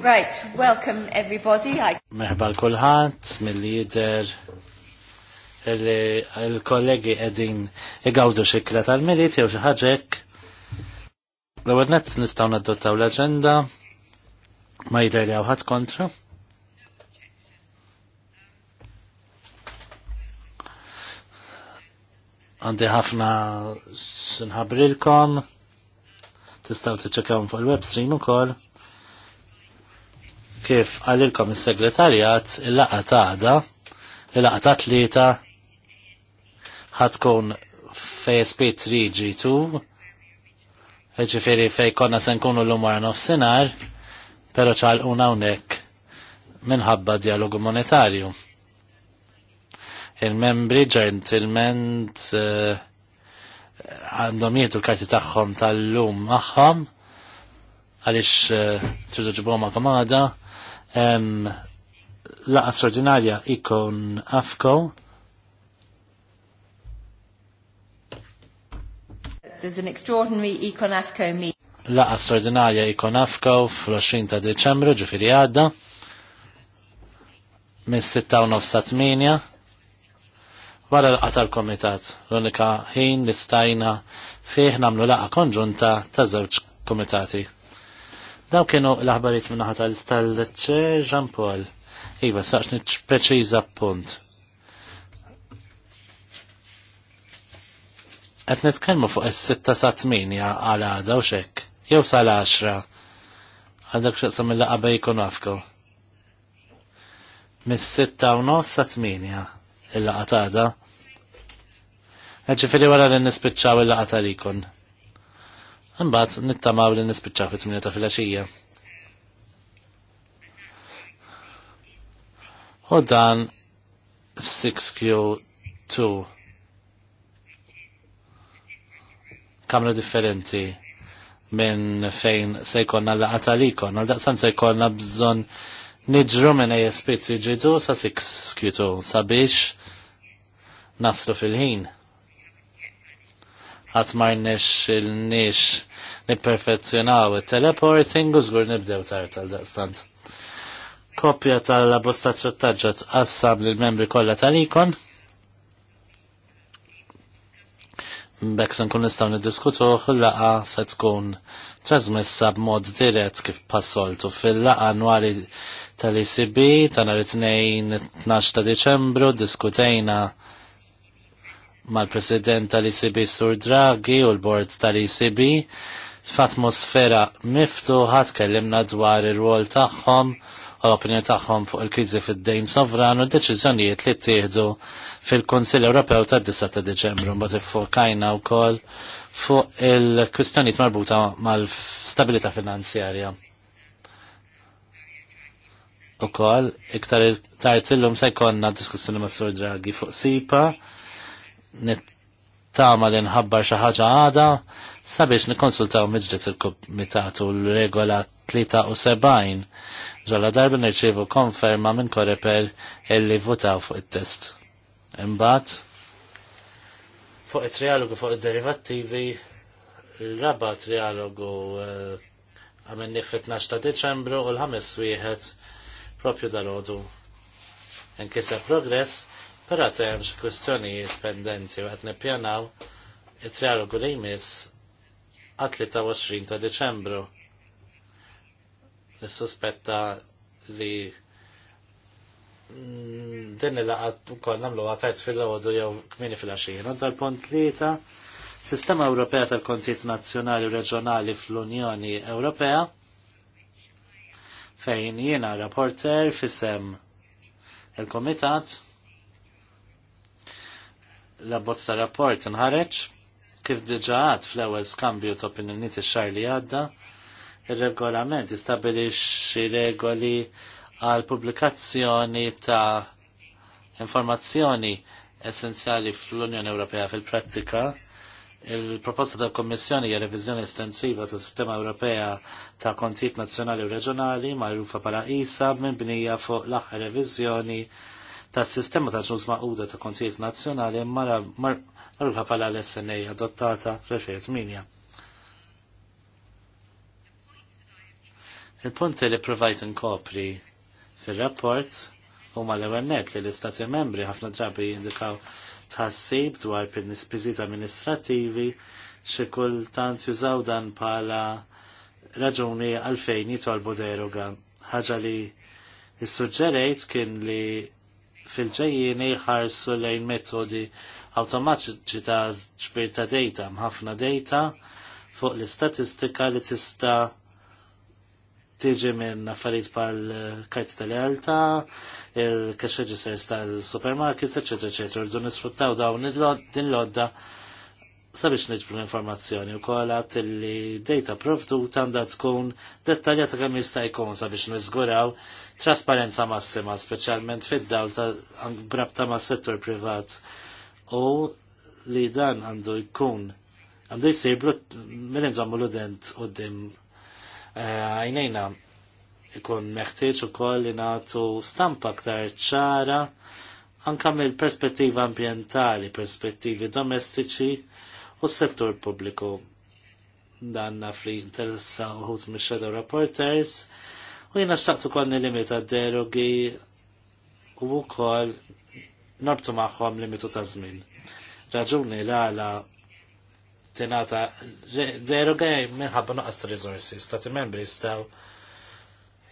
Right, welcome everybody. Meħbal kulħadd mill-lider il-kollegi edin igawdu xikla tal milit jew xaħġek. L-ewwel nett nistgħu nadottaw l agenda ma jider li għawħat kontra. Għandi ħafna s-nħabrilkom, tistaw t tiċċekkawhom fuq il web stream u koll. Kif għalilkom il-segretarjat il-laqa għada, il-laqa ta' tlieta ħatkun FSP 3G2, ġifiri fej konna se nkunu l-lum wara nofsinhar, però ċalquna hawnhekk minħabba dialogu monetarju. Il-membri ġentilment eh, għandhom jietu l-karti tagħhom tal-lum magħhom għaliex uh, tridu ġibhom għada laqa straordinarja ikon AFCO. There's an extraordinary Econ AFCO meeting. Laqa straordinarja ikon AFCO fl-20 ta' Deċembru ġifiri għadda mis-6 nofsa 8 wara l tal-komitat l-unika ħin li stajna fih namlu laqa konġunta ta' żewġ komitati. Daw kienu l-aħbarijiet minn naħa tal-ċer Jean Paul. Iva, saċ nitpreċiża punt. Qed nitkellmu fuq is-sitta sa tminja għal għada u xek. Jew sal-10. Għadak xaqsam mill għabaj jkun afku. Mis-sitta u nofs sa 8 il-laqa ta' għada. Ġifiri wara li nispiċċaw il-laqa tal-ikun. Mbagħad nittamaw li nispiċċaw fit-8 ta' filgħaxija. U dan f-6Q2 kamra differenti minn fejn se jkollna laqa għalikon, għal daqsan se jkollna bżon niġru minn ASP 3G2 sa 6Q2 sabiex naslu fil-ħin. Għatmarnex il-nix nipperfezzjonaw il-teleporting u żgur nibdew tar tal-daqstant. Kopja tal-abosta trattaġġa tqassam lill membri kollha tal-ikon. Bek se nistaw nistgħu niddiskutuh laqa se tkun trasmessa b'mod dirett kif passoltu fil-laqa annwali tal icb ta' nhar it-tnejn 12 ta' Diċembru diskutejna mal-President tal icb Sur Draghi u l-Bord tal icb f'atmosfera miftuħa tkellimna dwar ir-rwol tagħhom u l-opinjoni tagħhom fuq il-kriżi fid-dejn sovran u d-deċiżjonijiet li ttieħdu fil-Kunsill Ewropew tad-9 ta' Diċembru mbagħad iffokajna wkoll fuq il-kwistjonijiet marbuta mal-stabilità finanzjarja. kol, iktar tard illum se jkollna diskussjoni ma' Sur Draghi fuq SIPA, nittama li nħabbar xi ħaġa għada sabiex nikonsultaw miġdet il-komitatu l-regola 73 ġalla darba nirċivu konferma minn koreper illi votaw fuq il-test. Imbat, fuq il-trialogu fuq il-derivativi, raba trialogu eh, għamen nifet 12 ta' Deċembru u l-ħames wieħed propju dal-ħodu. Nkisa progress, pera temx kwistjonijiet pendenti u għatne nippjanaw it-trialogu li jmiss għat-23 ta' Deċembru. Nissospetta li mm, din il-laqat koll namlu għatajt fil-għodu jew kmini fil axin U dal punt li ta' Sistema Ewropea tal-Kontijiet Nazzjonali u Reġjonali fl-Unjoni Ewropea fejn jiena rapporter fisem il-Komitat l-abbozza rapport nħareġ Kif diġaħat fl-ewel skambju ta' opinjoniet ix-xar li għadda, il-regolament jistabilixxi regoli għal pubblikazzjoni ta' informazzjoni essenzjali fl-Unjoni Ewropea fil-prattika. Il-proposta tal kommissjoni hija reviżjoni estensiva tas sistema Ewropea ta' kontijiet nazzjonali u reġjonali magħrufa bħala ISA minbnija fuq l-aħħar reviżjoni tas sistema ta' ġuż maquda ta' kontijiet nazzjonali allura pala l-SNA e adottata fl-2008. Il-punti li provajt inkopri fil-rapport huma l-ewennet li l-Istati membri ħafna drabi jindikaw tħassib dwar piżit amministrativi xi kultant jużaw dan pala raġuni għalfejn jitolbu deroga. ħaġa li jissuġġerejt kien li fil-ġejjini ħarsu lejn metodi awtomatiċi ta' ġbir ta' data, mħafna data fuq l-istatistika li tista' tiġi minn affarijiet bħal eh, kajt tal-realtà, il-cash registers tal-supermarkets, ecc. ecc. Rdu nisfruttaw dawn din l-odda sabiex niġbru l-informazzjoni u kolat li data provduta għandha tkun dettaljata kemm jista' jkun sabiex niżguraw trasparenza massima, speċjalment fid-dawl ta' brabta ma' settur privat u li dan għandu jkun għandu jisibru minn zammu l-udent u dim eh, għajnejna ikun meħtieġ u koll li natu stampa aktar ċara anka mill perspettiva ambientali, perspettivi domestiċi u settur pubbliku. Dan naf li interessa uħut mi shadow reporters u jina xtaqtu konni limita derogi u wkoll nabtu maħħom limitu ta' żmien. Raġuni l għala tenata deroga minħabba noqqas resources, ta' membri jistaw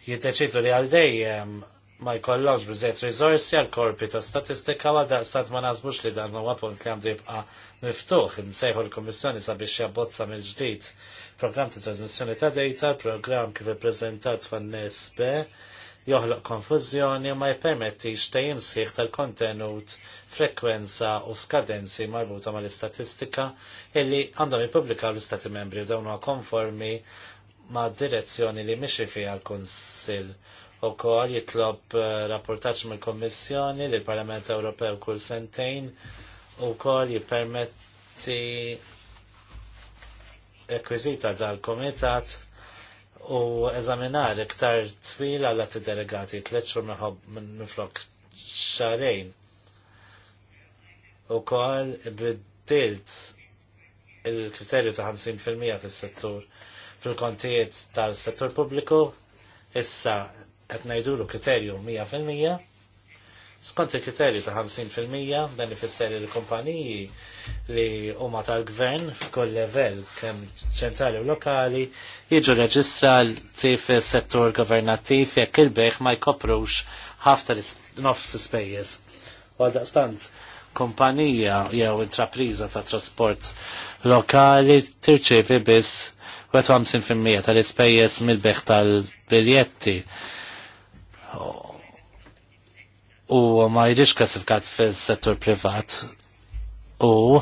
jiddeċidu li għal dejjem ma jkollokx bżet rizorsi għal korpi ta' statistika għal daqstat ma nazbux li dan ma punt li għandu jibqa' miftuħ insejħu l-Kummissjoni sabiex jabbozza mill-ġdid program ta' trasmissjoni ta' data, program kif ippreżentat fan-NSB joħloq konfużjoni u ma jippermettix tejjim sħiħ tal-kontenut, frekwenza u skadenzi marbuta mal-istatistika illi għandhom jippubblikaw l-Istati membri u dawn huwa konformi ma' direzzjoni li mixi fiha l-Kunsill u kol jitlob eh, rapportaċ mill kommissjoni li l-Parlament Ewropew kull sentejn u kol jipermetti rekwizita dal-Komitat u eżaminar iktar twil għal għati delegati t minħob minn flok xarejn. U kol biddilt il-kriterju ta' 50% fil-settur fil-kontijiet tal-settur pubbliku issa qed l kriterju 100% skont il-kriterju ta' 50% dan ifisser li l-kumpaniji li huma tal-gvern f'kull level kemm ċentrali u lokali jiġu reġistrati fis-settur governattiv jekk il-beħ ma jkoprux ħafna nofs spejjeż. Għal daqstant, kumpanija jew intrapriża ta' trasport lokali tirċievi biss 50% tal-ispejjeż mill-beħ tal-biljetti u ma jidix klassifikat fil-settur privat u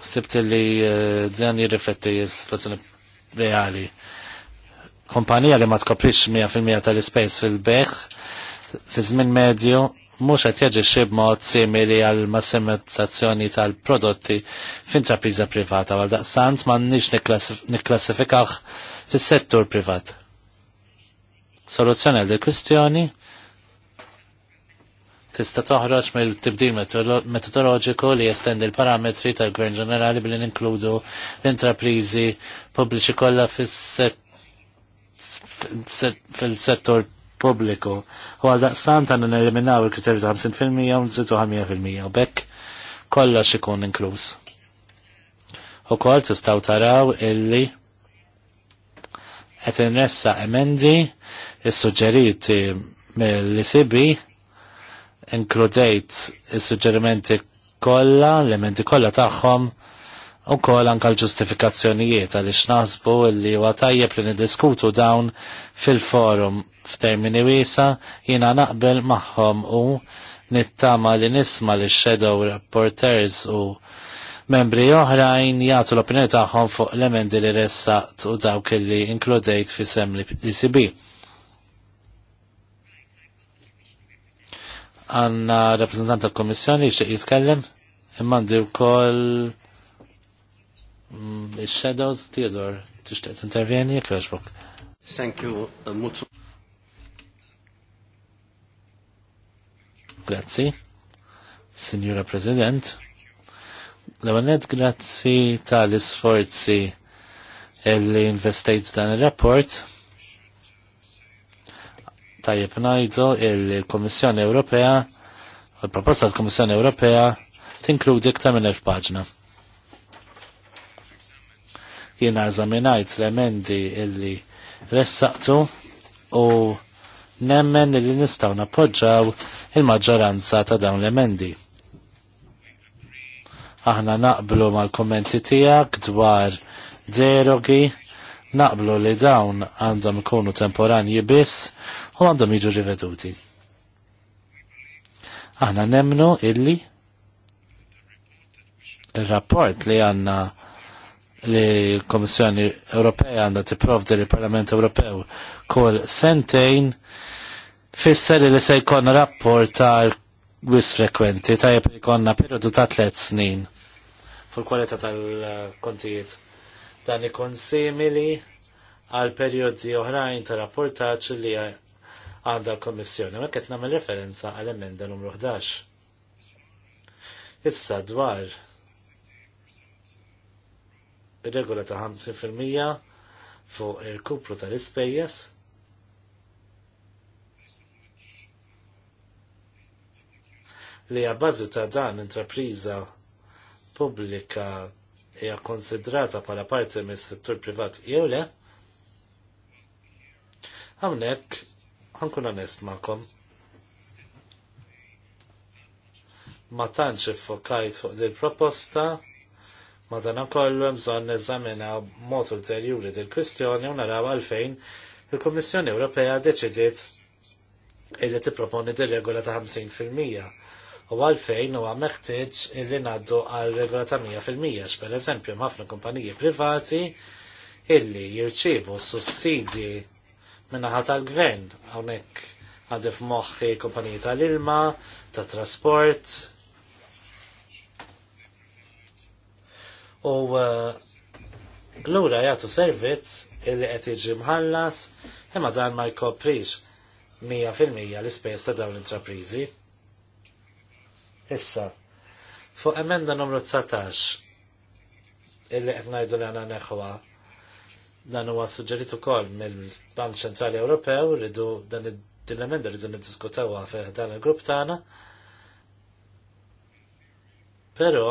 sibt li eh, dan jirrifletti jis situazzjoni reali. Kompanija li ma tkoprix 100% tal-ispejs fil-beħ fi żmien medju mhux qed xib b'mod simili għal massimizzazzjoni tal-prodotti f'intrapriża privata għal daqsant m'għandniex nikklassifikawh fis-settur privat. Soluzzjoni għal dekustjoni kwistjoni tista' toħroġ mill-tibdil metodoloġiku li jestendi l-parametri tal-Gvern Ġenerali billi ninkludu l-intraprizi pubbliċi kollha fil-settur pubbliku. U għal daqstan ta' n-eliminaw il-kriterju ta' 50% u nżitu 100% u bekk kollox ikun inkluż. U kol tistaw taraw illi qed inressa emendi is-suġġeriti mill icb inkludejt is-suġġerimenti kollha, l-elementi kollha tagħhom u kolla anka l-ġustifikazzjonijiet għaliex naħsbu li huwa tajjeb li niddiskutu dawn fil-forum f'termini wiesa jiena naqbel magħhom u nittama li nisma li shadow reporters u membri oħrajn jagħtu l-opinjoni tagħhom fuq l-emendi li ressaqt u dawk li inkludejt fi sem li sibi. għanna rappresentant tal-Komissjoni xe jitkellem, imman di kol mm, il-Shadows Theodore, tixtieq intervjeni jekk Thank you, uh, Mutsu. Grazzi, Signora President. L-għanet grazzi tal-isforzi l-investajt dan il-rapport tajjeb ngħidu il-Kummissjoni Ewropea u l-proposta tal-Kummissjoni Ewropea tinkludi ktar minn elf paġna. Jiena eżaminajt l-emendi illi ressaqtu u nemmen illi nistgħu nappoġġaw il-maġġoranza ta' dawn l-emendi aħna naqblu mal-kommenti tijak dwar derogi naqblu li dawn għandhom ikunu temporanji biss u għandhom jiġu riveduti. Aħna nemnu illi il-rapport li għanna li l-Komissjoni Ewropea għandha tipprovdi li l-Parlament Ewropew kol sentejn fisser li se jkun rapport ta' wis frekwenti ta' jkonna periodu ta' tliet snin fil-kwalità tal-kontijiet Dan ikun simili għal perjodi oħrajn ta' rapportaċ li għandha l komissjoni ma qed nagħmel referenza għal emenda numru 11. Issa dwar regola ta' 50% fuq il-kuplu tal-ispejjeż li għabbażi ta' dan intrapriża pubblika hija konsidrata bħala parti mis-settur privat jew le, hawnhekk ħankun onest magħkom. Ma tantx iffokajt fuq din proposta, ma dan ukoll hemm bżonn neżamina mod ulterjuri din kwistjoni u naraw għalfejn il-Kummissjoni Ewropea deċidiet illi tipproponi dir-regola ta' 50 fil-mija u għalfejn huwa meħtieġ illi ngħaddu għal regola ta' 100%. Per eżempju, ħafna kumpaniji privati illi jirċievu sussidji ħat tal-gvern hawnhekk għadif moħħi kumpaniji tal-ilma, ta' trasport. U uh, l-ura jagħtu servizz illi qed jiġi mħallas imma dan ma jkoprix 100% l-ispejs ta' dawn l-intrapriżi. Issa, fuq emenda numru 19 illi qed ngħidu li għandna neħwa dan huwa suġġerit ukoll mill-Bank Ċentrali Ewropew rridu dan id-dilemenda rridu niddiskutewha fih dan il-grupp tagħna. Però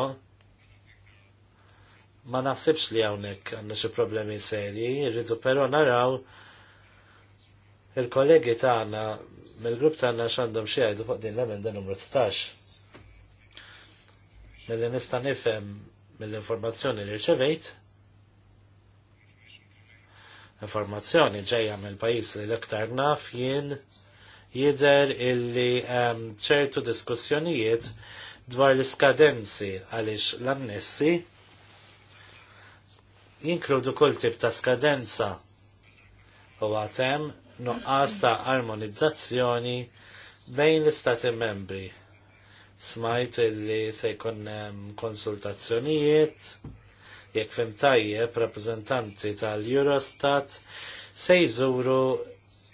ma naħsibx li hawnhekk għandna xi problemi serji, rridu però naraw il-kollegi tagħna mill-grupp tagħna x'għandhom xi jgħidu fuq din l-emenda numru 19. Mill-li nista nifhem mill-informazzjoni li rċevejt, informazzjoni ġejja mill-pajis li l-iktar naf jien jider illi ċertu diskussjonijiet dwar l-skadenzi għaliex l-annessi jinkludu kull tip ta' skadenza u għatem nuqqas ta' armonizzazzjoni bejn l-istati membri smajt li se jkun konsultazzjonijiet, jekk fim tajjeb rappreżentanti tal-Eurostat se jżuru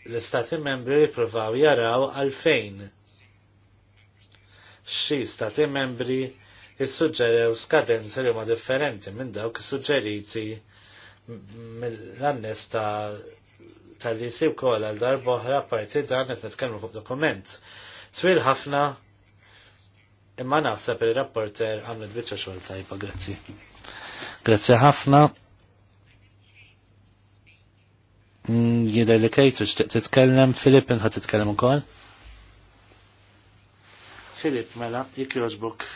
l-istati membri li provaw jaraw għalfejn. Xi stati membri jissuġġerew skadenzi li huma differenti minn dawk suġġeriti mill-annes tal-li jisib kol għal darboħra parti dan qed nitkellmu fuq dokument. Twil ħafna Imma naħseb il-rapporter għamlet bieċa xogħol tajba, grazzi. Grazzi ħafna. Mm, Jidher li kejtu xtiq titkellem, Filip inħat titkellem ukoll. Filip, mela, jek joġbok.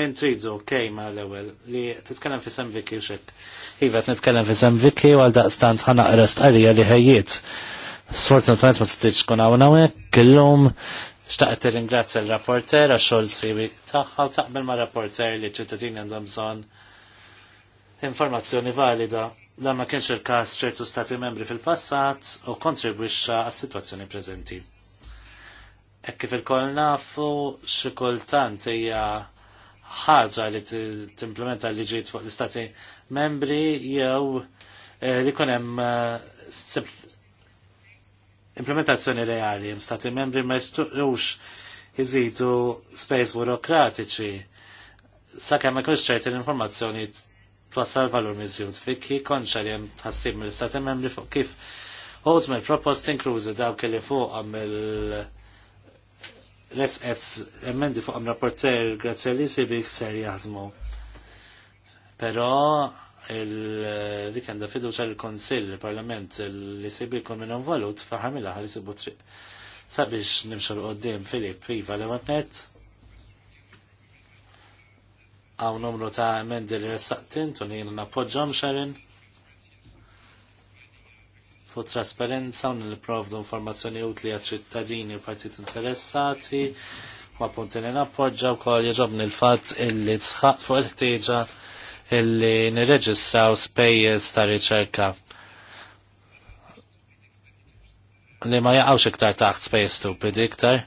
Min tridu, kej ma mela l-ewel, li titkellem fi sem Viki xek. Iva, nitkellem fi sem Viki u għal daqstant ħana qrest għalija li ħajiet. Sfortunatament ma s-tiċ kun għawna għek, kellum Xtaqt ringrazzja l-rapporter għax xogħol siwi tagħha u taqbel ma' rapporter li ċittadini għandhom bżonn informazzjoni valida dan ma kienx il-każ ċertu stati membri fil-passat u kontribwixxa għas-sitwazzjoni preżenti. Hekk kif il koll nafu xi kultant hija ħaġa li t-implementa l-liġijiet fuq l-istati membri jew eh, li kunem hemm eh, implementazzjoni reali, Stati membri ma jistuqrux jizidu space burokratiċi sa' kemm ikunx ċerti l-informazzjoni twassal valur miżjud fikki konċa li jem tħassib mill-istati membri fuq kif me l propost inklużi dawk li fuq mill resqet emendi fuq rapporter grazzi si sibi ser jaħdmu. Però dik għandha fiduċa il konsill il-Parlament, li sibi jkun valut faħamilha ħal sibu triq. Sabiex nimxu l-qoddim Filip Iva li matnet. Għaw numru ta' emendi li rassaqtin, tuni jina napoġom xarin. Fu trasparenza un il-provdu informazzjoni utli għal ċittadini u partit interessati ma punti li nappoġġa u kol jġobni l-fat il-li sħat fuq il-ħtieġa illi nirreġistraw spejjeż ta' riċerka li ma jaqgħux iktar taħt spejjeż stupidi iktar.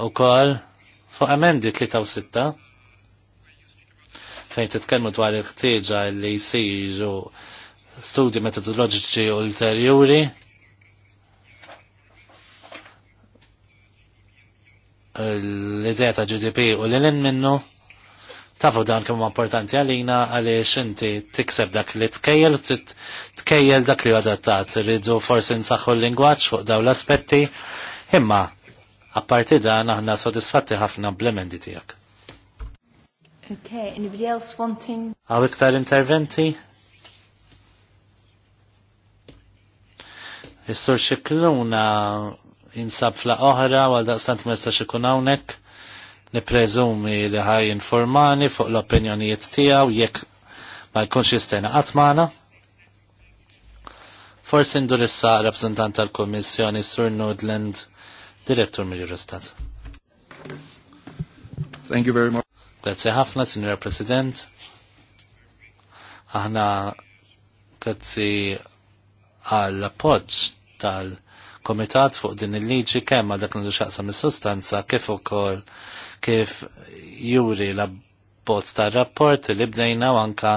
Ukoll fuq emendi 36 fejn titkellmu dwar il-ħtieġa li jsiru studi metodoloġiċi ulterjuri l-idea ta' GDP u l-lin minnu tafu dan kemm importanti għalina għaliex inti tikseb dak li tkejjel u tkejjel dak li adattat. Rridu forsi nsaħħu l-lingwaġġ fuq dawn l-aspetti, imma apparti dan aħna sodisfatti ħafna bl-emendi tiegħek. Okay, anybody else wanting? Għaw iktar interventi? Is-sur xikluna jinsab fla oħra, għal daqstant ma jistax ikun hawnhekk niprezumi li ħaj informani fuq l-opinjonijiet tiegħu jekk ma jkunx jistena għatmana. Forsi indurissa issa rappresentant tal komissjoni Sur Nordland, direttur mill-Eurostat. Thank you very much. Grazie ħafna, Signora President. Aħna grazzi għall-appoġġ tal-Komitat fuq din il-liġi kemm għal dak li xaqsam is-sustanza kif ukoll kif juri la bozz tar rapport li bdejna anka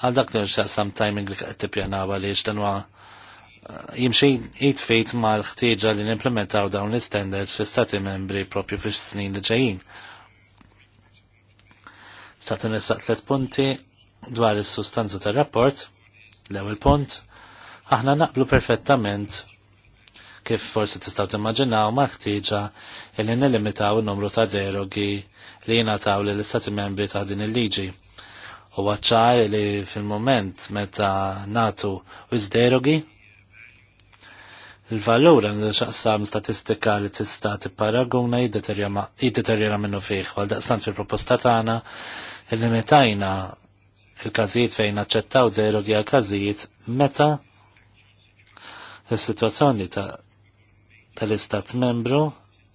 għal dak li sam timing li qed tippjanaw għaliex dan huwa eh, jimxi jitfejt mal ħtieġa li nimplementaw dawn l-standards fi stati membri propju fi snin li ġejjin. Ċat nistaq tliet punti dwar is-sustanza tar-rapport, l-ewwel punt, aħna naqblu perfettament kif forsi tistaw timmaġinaw ma ħtieġa illi nilimitaw il-numru ta' derogi li jingħataw lill istati membri ta' din il-liġi. U għacċar li fil-moment meta natu wis derogi il-valur għandu xaqsam statistika li tista' tipparaguna jiddeterjera minnu fih, għal daqstant fil-proposta tagħna il-limitajna il-każijiet fejn naċċettaw derogi għal każijiet meta il-situazzjoni ta' tal-istat membru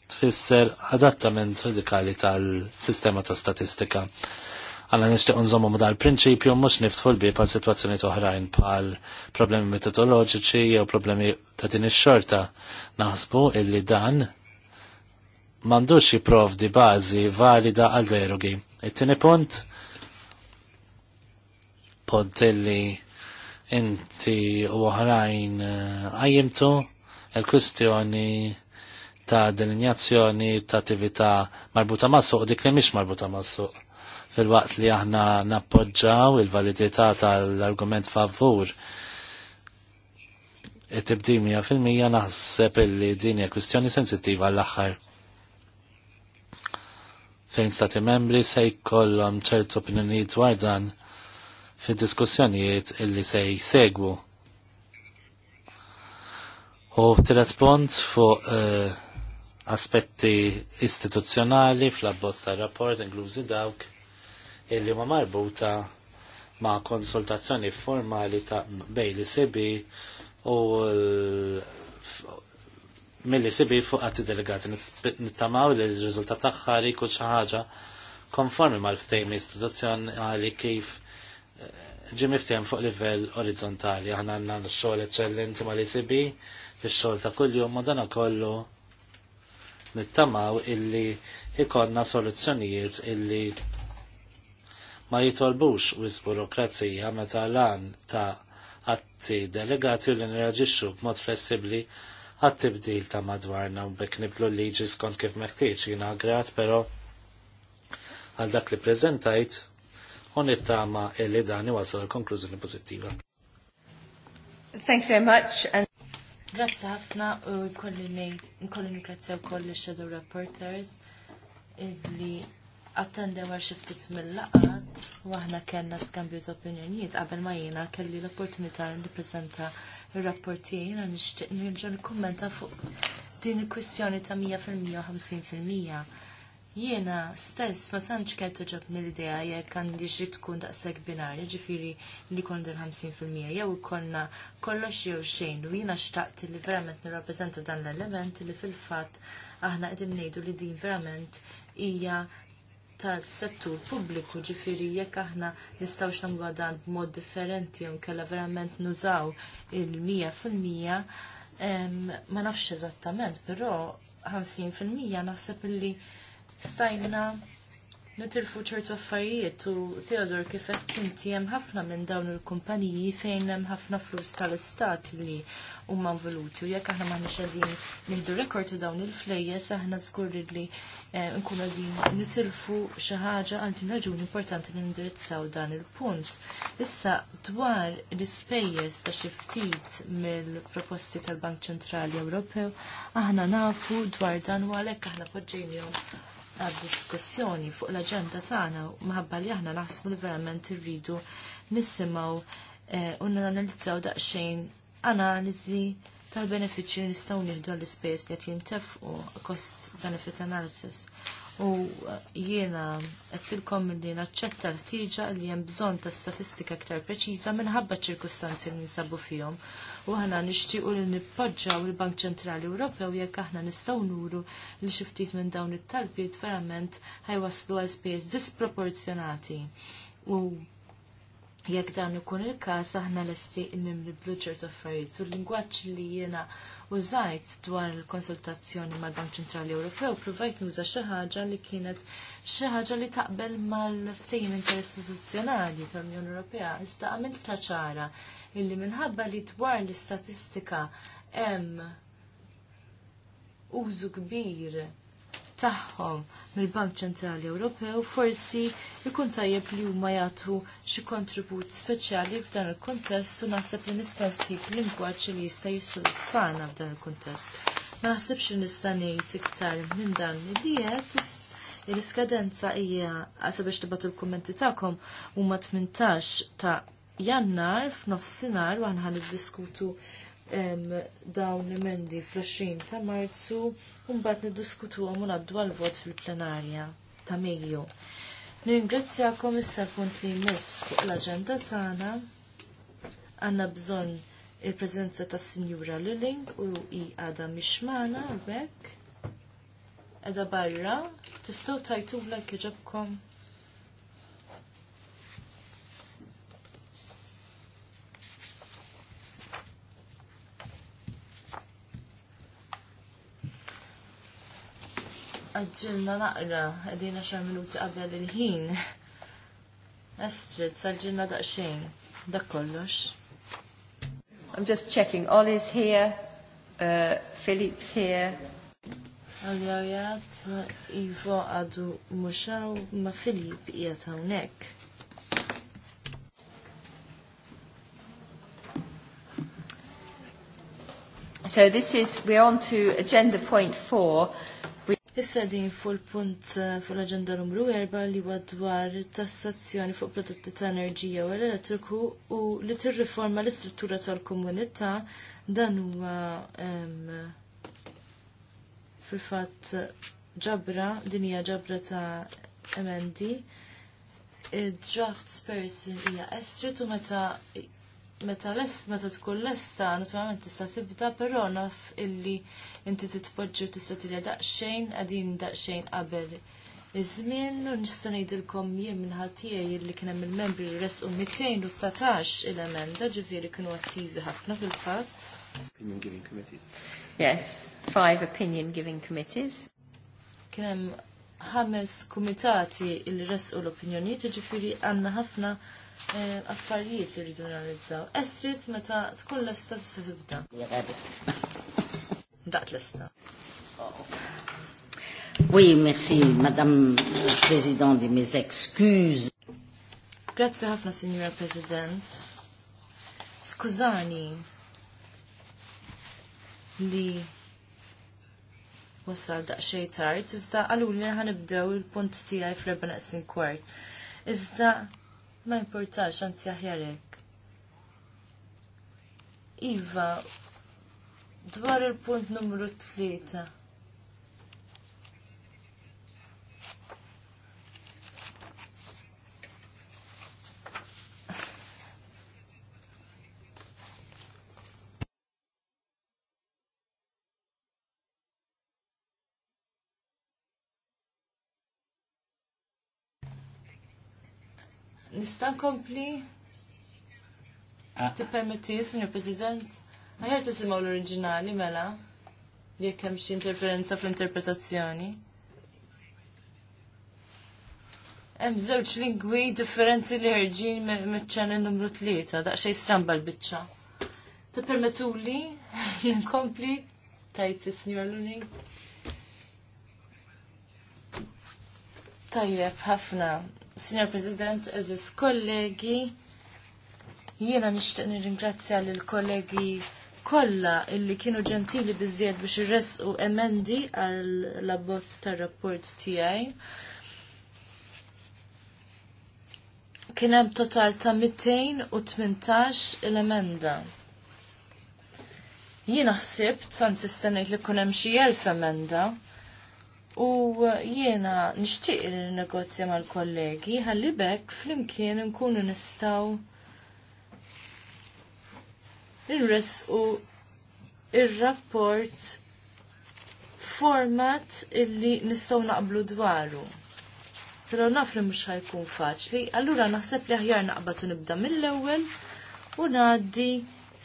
tfisser adattament radikali tal-sistema ta' statistika. Għanna nishtiq nżommu ma dal-prinċipju mux niftħu l-bib għal situazzjoni oħrajn bħal problemi metodoloġiċi jew problemi ta' din ix-xorta. Naħsbu illi dan mandux di bażi valida għal derogi. It-tieni punt pod illi inti u oħrajn eh, għajimtu il-kwistjoni ta' delinjazzjoni ta' attività marbuta ma' suq dik li mhix marbuta ma' suq. Fil-waqt li aħna nappoġġaw il-validità tal-argument favur it-tibdim mija fil-mija naħseb illi din hija kwistjoni sensittiva l-aħħar. Fejn stati membri se jkollhom ċertu opinjonijiet dwar dan fid-diskussjonijiet illi se jsegwu. U t-tilet punt fuq uh, aspetti istituzzjonali fl abbozza rapport inklużi dawk illi ma marbuta ma' konsultazzjoni formali ta' bej li sebi u eh, mill-li sebi fuq għati delegati nittamaw li l-rizultat taħħari li kull xaħġa konformi mal ftejm istituzzjonali kif eh, ġimiftem fuq livell orizzontali. Għana għanna xogħol eccellenti ma' li fix-xogħol ta' kuljum ma dana kollu nittamaw illi ikonna soluzzjonijiet illi ma jitolbux wis burokrazija meta lan ta' atti delegati u li nreġixxu b'mod flessibbli għat-tibdil ta' madwarna u bekk niblu liġi skont kif meħtieġ jiena grat però għal dak li un u nittama illi dan wasal konklużjoni pożittiva. Thank you very much. And... Grazzi ħafna u kolli ningrazzja wkoll kolli shadow Reporters illi attendew għal xi ftit mill-laqat u aħna kellna skambju ta' opinjonijiet qabel ma jiena kelli l-opportunità li nippreżenta r-rapporti jiena nixtieq nirġa' nikkummenta fuq din il-kwistjoni ta' 100% u 50%. Jiena stess ma tantx kien toġobni l-idea jekk għandi xi tkun daqshekk binarja, ġifiri li kon dil 50% jew ikollna kollox jew xejn u jiena xtaqt li verament nirrappreżenta dan l-element li fil-fatt aħna qegħdin ngħidu li din verament hija tal-settur pubbliku ġifieri jekk aħna nistgħux nagħmlu dan b'mod differenti jew kellha verament nużaw il-100 fil-mija ma nafx eżattament, però 50% naħseb illi stajna nitilfu ċertu affarijiet u Theodor kifet tinti hemm ħafna minn dawn il-kumpaniji fejn hemm ħafna flus tal-istat li huma involuti u jekk aħna m'aħniex qegħdin nieħdu rekord u dawn il-flejjes aħna żgur li eh, nkunu qegħdin nitilfu xi ħaġa għal din raġuni importanti li nindirizzaw dan il-punt. Issa dwar l-ispejjeż ta' xi ftit mill-proposti tal-Bank Ċentrali Ewropew aħna nafu dwar dan u għalhekk aħna poġġejnihom għad-diskussjoni fuq l-agenda tagħna maħabba li aħna naħsbu li verament irridu nisimgħu eh, u nanalizzaw daqsxejn analiżi tal-benefiċċji li nistgħu nieħdu għall-ispejjeż li qed jintefqu cost benefit analysis. U eh, jiena qed tilkom li naċċetta l-tieġa li hemm bżonn ta' statistika aktar preċiża minħabba ċ-ċirkustanzi li nsabu fihom u aħna nixtiequ li nippoġġaw il-Bank Ċentrali Ewropew jekk aħna nistgħu nuru li xi ftit minn dawn it-talbiet verament ħajwaslu għal spejjeż disproporzjonati. U Jekk dan ikun il-każ aħna lesti nimriblu bluġer affarijiet u l-lingwaġġ li jiena użajt dwar il-konsultazzjoni mal-Bank Ċentrali Ewropew provajt nuża xi ħaġa li kienet xi ħaġa li taqbel mal-ftehim interistituzzjonali tal-Unjoni Ewropea iżda għamilt ċara illi minħabba li dwar l-istatistika hemm użu kbir taħħom mill-Bank Ċentrali Ewropew forsi jkun tajjeb li huma jagħtu xi kontribut speċjali f'dan il-kuntest u naħseb li nista' nsib lingwaġġ li jista' jissodisfana f'dan il-kuntest. Ma naħsibx li nista' ngħid iktar minn dan li qed l-iskadenza hija sabiex tibgħatu l-kummenti tagħkom huma 18 ta' jannar f'nofsinhar u aħna ħaniddiskutu dawn l-emendi fl-20 ta' Marzu Umbat niddiskutu għom unaddu għal-vot fil-plenarja ta' Mejju. Nirringrazzjakom issa punt li jmiss fuq l-agenda tagħna għandna bżonn il-preżenza ta' Sinjura Lilling u i għada mixmana għalbek. Edha barra, tistgħu tajtu bla kieġobkom. għadġilna naqra, għedina xar minuti qabel il-ħin. Astrid, għadġilna daqxejn, dak kollox. I'm just checking, Ollie's here, uh, Philip's here. Għal-jawjat, Ivo għadu muxaw ma Filip jgħatawnek. So this is, we're on to agenda point four, Issa din fuq punt eh, fuq l-agenda numru 4 li huwa dwar tassazzjoni fuq prodotti ta' enerġija u elettriku u li tirriforma l-istruttura tal-komunità dan huwa fil-fatt ġabra, din hija ġabra ta' MND. Draft person hija estrit u meta meta lest, meta tkun lesta, naturalment tista' tibda, però naf illi inti titpoġġu tista' tilja daqsxejn qegħdin daqsxejn qabel. Iż-żmien u nista' ngħidilkom jien minn tiegħi li kien hemm il-membri li resqu 219 il-emenda, ġifieri kienu attivi ħafna fil-fatt. Opinion giving committees. Yes, five opinion giving committees. Kien hemm ħames kumitati li resqu l-opinjonijiet, ġifiri għandna ħafna Eh, affarijiet jiridu rridu Estrit Estrid meta tkun l-esta tista' tibda. Daqt esta Oui, merci, Madame la Présidente, de mes excuses. Grazie ħafna, Signora President. Skużani li wasal daqxej tard, iżda għalulli ħanibdew il-punt tiegħi fl-erba' naqsin kwart. Iżda ma importax, anzi aħjarek. Iva, dwar il-punt numru tlieta. Nista' nkompli? Ah. Tippermetti, Signor President? Ħajer tisimgħu l originali mela? Jekk hemm xi interferenza fl-interpretazzjoni. Hemm żewġ lingwi differenti li ħerġin meċċan il numru tlieta, daqsxejn stramba l-biċċa. li nkompli tajt is-Signor Luni. Tajjeb, ħafna. Signor President, eżis kollegi, jiena nixtieq nirringrazzja lill kollegi kollha illi kienu ġentili biżjed biex irresqu emendi għal abbozz tar-rapport tiegħi. Kien hemm total ta' 218 il-emenda. Jiena ħsibt, anzi stennejt li kun hemm xi elf emenda. U jiena nixtieq li negozja mal-kollegi ħalli bekk flimkien nkunu nistgħu nirresqu ir-rapport format illi nistgħu naqblu dwaru. Però naf li mhux ħajkun faċli, allura naħseb li aħjar naqbad u nibda mill-ewwel u ngħaddi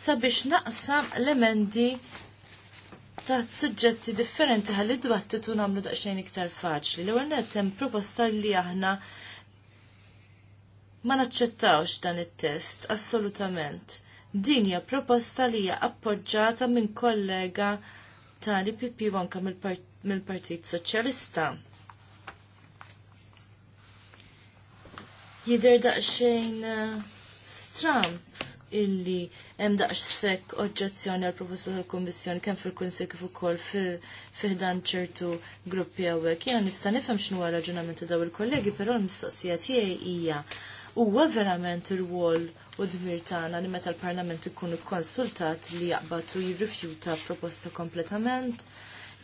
sabiex naqsam l-emendi Ta' suġġetti differenti ħalli dibattitu nagħmlu daqsxejn iktar faċli. L-ewwel hemm proposta li aħna ma naċċettawx dan it-test assolutament. Din hija proposta li hija appoġġata minn kollega li PP anke mill-Partit Soċjalista. Jidher daqsxejn eh, stramp illi hemm daqshekk oġġezzjoni għal proposta tal-Kummissjoni kemm fil-Kunsil kif ukoll fil fihdan ċertu gruppi hawnhekk. Jiena nista' nifhem x'nu għal raġunamentu daw il-kollegi, però l-mistoqsija tiegħi hija huwa verament ir-wol u dmir tagħna li meta l-Parlament ikun ikkonsultat li jaqbad u jirrifjuta proposta kompletament.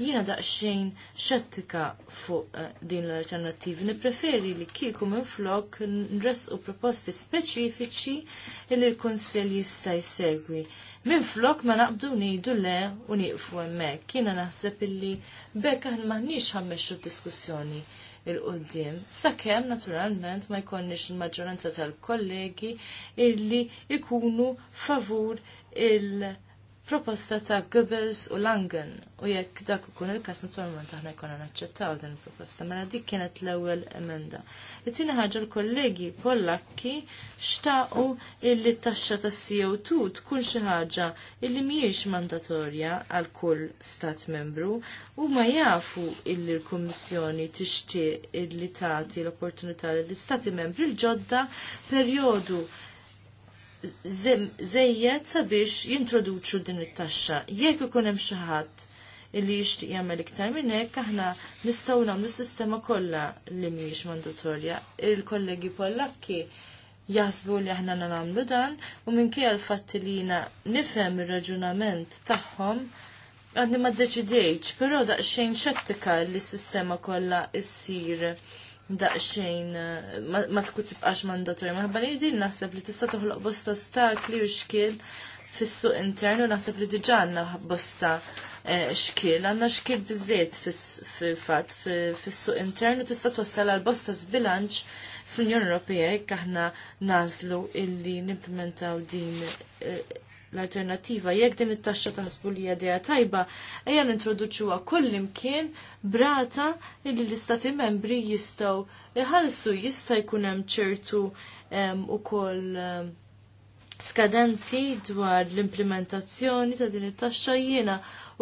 Jiena daqsxejn xettika fuq eh, din l-alternattivi. Nipreferi li kieku minn flok nresqu proposti speċifiċi li l-Kunsell jista' jsegwi. Minn flok ma naqbdu ngħidu le u nieqfu hemmhekk. Jiena naħseb illi bekk aħna maħniex ħammexxu diskussjoni il-qoddim. Sakemm naturalment ma jkollniex il-maġġoranza tal-kollegi illi ikunu favur il- proposta ta' Goebbels u Langen u jekk dak ukoll il-każ naturalment aħna jkollna naċċettaw din il-proposta, mela dik kienet l-ewwel emenda. It-tieni ħaġa l-kollegi Pollakki xtaqu illi t-taxxa tas CO2 tkun xi ħaġa illi mhijiex mandatorja għal kull stat membru u ma jafu illi l-Kummissjoni tixtieq illi tagħti l-opportunità lill istati membri l-ġodda perjodu zejjed sabiex jintroduċu din it-taxxa. Jekk ikun hemm xi ħadd illi jixtieq jagħmel iktar minn hekk aħna nistgħu nagħmlu s-sistema kollha li mhijiex mandatorja. Il-kollegi Pollakki jaħsbu li aħna nagħmlu dan u minkejja l-fatt li jiena nifhem ir-raġunament tagħhom għadni ma ddeċidejtx, però daqsxejn xettika li s-sistema kollha issir daqxejn eh, ma tkun tibqax mandatorja. Maħabba li din naħseb li tista' toħloq bosta ostakli u xkil fis-suq internu naħseb li diġà għandna bosta eh, xkil, għandna xkil biżejt fil-fatt fis-suq internu tista' twassal għal bosta zbilanċ fl-Unjoni Ewropea jekk aħna nażlu illi nimplementaw din eh, l-alternativa. Jekk din it-taxxa taħsbu li hija tajba, ejja nintroduċuha kullimkien brata li l-istati membri jistgħu iħallsu jista' jkun hemm ċertu ukoll skadenzi dwar l-implementazzjoni ta' din it-taxxa jiena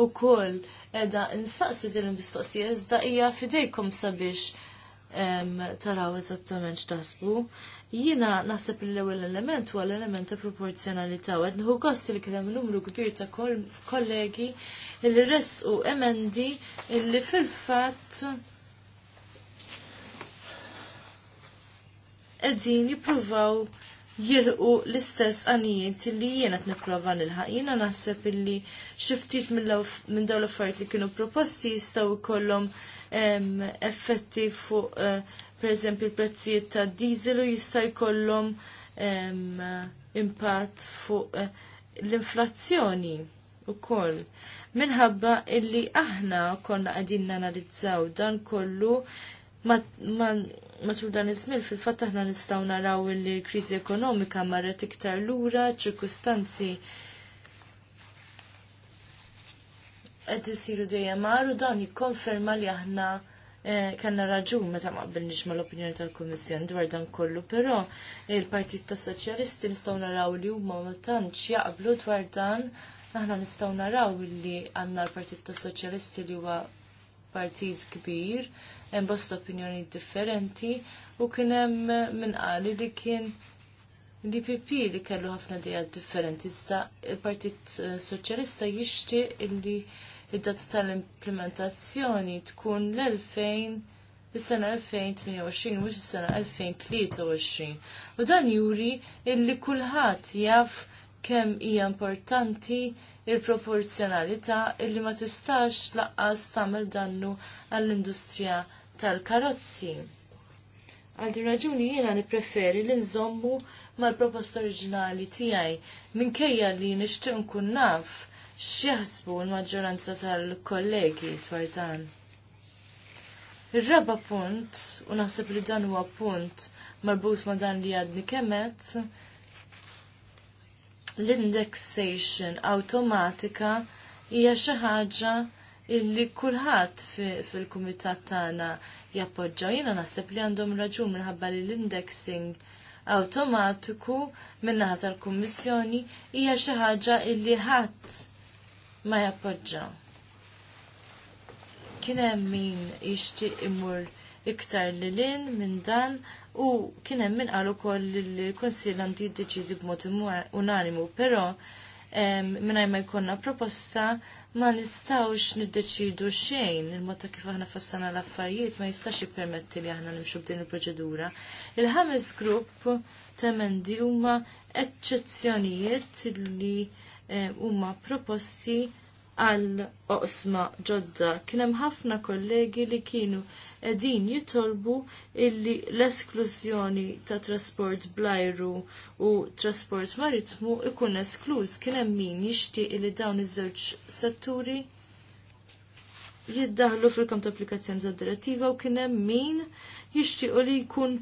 ukoll edha insaqsi din l-mistoqsija iżda hija fidejkom sabiex taraw eżattament x'taħsbu. Jiena naħseb li l-ewwel element huwa l-element ta' proporzjonalità u qed għost li kellem numru kbir ta' kollegi li u emendi li fil fat qegħdin jippruvaw jilqu l-istess għanijiet li jiena t-niprofa nilħaq. Jiena naħseb illi xiftit minn daw l-affarijiet li kienu proposti jistaw kollom ehm, effetti fuq eh, per eżempju il-prezzijiet ta' diesel u jista' jkollhom impatt fuq eh, l-inflazzjoni ukoll. Minħabba illi aħna konna qegħdin nanalizzaw dan kollu matul dan iż-żmien fil-fatt aħna nistgħu naraw li l-kriżi ekonomika marret iktar lura, ċirkustanzi qed isiru dejjem u dan jikkonferma li aħna Eh, kanna raġun meta ma qbilniex mal-opinjoni tal-Kummissjoni dwar dan kollu, però il-Partit tas Soċjalisti nistgħu naraw li huma ma tantx jaqblu dwar dan, aħna nistgħu naraw li għandna l-Partit tas Soċjalisti li huwa partit kbir, hemm bosta opinjoni differenti u kien hemm min qali li kien li PP li kellu ħafna dijad differenti, sta il-Partit eh, Soċjalista jixtieq illi id-data tal-implementazzjoni tkun l-2000 is-sena 2028 mux is-sena 2023. U dan juri illi kulħadd jaf kemm hija importanti il-proporzjonalità illi ma tistax laqqas tagħmel dannu għall-industrija tal-karozzi. Għal din raġuni jiena nippreferi li nżommu mal-proposta oriġinali tiegħi minkejja li nixtieq nkun naf xieħsbu l-maġġoranza tal-kollegi dwar dan. Ir-raba punt, u naħseb li dan huwa punt marbut ma' dan li għadni kemet, l-indexation awtomatika hija xi ħaġa illi kulħadd fil-kumitat tagħna jappoġġa. Jiena naħseb li għandhom raġun minħabba li l-indexing awtomatiku min-naħa tal-Kummissjoni hija xi ħaġa illi ħadd ma jappoġġa. Kien hemm min jixtieq imur iktar lilin minn dan u kien hemm min għalu ukoll li l d-deċi għandu b b'mod unanimu, però mingħajr ma jkollna proposta ma nistawx niddeċidu xejn il-mod ta' kif aħna fassana l-affarijiet ma jistax jippermetti li aħna nimxu b'din il-proċedura. Il-ħames grupp temendi huma eċċezzjonijiet li Eh, huma proposti għal oqsma ġodda. Kien hemm ħafna kollegi li kienu qegħdin jitolbu illi l-esklużjoni ta' trasport blajru u trasport maritmu ikun eskluż kien hemm min jishti li dawn iż-żewġ setturi jiddaħlu fil-kamp ta' applikazzjoni tad direttiva u kien hemm min jixtiequ li jkun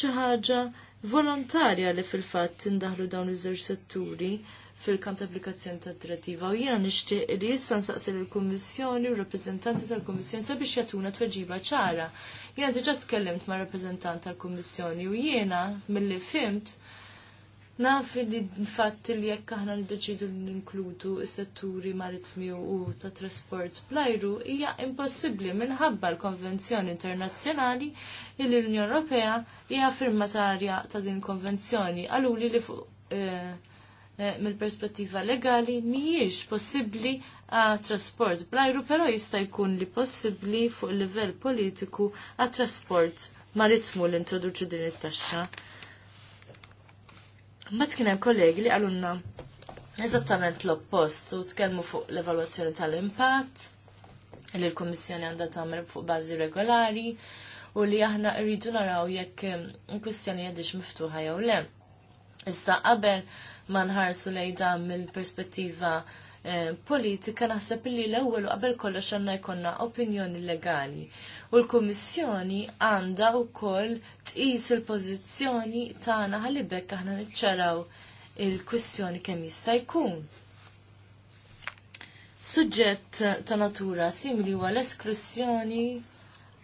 xi ħaġa volontarja li fil-fatt indaħlu dawn iż-żewġ setturi fil-kamp ta' applikazzjoni ta' direttiva. U jiena nixtieq li issa nsaqsil il-Kummissjoni u rappreżentanti tal-Kummissjoni sabiex jagħtuna tweġiba ċara. Jiena diġà tkellimt ma' rappreżentant tal-Kummissjoni u jiena milli fimt naf li fatt li jekk aħna niddeċidu li ninkludu s-setturi maritmi u ta' trasport blajru hija impossibbli minħabba l-Konvenzjoni Internazzjonali li l-Unjoni Ewropea hija firmatarja ta' din konvenzjoni. Għaluli li fuq eh, Eh, mill-perspettiva legali mhijiex possibbli għat-trasport bl-ajru, però jista' jkun li possibbli fuq livell politiku għat-trasport maritmu l-introduċu din it-taxxa. Ma kien hemm kollegi li għalunna eżattament l-oppost u tkellmu fuq l-evalwazzjoni tal-impatt li l-Kummissjoni għandha tagħmel fuq bażi regolari u li aħna rridu naraw jekk mm, kwistjoni għadix miftuħa jew le. Issa qabel ma nħarsu lejda mill-perspettiva eh, politika naħseb li l-ewwel u qabel kollox għandna jkollna opinjoni legali. U l-Kummissjoni għandha wkoll tqis il-pożizzjoni tagħna ħalli bekk aħna niċċaraw il-kwistjoni kemm jista' jkun. Suġġett ta' natura simili huwa l esklusjoni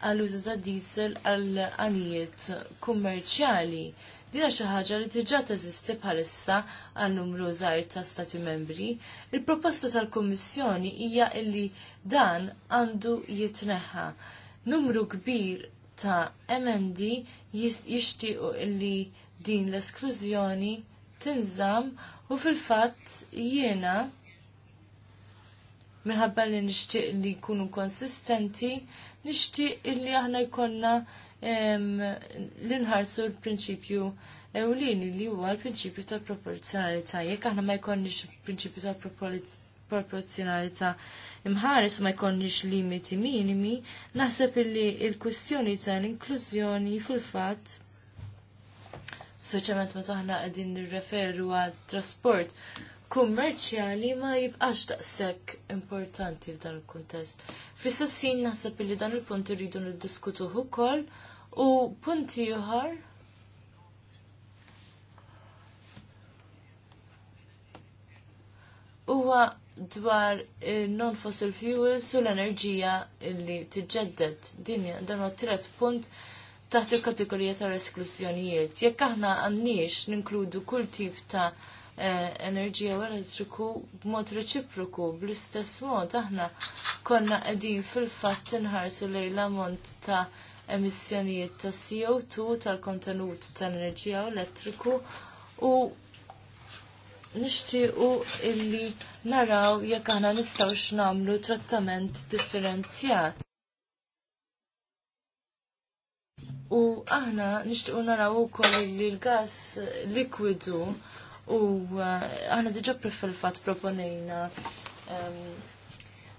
għall użu ta' diesel għal anijiet kummerċjali. Dina xi ħaġa li diġà teżisti bħalissa għal numru żgħir ta' stati membri. Il-proposta tal-Kummissjoni hija illi dan għandu jitneħħa. Numru kbir ta' MND jixtiequ illi din l-esklużjoni tinżam u fil-fatt jiena minħabba li nixtieq li jkunu konsistenti, nixtieq illi aħna jkollna l-inħarsu l-prinċipju ewlieni li huwa l-prinċipju ta' proporzjonalità. Jekk aħna ma jkollniex prinċipju ta' proporzjonalità imħares u ma jkollniex limiti minimi, naħseb illi l-kwistjoni ta' l-inklużjoni fil-fatt speċjalment meta aħna qegħdin nirreferu għal trasport kummerċjali ma jibqax daqshekk importanti f'dan il-kuntest. Fl-istess naħseb li dan il-punt irridu niddiskutuh ukoll U punti ieħor huwa dwar non-fossil fuels u l-enerġija li t-ġeddet din dan għat tret punt taħt il-kategorija tal-esklusjonijiet. Jekk aħna għanniex ninkludu kull tip ta' eh, enerġija u elettriku b'mod reċiproku bl-istess mod aħna konna qegħdin fil-fatt inħarsu lejla mont ta' emissjonijiet ta' CO2 tal-kontenut tal-enerġija elettriku u nixtiequ illi naraw jekk aħna nistgħux nagħmlu trattament differenzjat. U aħna nixtiequ naraw ukoll li l-gas likwidu u eh, aħna diġà fil-fatt proponejna um,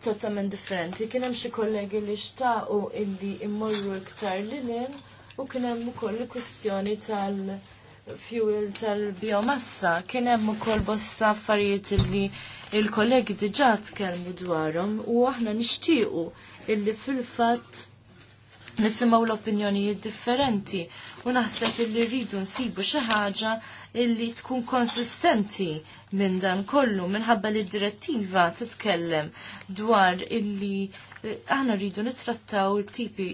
trattament differenti. Kien hemm xi kollegi li xtaqu illi immorru iktar lilin u kien hemm ukoll kwistjoni tal-fuel tal-biomassa. Kien hemm ukoll bosta affarijiet illi il-kollegi diġà tkellmu dwarhom u aħna nixtiequ illi fil-fatt nisimgħu l-opinjonijiet differenti u naħseb illi rridu nsibu xi ħaġa illi tkun konsistenti minn dan kollu minħabba li direttiva titkellem dwar illi eh, aħna rridu nittrattaw tipi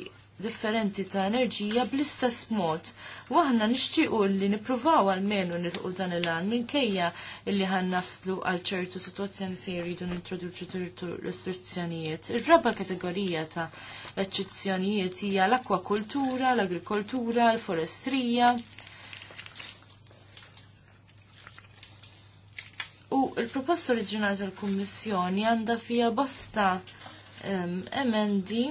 differenti ta' enerġija bl-istess mod. U aħna nixtiequ li nippruvaw għalmenu nilqu dan il-għan minkejja illi ħan naslu għal ċertu situazzjoni fejn rridu nintroduċu ċertu restrizzjonijiet. Ir-raba kategorija ta' eċċezzjonijiet hija l-akwakultura, l-agrikoltura, l-forestrija. U il-proposta oriġinali tal-Kummissjoni għandha fija bosta emendi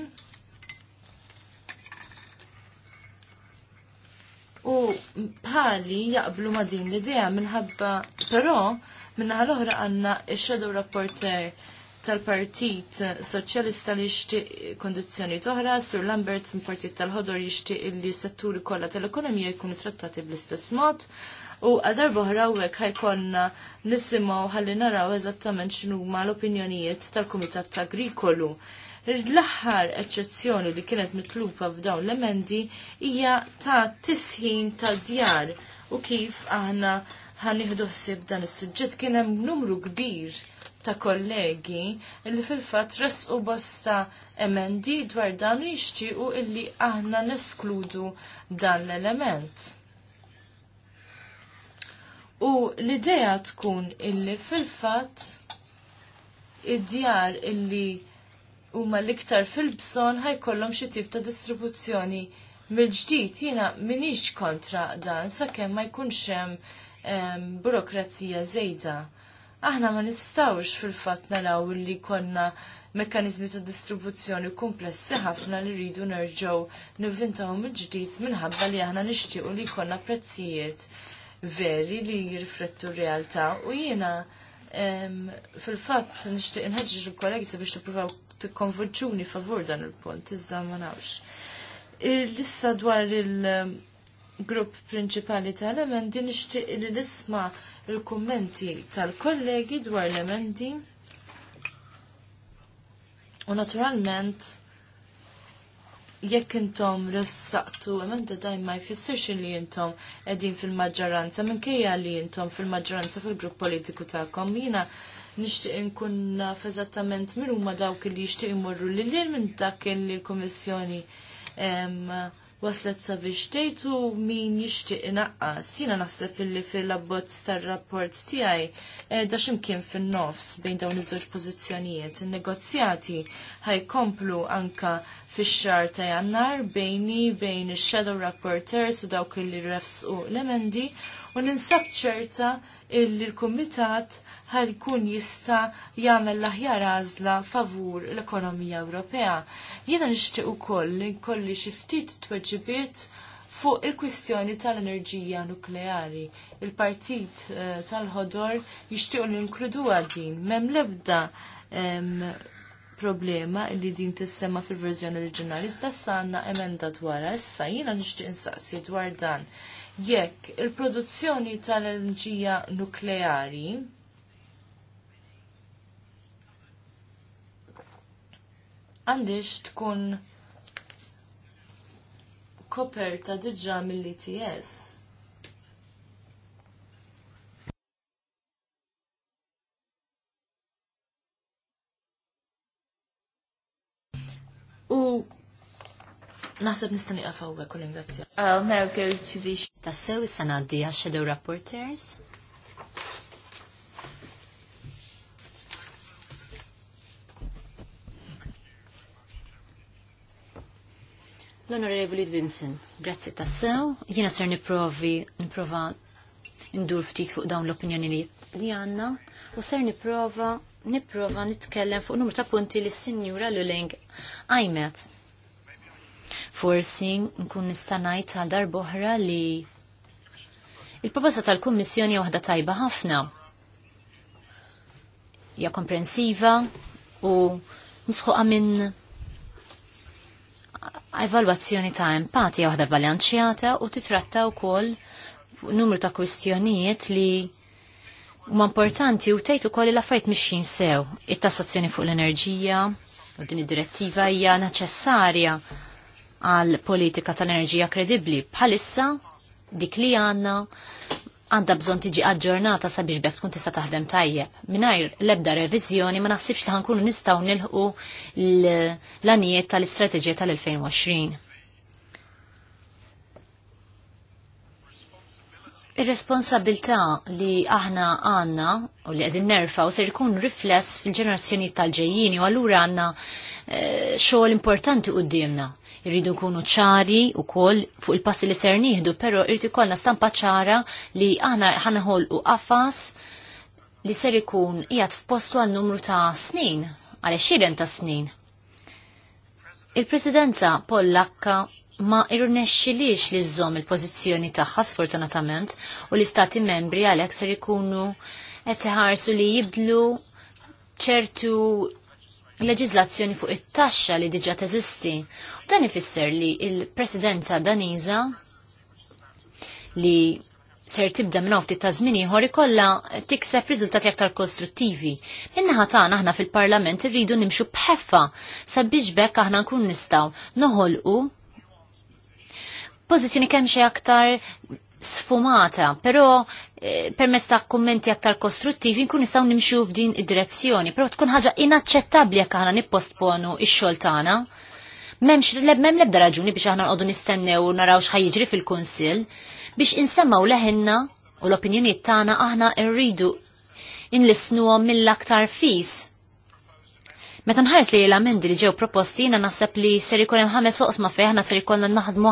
u bħali jaqblu ma din l-idea minħabba però l oħra għanna il-shadow rapporter tal-partit soċjalista li jixtieq kondizjoni toħra, Sur Lamberts mill-partit tal-ħodor jixtieq li setturi kollha tal-ekonomija jkunu trattati bl-istess mod u għadar boħra u għek ħajkonna nisimaw ħalli naraw eżattament ma l-opinjonijiet tal-Kumitat Agrikolu. L-aħħar eċċezzjoni li kienet mitluba f'dawn l-emendi hija ta' tisħin ta' djar u kif aħna ħaniħdu ħsib dan is-suġġett kien hemm numru kbir ta' kollegi li fil-fatt resqu bosta emendi dwar dan u jixtiequ illi aħna neskludu dan l-element. U l-idea tkun illi fil-fat id-djar illi huma l-iktar fil-bson ħajkollhom xi tip ta' distribuzzjoni mill-ġdid jiena minix kontra dan sakemm ma jkunx hemm burokrazija żejda. Aħna ma nistawx fil-fatt naraw li konna mekkanizmi ta' distribuzzjoni komplessi ħafna li rridu nerġgħu nivvintahom il-ġdid minħabba li aħna nixtiequ li jkollna prezzijiet veri li jirfrettu r-realtà u jiena fil-fatt nixtieq inħeġġeġ il-kollegi sabiex tippruvaw konvoġuni favur dan il-punt, iżda ma nawx. Lissa dwar il-grupp prinċipali tal-emendi nixtieq li nisma' il-kummenti tal-kollegi dwar l-emendi. U naturalment jekk intom ressaqtu emenda dajn dajma jfissirx li intom edin fil-maġġoranza minkejja li intom fil-maġġoranza fil-grupp politiku ta' jiena nixtieq inkun naf eżattament minn huma dawk li jixtieq imorru lil minn dak li l-Kummissjoni waslet sabiex tgħidu min jixtieq inaqqa. Jiena naħseb illi fil-abbozz tar-rapport tiegħi eh, da x'imkien fin-nofs bejn dawn iż-żewġ pożizzjonijiet. innegozjati ħajkomplu anka fix-xahar ta' Jannar bejni bejn ix-shadow rapporters u dawk refs refsqu l-emendi u ninsab ċerta illi l-Kumitat ħal jista' jagħmel l-aħjar għażla favur l-ekonomija Ewropea. Jiena nixtieq ukoll li nkolli xi ftit tweġibiet fuq il-kwistjoni tal-enerġija nukleari. Il-partit eh, tal-ħodor jixtiequ li inkluduha din m'hemm l-ebda problema li din tissema fil-verżjoni oriġinali, iżda s-sanna emenda dwarha, issa jiena nixtieq insaqsi dwar dan jekk il-produzzjoni tal-enerġija nukleari għandix tkun koperta diġa mill-ITS. U Naħseb nistani għafawwek u ringrazzja. Oh, no, go to Tassew is-sanaddi għax-Shadow Rapporters. L-Onorevoli Vincent, grazzi tassew. Jena ser niprovi, niprova ndur ftit fuq dawn l-opinjoni li għanna u ser niprova, niprova nitkellem fuq numru ta' punti li s-Sinjura Luling għajmet forsi nkun nista' ngħid għal darb'oħra li il-proposta tal-Kummissjoni waħda tajba ħafna. Ja komprensiva u nisħuqa minn evalwazzjoni ta' empatija waħda balanċjata u titratta wkoll numru ta' kwistjonijiet li huma importanti u tgħid ukoll l-affarijiet mixjin sew. It-tassazzjoni fuq l-enerġija u din id-direttiva hija neċessarja għal politika tal-enerġija kredibbli bħalissa dik li għanna għandha bżon tiġi aġġornata sabiex bekk tkun tista' taħdem tajjeb. Minajr l-ebda reviżjoni ma naħsibx li ħankunu nistgħu nilħu l-anijiet tal-istrateġija tal-2020. Ir-responsabilta li aħna għanna u li għedin nerfa u ser ikun rifless fil-ġenerazzjoni tal-ġejjini u għallura għanna importanti eh, xogħol importanti dimna Irridu kunu ċari u kol fuq il-passi li ser nieħdu, pero irridu kolna stampa ċara li aħna ħanaħol u qafas li ser ikun qiegħed f'postu għal numru ta' snin, għal xiren ta' snin. Il-presidenza Pollakka ma irnexxilix li żżomm il-pożizzjoni tagħha sfortunatament u l-istati membri għalhekk ser ikunu qed iħarsu li jibdlu ċertu leġizlazzjoni fuq it-taxxa li diġà teżisti. U dan ifisser li il-Presidenza Daniża li ser tibda minn ofti ta' żmien ieħor ikollha tikseb riżultati aktar kostruttivi. Minnaħa tagħna aħna fil-Parlament irridu nimxu bħeffa sabiex bekk aħna nkun nistgħu noħolqu pożizzjoni kemm xi aktar sfumata, però eh, permezz ta' kummenti aktar kostruttivi nkun nistgħu nimxu f'din id-direzzjoni, però tkun ħaġa inaċċettabbli jekk aħna nippostponu x-xogħol tagħna. Memx mem lebda raġuni biex aħna nqogħdu nistennew naraw x'ħajjiġri fil-kunsill biex insemmaw leħinna u l-opinjonijiet tagħna aħna rridu inlisnuhom mill-aktar fis Meta nħares li l-amendi li ġew proposti jiena naħseb li ser ikun hemm ħames oqsma fejn aħna ser ikollna naħdmu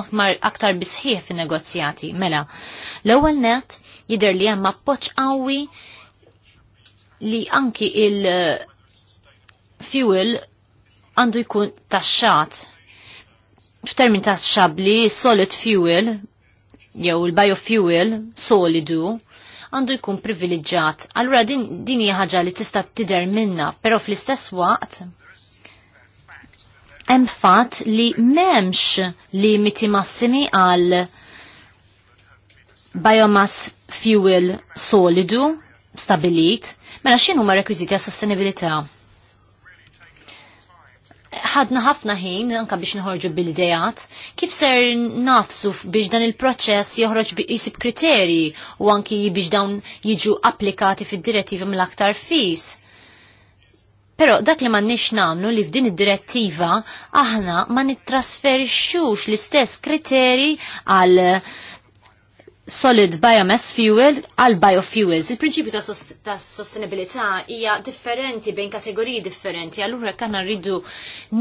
aktar bisħieħ fin-negozjati. Mela, l-ewwel net jidher li hemm appoġġ qawwi li anki il-fuel għandu jkun taxxat. F'termin ta' xabli, solid fuel, jew il-biofuel solidu, għandu jkun privileġġjat. Allura din, din hija ħaġa li tista' tidher minna, però fl-istess waqt hemm fatt li m'hemmx limiti massimi għal biomass fuel solidu stabilit, mela x'inhuma rekwiżiti għas sostenibilità? ħadna ħafna ħin anka biex nħorġu bil-idejat, kif ser nafsu biex dan il-proċess joħroġ jisib kriteri u anki biex dawn jiġu applikati fid-direttiva mill-aktar fis. Pero dak li man nix namlu li f'din id-direttiva aħna ma nittrasferixxux l-istess kriteri għal solid biomass fuel għal biofuels. Il-prinċipju ta', sost ta sostenibilità hija differenti bejn kategoriji differenti, allura kanna rridu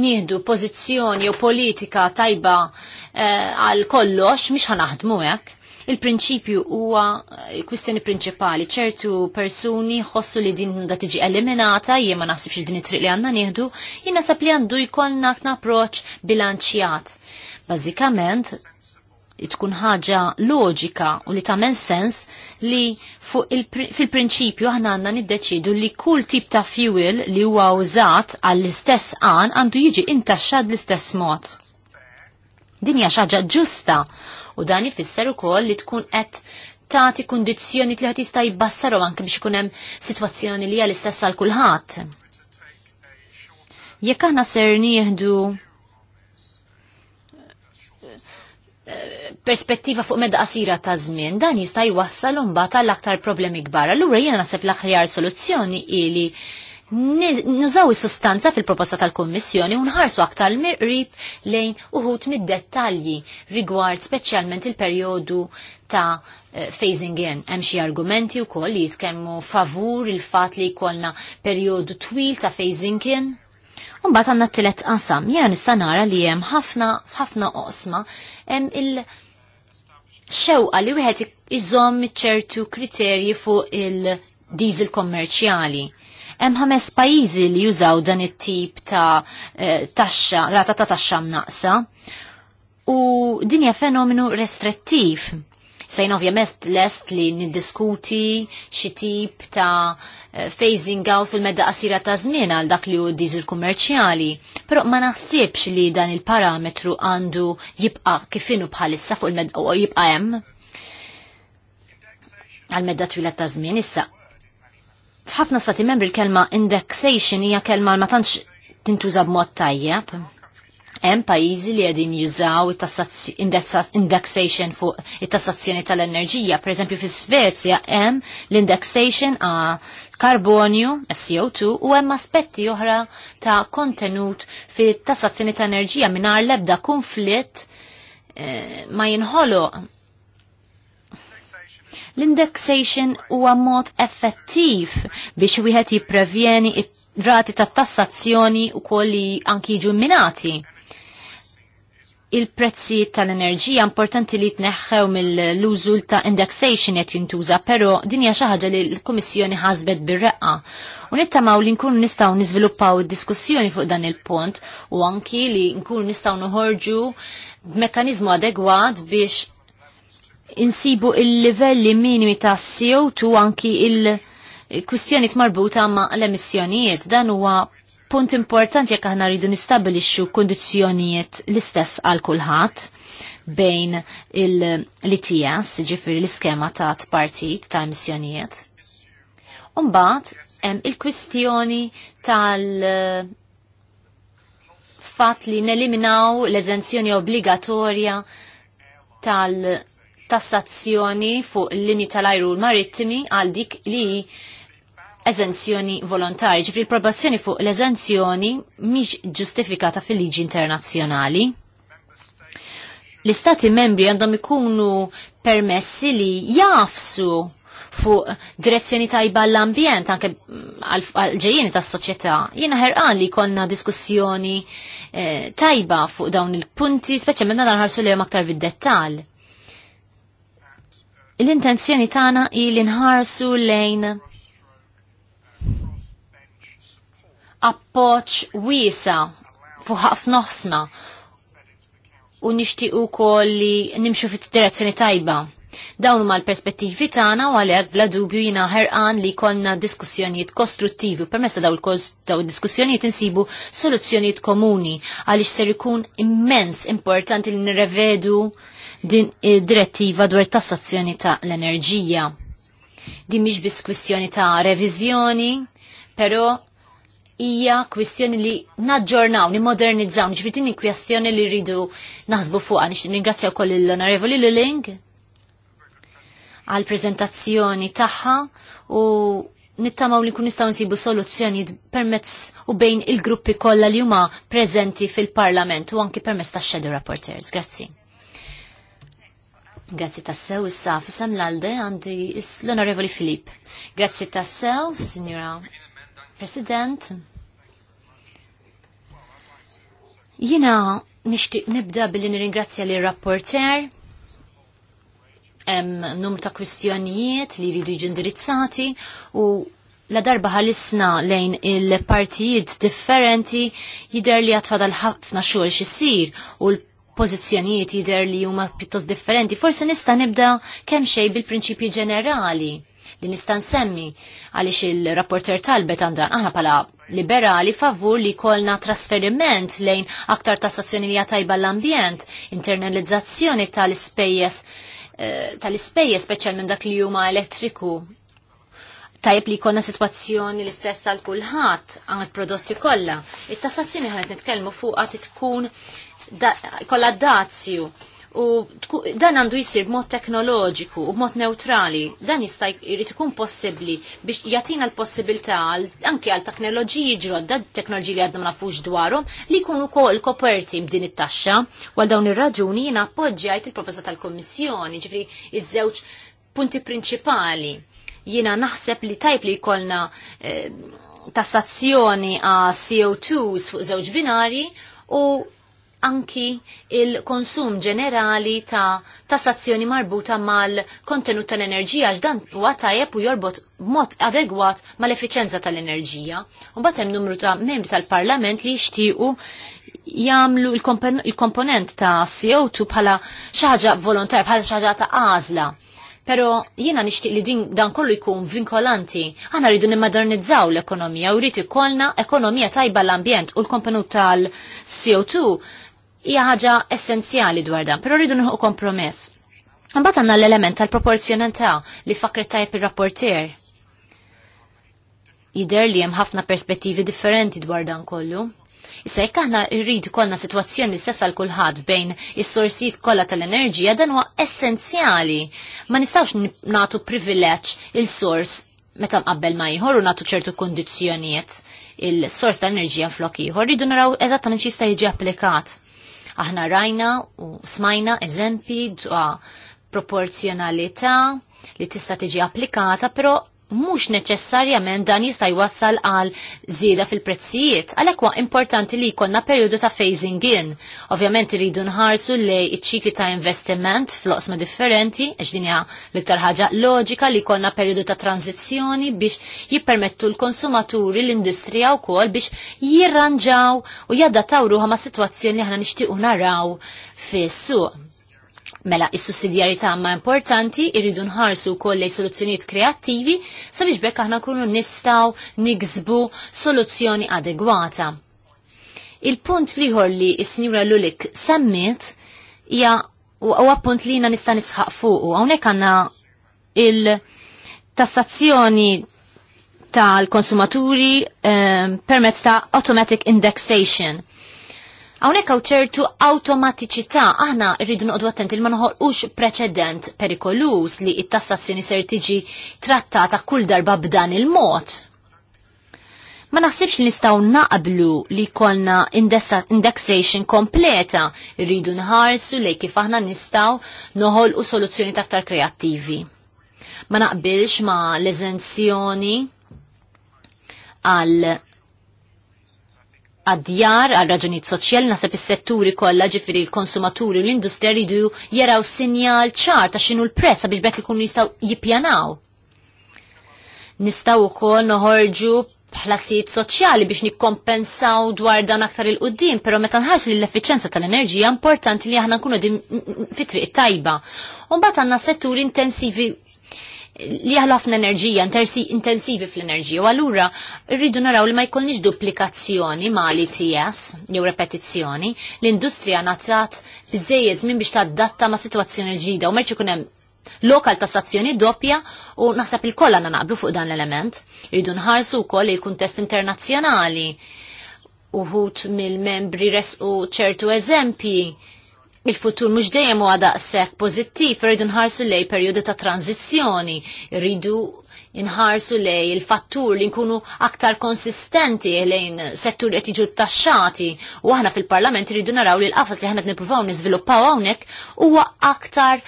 nieħdu pożizzjoni jew politika tajba eh, għal eh, kollox mhix ħanaħdmu hekk. Il-prinċipju huwa kwistjoni prinċipali. ċertu persuni ħossu li din da tiġi eliminata, jien ma naħsibx li din it-triq li għandna nieħdu, jien nasab li għandu jkollna approċċ bilanċjat. Bażikament, tkun ħaġa loġika u li tamen sens li fil-prinċipju aħna għandna niddeċidu li kull tip ta' fuel li huwa użat għall-istess għan għandu jiġi intaxxad bl-istess mod. Din hija xaġa ġusta u dan ifisser ukoll li tkun qed tagħti kundizzjoni li qed jista' jibassaru anke biex ikun hemm sitwazzjoni li hija l-istess għal kulħadd. Jekk aħna ser nieħdu perspettiva fuq medda qasira ta' żmien dan jista' jwassal imbagħad għall aktar problemi kbar. Allura jiena naħseb l-aħjar soluzzjoni ili nużaw is-sustanza fil-proposta tal kummissjoni u nħarsu aktar mirqrib lejn uħut mid-dettalji rigward speċjalment il-perjodu ta' eh, phasing in. Hemm xi argumenti wkoll li jitkellmu favur il-fatt li jkollna perjodu twil ta' phasing in bat għandna t tillet qasam. jena nista' nara li hemm ħafna ħafna qosma jem il- xewqa li wieħed iżomm ċertu kriterji fuq il-diesel kommerċjali. Hemm ħames pajjiżi li jużaw dan it-tip ta' eh, taxxa, rata ta' taxxa mnaqsa. U din hija fenomenu restrettiv Sejn ovvjament lest li niddiskuti xie tip ta' eh, phasing out fil-medda qasira ta' żmien għal dak li hu diesel kummerċjali, però ma naħsibx li dan il-parametru għandu jibqa' kifinu bħalissa fuq il-medda u jibqa' hemm għal medda twila ta' żmien issa. F'ħafna stati membri l-kelma indexation hija kelma ma tantx tintuża b'mod tajjeb Hemm pajjiżi li qegħdin jużaw indexation fuq it-tassazzjoni tal-enerġija. Pereżempju fi Svezja hemm l-indexation a karbonju, CO2, u hemm aspetti oħra ta' kontenut fit tassazzjoni ta' enerġija mingħajr l-ebda konflitt eh, ma jinħoloq l-indexation huwa mod effettiv biex wieħed jipprevjeni rati ta' tassazzjoni u kolli anki jiġu minati il-prezzi tal-enerġija importanti li tneħħew mill-użu ta' indexation qed jintuża, però din hija xi ħaġa li l-Kummissjoni ħasbet bir-reqqa. U nittamaw li nkunu nistgħu niżviluppaw id-diskussjoni fuq dan il-punt u anki li nkunu nistgħu noħorġu b'mekkaniżmu adegwat biex insibu il-livelli minimi ta' CO2 anki il-kwistjoni marbuta ma' l-emissjonijiet. Dan huwa punt importanti jekk aħna rridu nistabilixxu kundizzjonijiet l-istess għal kulħadd bejn l-ITS, ġifir l-iskema ta' partit ta' emissjonijiet. Umbat, il-kwistjoni tal- fatt li neliminaw l-eżenzjoni obbligatorja tal-tassazzjoni fuq l-lini tal-ajru marittimi għal dik li eżenzjoni volontari, ġifri l-probazzjoni fuq l-eżenzjoni mhix ġustifikata fil-liġi internazzjonali. L-istati membri għandhom ikunu permessi li jafsu fuq direzzjoni tajba l-ambjent, anke għal-ġejjeni tas soċjetà Jiena ħerqan li konna diskussjoni eh, tajba fuq dawn il-punti, speċjalment ħarsu li lejhom aktar bid-dettall. L-intenzjoni tagħna hi li nħarsu lejn appoċ wisa fuq ħafna u nixtiequ wkoll li nimxu fit-direzzjoni tajba. Dawn huma l-perspettivi tagħna u għalhekk bla dubju jina ħerqan li jkollna diskussjonijiet kostruttivi u permessa daw l diskussjonijiet insibu soluzzjonijiet komuni għaliex ser ikun immens importanti li nirrevedu din direttiva dwar tassazzjoni ta' l-enerġija. Din mhix biss kwistjoni ta' reviżjoni, però hija kwistjoni li naġġornaw, nimmodernizzaw, ġifritini kwistjoni li rridu naħsbu fuqa. Nix ringrazzja koll l-Onorevoli Luling għal prezentazzjoni tagħha u nittamaw li kunistaw nsibu soluzzjoni permezz u bejn il-gruppi kollha li huma preżenti fil-Parlament u anki permezz ta' Shadow rapporters. Grazzi. Grazzi tassew issa fisem l-alde għandi l-Onorevoli Filip. Grazzi tassew, Signora President. Jina nishtiq nibda billi nirringrazzja li rapporter hemm num ta' kwistjonijiet li jridu jiġu indirizzati u la darba ħalisna lejn il-partijiet differenti jider li għatfadal ħafna xogħol xisir u l-pożizzjonijiet jider li huma pjuttost differenti. Forse nista' nibda kemm xej bil-prinċipji ġenerali li nista' nsemmi għaliex il-rapporter talbet għandha aħna pala liberali favur li kolna trasferiment lejn aktar li tajba l-ambjent, internalizzazzjoni tal spejjes eh, tal-ispejjes speċjal minn dak li huma elettriku. Tajb li jkollna sitwazzjoni l-istess għal kulħadd għal prodotti kollha. It-tassazzjoni ħanet nitkellmu fuqha tkun kollha dazju U dan għandu jisir mod teknoloġiku u mod neutrali, dan jista' jrid ikun possibbli biex jagħtina l-possibilità anke għal teknoloġiji ġrodda, teknoloġiji li għadna nafux dwarhom, li jkunu ukoll koperti b'din it-taxxa. Għal dawn ir-raġuni jiena appoġġjajt il-proposta tal-Kummissjoni, ġifri iż-żewġ punti prinċipali. Jiena naħseb li tajb li jkollna eh, tassazzjoni għal CO2 fuq żewġ binari u anki il-konsum ġenerali ta' tassazzjoni marbuta mal-kontenut tal-enerġija x'dan huwa għatajep u jorbot b'mod adegwat mal efficienza tal-enerġija. U batem hemm numru ta' membri tal-Parlament li jixtiequ jagħmlu il-komponent ta' CO2 bħala xi ħaġa volontarja, bħala xi ħaġa ta' għażla. Pero jiena nixtieq li din dan kollu jkun vinkolanti. Aħna rridu nimmodernizzaw l-ekonomija u rrid ikollna ekonomija tajba l-ambjent u l-komponut tal-CO2 hija ħaġa essenzjali dwar dan, però rridu nħuq kompromess. Mbagħad għandna l-element tal-proporzjonalità li fakret tajb ir-rapportier. Jider li hemm ħafna perspettivi differenti dwar dan kollu. Issa jekk aħna rridu konna sitwazzjoni sessa l kulħadd bejn is-sorsijiet kollha tal-enerġija dan huwa essenzjali. Ma nistgħux nagħtu privileġġ il-sors meta mqabbel ma ieħor u nagħtu ċertu kondizzjonijiet il-sors tal-enerġija flok ieħor, rridu naraw eżattament jista' jiġi applikat Aħna rajna u smajna eżempi dwa proporzjonalità li tista' tiġi applikata, però mhux neċessarjament dan jista' jwassal għal żieda fil-prezzijiet, għalhekk huwa importanti li jkollna perjodu ta' phasing in. Ovvjament iridu nħarsu li iċ-ċikli ta' investiment fl osma differenti, għax din hija l-iktar ħaġa loġika li jkollna perjodu ta' tranzizzjoni biex jippermettu l-konsumaturi l-industrija wkoll biex jirranġaw u jadattaw ruha ma' sitwazzjoni li aħna nixtiequ naraw fis-suq Mela, is-sussidjarità ma importanti irridu nħarsu kollej soluzzjonijiet kreattivi sabiex bekk aħna kunu nistaw nigzbu soluzzjoni adegwata. Il-punt liħor li s-Sinjura Lulik semmit hija u appunt li jina nista nisħaq fuq u għawnek għanna il-tassazzjoni tal-konsumaturi eh, permezz ta' automatic indexation Hawnhekk hawn ċertu awtomatiċità aħna rridu noqogħdu attenti li ma noħolqux preċedent perikolus li t-tassazzjoni ser tiġi trattata kull darba b'dan il-mod. Ma naħsibx li nistgħu naqblu li kolna indexation kompleta rridu nħarsu lejn kif aħna nistgħu noħolqu soluzzjoni taktar kreattivi. Ma naqbilx ma l-eżenzjoni għal għadjar għal raġunijiet soċjal nasab is-setturi kollha ġifieri l-konsumaturi u l-industrija jridu jaraw sinjal ċar ta' x'inhu l-prezz biex bekk ikunu jistgħu jippjanaw. Nistgħu wkoll noħorġu ħlasijiet soċjali biex nikkompensaw dwar dan aktar il-qoddim, pero meta nħarsu li l-effiċenza tal-enerġija importanti li aħna nkunu din fitriq tajba. mbagħad għandna setturi intensivi li ħafna enerġija, intensivi fl-enerġija, u allura rridu naraw li ma jkollniex duplikazzjoni ma li TS, jew repetizzjoni, l-industrija nazzat bżejjed minn biex tadatta ma situazzjoni ġdida, u merċi kunem lokal tassazzjoni doppja u naħseb il-kolla naqblu fuq dan l-element. Rridu nħarsu wkoll il-kuntest internazzjonali uħut mill-membri resqu ċertu eżempji il-futur mhux dejjem huwa daqshekk pożittiv, rridu nħarsu lej periodi ta' tranzizjoni, rridu inħarsu lej il-fattur li nkunu aktar konsistenti lejn settur qed jiġu taxxati u aħna fil-Parlament rridu naraw li l-qafas li aħna nippruvaw niżviluppaw hawnhekk huwa aktar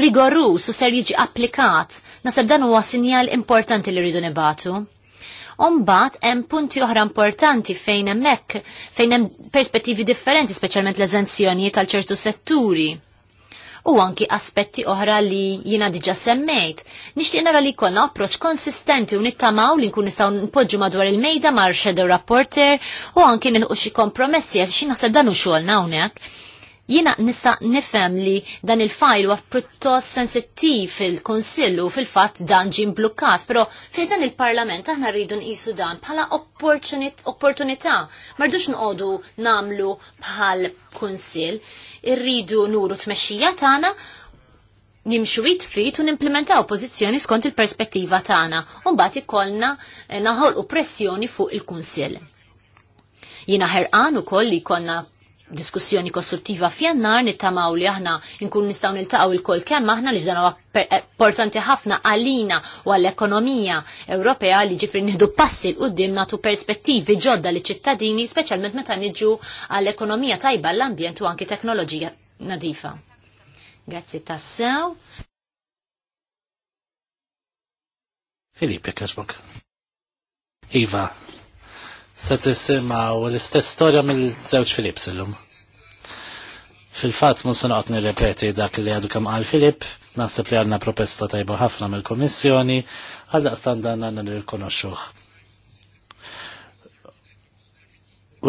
rigorus u ser jiġi applikat. Nasab dan huwa sinjal importanti li rridu nibatu. Umbat hemm punti oħra importanti fejn hemmhekk fejn hemm perspettivi differenti speċjalment l-eżenzjonijiet tal ċertu setturi u anki aspetti oħra li jina diġa semmejt. Nixtieq nara li jkollna approċ konsistenti u nittamaw li nkun nistgħu npoġġu madwar il-mejda mar shadow rapporter u anki nilqu xi kompromessi għax xi naħseb dan u hawnhekk. Jina nista' nifhem li dan il-fajl huwa pjuttost sensittiv fil-Konsillu fil-fatt dan ġie mblukkat, però fi dan il-Parlament aħna rridu nqisu dan bħala opportunità. Mardux nqogħdu namlu bħal konsill, irridu nuru tmexxija tagħna nimxu it-fit u nimplementaw pozizjoni skont il-perspettiva tagħna u mbagħad ikollna eh, naħolqu pressjoni fuq il-Kunsill. Jina ħerqan ukoll li jkollna diskussjoni kostruttiva f'jannar nittamaw li aħna nkun nistgħu niltaqgħu il-kol kemm aħna li ġdan importanti ħafna għalina u għall-ekonomija Ewropea li ġifri nieħdu passi l qudiem nagħtu perspettivi ġodda li ċittadini speċjalment meta niġu għall-ekonomija tajba l-ambjent u anki teknoloġija nadifa. Grazzi tassew. Filippi Kasbok. Iva, se tisimaw l-istess storja mill-żewġ Filips illum. Fil-fatt mus noqgħod nirrepeti dak li għadu kemm qal Filip, naħseb li għandna proposta tajba ħafna mill-Kummissjoni, għal daqstan dan għandna nirrikonoxxuh.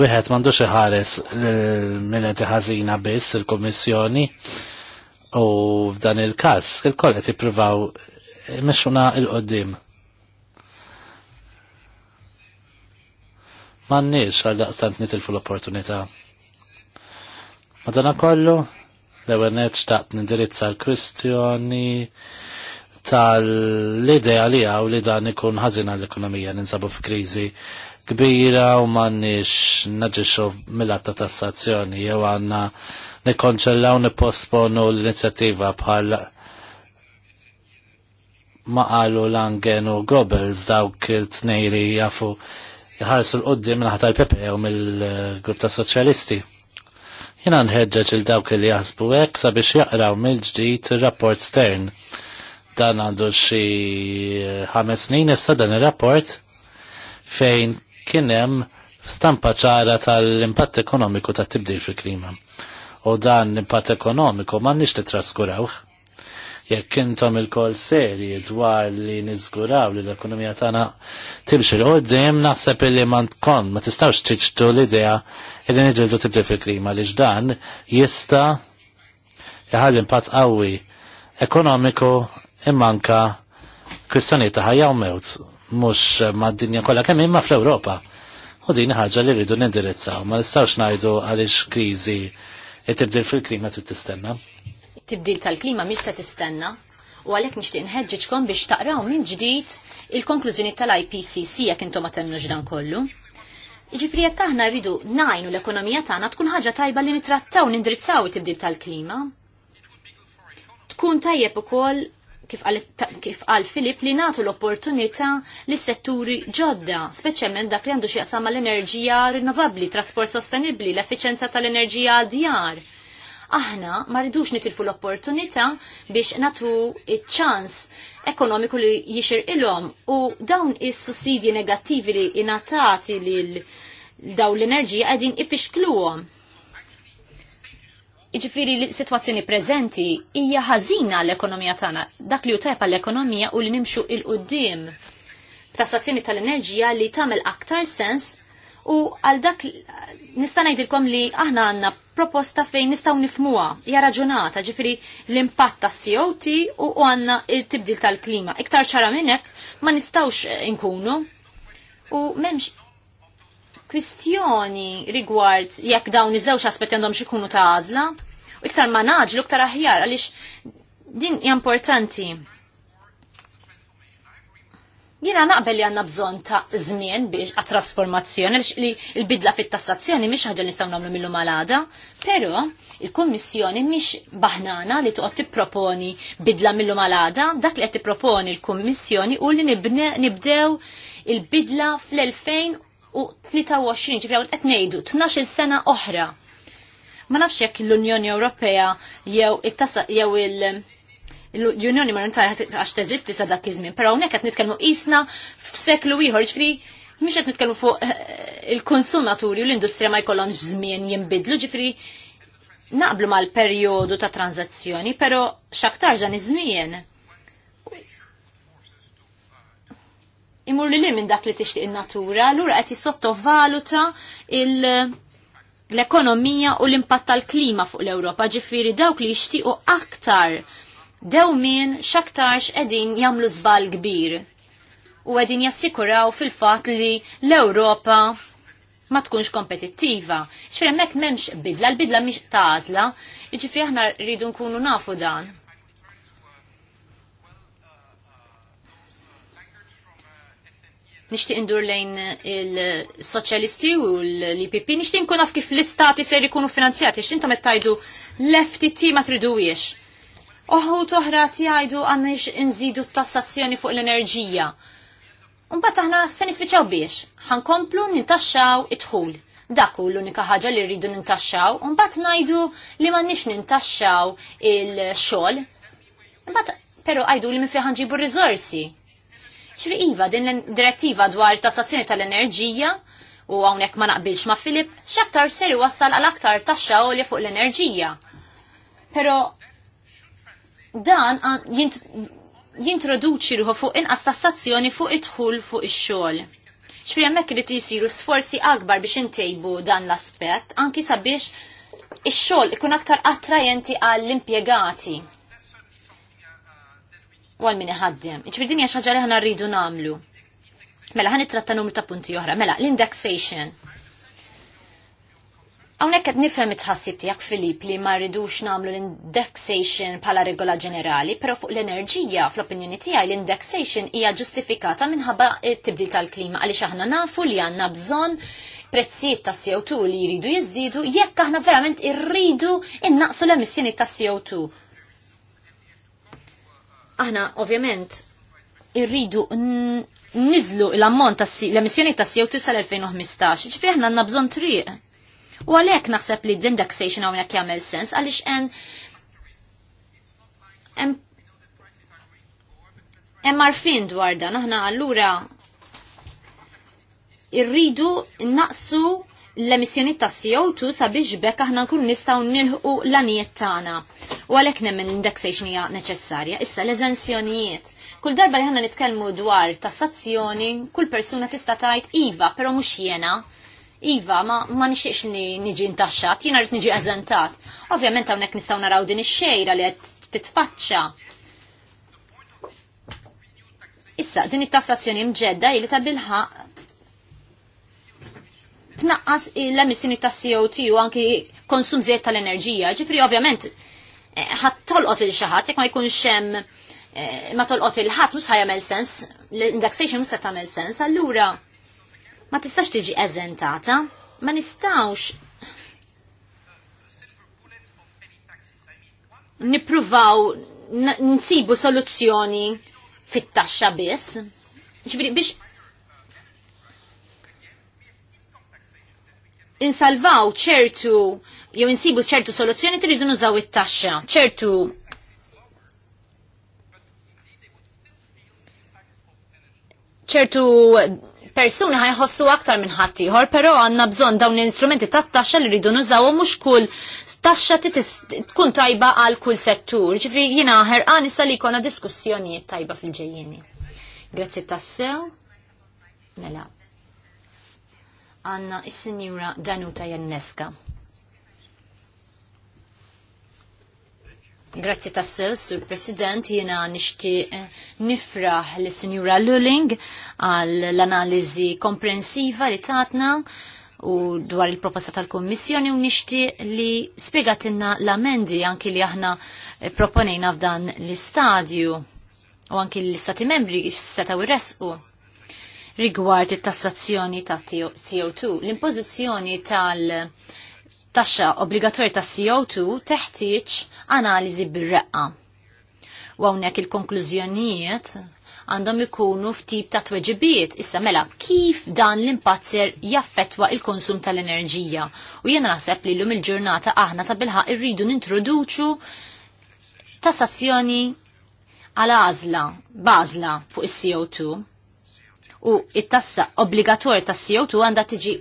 Wieħed m'għandux iħares eh, mill-qed ħażina biss il-Kummissjoni u f'dan il-każ il-koll qed jippruvaw imexxuna il-qoddim. il qoddim il Mannix għal daqstant nitilfu l-opportunità. Madonna kollu, l-ewenet xtaqt nindirizza l-kwistjoni tal-idea li għaw li dan ikun ħazin għall-ekonomija ninsabu f-krizi kbira u mannix naġiċu mill-atta tassazzjoni jew għanna nikonċellaw niposponu l-inizjattiva bħal ma qalu Langen u Goebbels dawk il-tnej jafu jħarsu l-qoddim minn ħatar pepe u mill-Grupp ta' Soċjalisti. Jena nħedġeġ il-dawk li jaħsbu hekk sabiex jaqraw mill-ġdid ir-rapport stern. Dan għandu xi ħames snin issa dan ir-rapport fejn kien hemm stampa ċara tal-impatt ekonomiku tat-tibdil fil-klima. U dan l-impatt ekonomiku ma nix traskurawx jekk intom il-kol seri dwar li niżguraw li l-ekonomija tagħna timxi l qudiem naħseb li ma tkun ma tistgħux tiġtu l-idea li niġildu tibdil fil-klima li x'dan jista' jħalli impatt qawwi ekonomiku immanka kwistjonijiet ta' ħajja u mewt mhux mad-dinja kollha kemm imma fl-Ewropa. U din ħaġa li rridu nindirizzaw, ma nistgħux ngħidu għaliex kriżi tibdil fil-klima trid tistenna tibdil tal-klima mhix se tistenna u għalhekk nixtieq nħeġġeġkom biex taqraw minn ġdid il-konklużjoni tal-IPCC jekk intom ma temmnux dan kollu. Iġifri jekk aħna rridu najnu l-ekonomija tagħna tkun ħaġa tajba li nitrattaw nindrizzaw it-tibdil tal-klima. Tkun tajjeb ukoll kif qal Filip li natu l-opportunità li setturi ġodda, speċjalment dak li għandu xieqsam mal-enerġija rinnovabli, trasport sostenibli, l efficienza tal-enerġija djar aħna ma rridux nitilfu l-opportunità biex natu ċans ekonomiku li jixir ilhom u dawn is-sussidji negattivi li inatati li daw l-enerġija qegħdin ifixkluhom. Iġifiri li situazzjoni preżenti hija ħażina l-ekonomija tagħna, dak li utajpa l-ekonomija u li nimxu il-qudiem. Tassazzjoni tal-enerġija li tagħmel aktar sens U għal dak nista' ngħidilkom li aħna għandna proposta fejn nistgħu nifmuha hija raġunata, ġifieri l-impatt tas COT u għandna t-tibdil tal-klima. Iktar ċara minn hekk ma nistgħux eh, inkunu. U m'hemmx kwistjoni rigward jekk dawn iż-żewġ aspetti għandhom xi jkunu ta' għażla, u iktar ma naġlu iktar aħjar għaliex din hija importanti Jina naqbel li għanna bżon ta' zmin biex għat-trasformazzjoni li il bidla fit-tassazzjoni miex ħagġa nistaw namlu millu malada, pero il-Kommissjoni miex baħnana li tuqot tipproponi bidla millu malada, dak li għat tipproponi l-Kommissjoni u li nibdew il-bidla fl-2023, ġifri qed ngħidu 12 sena oħra. Ma nafx jekk l-Unjoni Ewropea jew tassa jew il-, -tassa, jew il l-Unjoni Monetarja għax teżisti sa dak iż-żmien, però hawnhekk qed nitkellmu qisna f'seklu ieħor, ġifri mhux qed nitkellmu fuq eh, il-konsumaturi u l-industrija ma jkollhomx żmien jinbidlu, ġifri naqblu mal-perjodu ta' tranzazzjoni, però x'aktar ġan iż-żmien. Imur li li minn dak li tixtieq in-natura, lura qed jissottovaluta il- l-ekonomija u l-impatt tal-klima fuq l-Ewropa, ġifiri dawk li jixtiequ aktar dew min xaktarx edin jamlu zbal kbir u edin jassikuraw fil-fat li l-Europa ma tkunx kompetittiva. ċfir mek memx bidla, l-bidla miex tażla, ġifri aħna rridu nkunu nafu dan. Nishti indur lejn il-soċjalisti u l-IPP, nishti nkunaf kif l-istati ser ikunu finanzjati, xintom tajdu l-FTT ma tridujiex Oħu toħra jgħidu għannix inżidu t-tassazzjoni fuq l-enerġija. Unbat aħna se nispiċaw biex, ħankomplu nintaxxaw it-tħul. Dak hu l-unika ħaġa li rridu nintaxxaw, unbat ngħidu li m'għandniex nintaxxaw il-xogħol. Imbagħad però għajdu li minn ħanġibu r Ċri iva din l-direttiva dwar tassazzjoni tal-enerġija, u għawnek ma naqbilx ma Filip, xaktar seri wassal għal aktar taxxa li fuq l-enerġija. Pero dan jintroduċi ruħu fuq inqas tassazzjoni fuq idħul dħul fuq ix-xogħol. Xfri hemmhekk irid jisiru sforzi akbar biex intejbu dan l-aspett, anki sabiex ix-xogħol ikun aktar attrajenti għall-impjegati u għal min iħaddem. Iġbir din hija xi ħaġa li ħana rridu nagħmlu. Mela ħan numru ta' punti oħra. Mela l-indexation Hawnhekk qed nifhem it-tħassib tiegħek Filip li ma rridux nagħmlu l-indexation bħala regola ġenerali, però fuq l-enerġija fl-opinjoni tiegħi l-indexation hija ġustifikata minħabba t-tibdil tal-klima għaliex aħna nafu li għandna bżonn prezzijiet ta' CO2 li jridu jiżdiedu jekk aħna verament irridu innaqsu l-emissjoni ta' CO2. Aħna ovvjament irridu nizlu l-ammont ta' l-emissjoni ta' CO2 sal-2015, ġifri aħna għandna bżonn triq U għalhekk naħseb li d-indexation hawnhekk jagħmel sens għaliex hemm hemm marfin dwar dan aħna allura irridu naqsu l-emissjoni ta' CO2 sabiex bekk aħna nkun nistgħu nilħu l-anijiet tagħna. U għalhekk nemmen l-indexation hija neċessarja. Issa l-eżenzjonijiet. Kull darba li ħanna nitkellmu dwar tassazzjoni, kull persuna tista' tgħid iva, però mhux jiena Iva, ma, ma nixtiex ni niġi ntaxxat, jiena rrid niġi eżentat. Ovvjament hawnhekk nistgħu naraw din ix-xejra li qed titfaċċa. Issa, din it-tassazzjoni mġedda li ta' bilħaq tnaqqas l-emissjoni ta' CO2 u anki konsum zejt tal-enerġija. Ġifri, ovvjament, eh, ħat tolqot il-xaħat, jek ma jkunx hemm eh, ma tolqot il-ħat, mux ħajamel sens, l-indexation se tagħmel sens, allura ma tistax tiġi eżentata, ma nistawx nipruvaw nsibu soluzzjoni fit-taxxa biss. Ġifieri biex insalvaw ċertu jew insibu ċertu soluzzjoni tridu nużaw it-taxxa, ċertu ċertu persuni ħajħossu aktar minn ħaddieħor, però għandna bżonn dawn l-instrumenti tat-taxxa li rridu nużawhom mhux kull taxxa tkun tajba għal kull settur. Ġifri jiena għan issa li jkollna diskussjonijiet tajba fil-ġejjieni. Grazzi tassew. Mela. Għanna is-Sinjura Danuta Janneska. Grazzi tassew, Sur President, jena nishti eh, nifraħ l Sinjura Lulling għal l-analizi komprensiva li tatna u dwar il-proposta tal-Kommissjoni u nishti li spiegatinna l-amendi anki li aħna eh, proponejna f'dan l-istadju u anki l-istati membri setaw resqu rigward it-tassazzjoni ta' CO2. L-impożizzjoni tal- taxxa obbligatorja ta' CO2 teħtieġ analiżi bir-reqqa. U hawnhekk il-konklużjonijiet għandhom ikunu ftit ta' tweġibiet. Issa mela, kif dan l-impatt ser jaffetwa il-konsum tal-enerġija? U jena naħseb li l-lum il-ġurnata aħna ta' bilħaq irridu nintroduċu tassazzjoni għal għażla, bażla fuq is-CO2. U it-tassa obbligatorja tas-CO2 għandha tiġi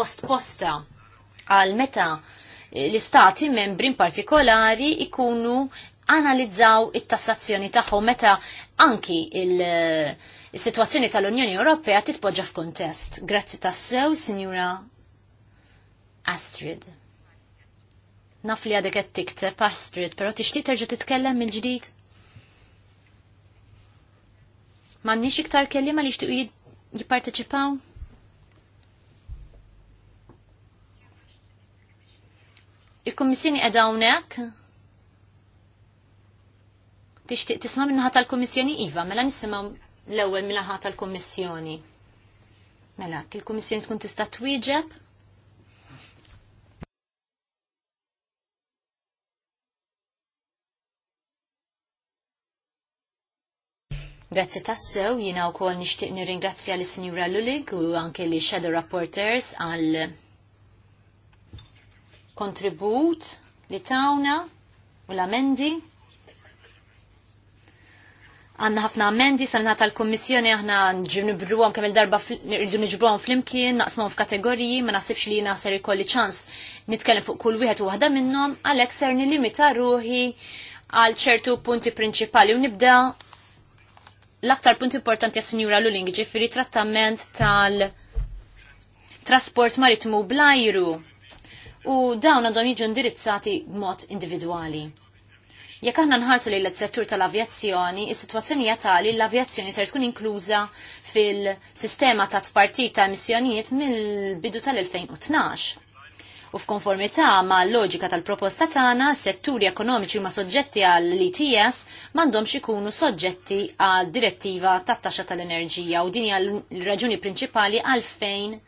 postposta għal meta l-istati membri in partikolari ikunu analizzaw it-tassazzjoni tagħhom meta anki il-sitwazzjoni eh, tal-Unjoni Ewropea titpoġġa f'kuntest. Grazzi tassew, Sinjura Astrid. Naf li għadek qed tikteb Astrid, però tixtieq terġa' titkellem mill-ġdid? M'għandniex iktar kelliema li jixtiequ jipparteċipaw? Il-Kommissjoni qiegħda hawnhekk? Tixtieq tisma' minnaħa tal-Kummissjoni iva, mela nisimgħu l-ewwel minnaħa tal-Kummissjoni. Mela, il-Kummissjoni tkun tista' twieġeb? Grazzi tassew, jina u kol nishtiq nirringrazzja l-Sinjura Lulig u anke li Shadow Rapporters għal kontribut li tawna u l-amendi. Għanna ħafna amendi sanna tal-Kommissjoni aħna nġibru għam kamil darba nirridu nġibru għam fl-imkien, naqsmu f'kategoriji, ma nasibx li jina ser ikolli ċans nitkellem fuq kull wieħed u waħda minnhom, għalhekk ser nilimita ruħi għal ċertu punti prinċipali u nibda l-aktar punt importanti għas sinjura Luling ġifiri trattament tal- trasport maritmu blajru u dawn għandhom jiġu indirizzati b'mod individwali. Jekk aħna nħarsu lejn settur tal-avjazzjoni, is-sitwazzjoni hija tali l-avjazzjoni ser tkun inkluża fil-sistema ta' tpartit ta' emissjonijiet mill-bidu tal-2012. U f'konformità ma' l-loġika tal-proposta tagħna, setturi ekonomiċi ma' soġġetti għal its m'għandhomx ikunu soġġetti għal direttiva tat-taxxa tal-enerġija u din hija l-raġuni prinċipali għalfejn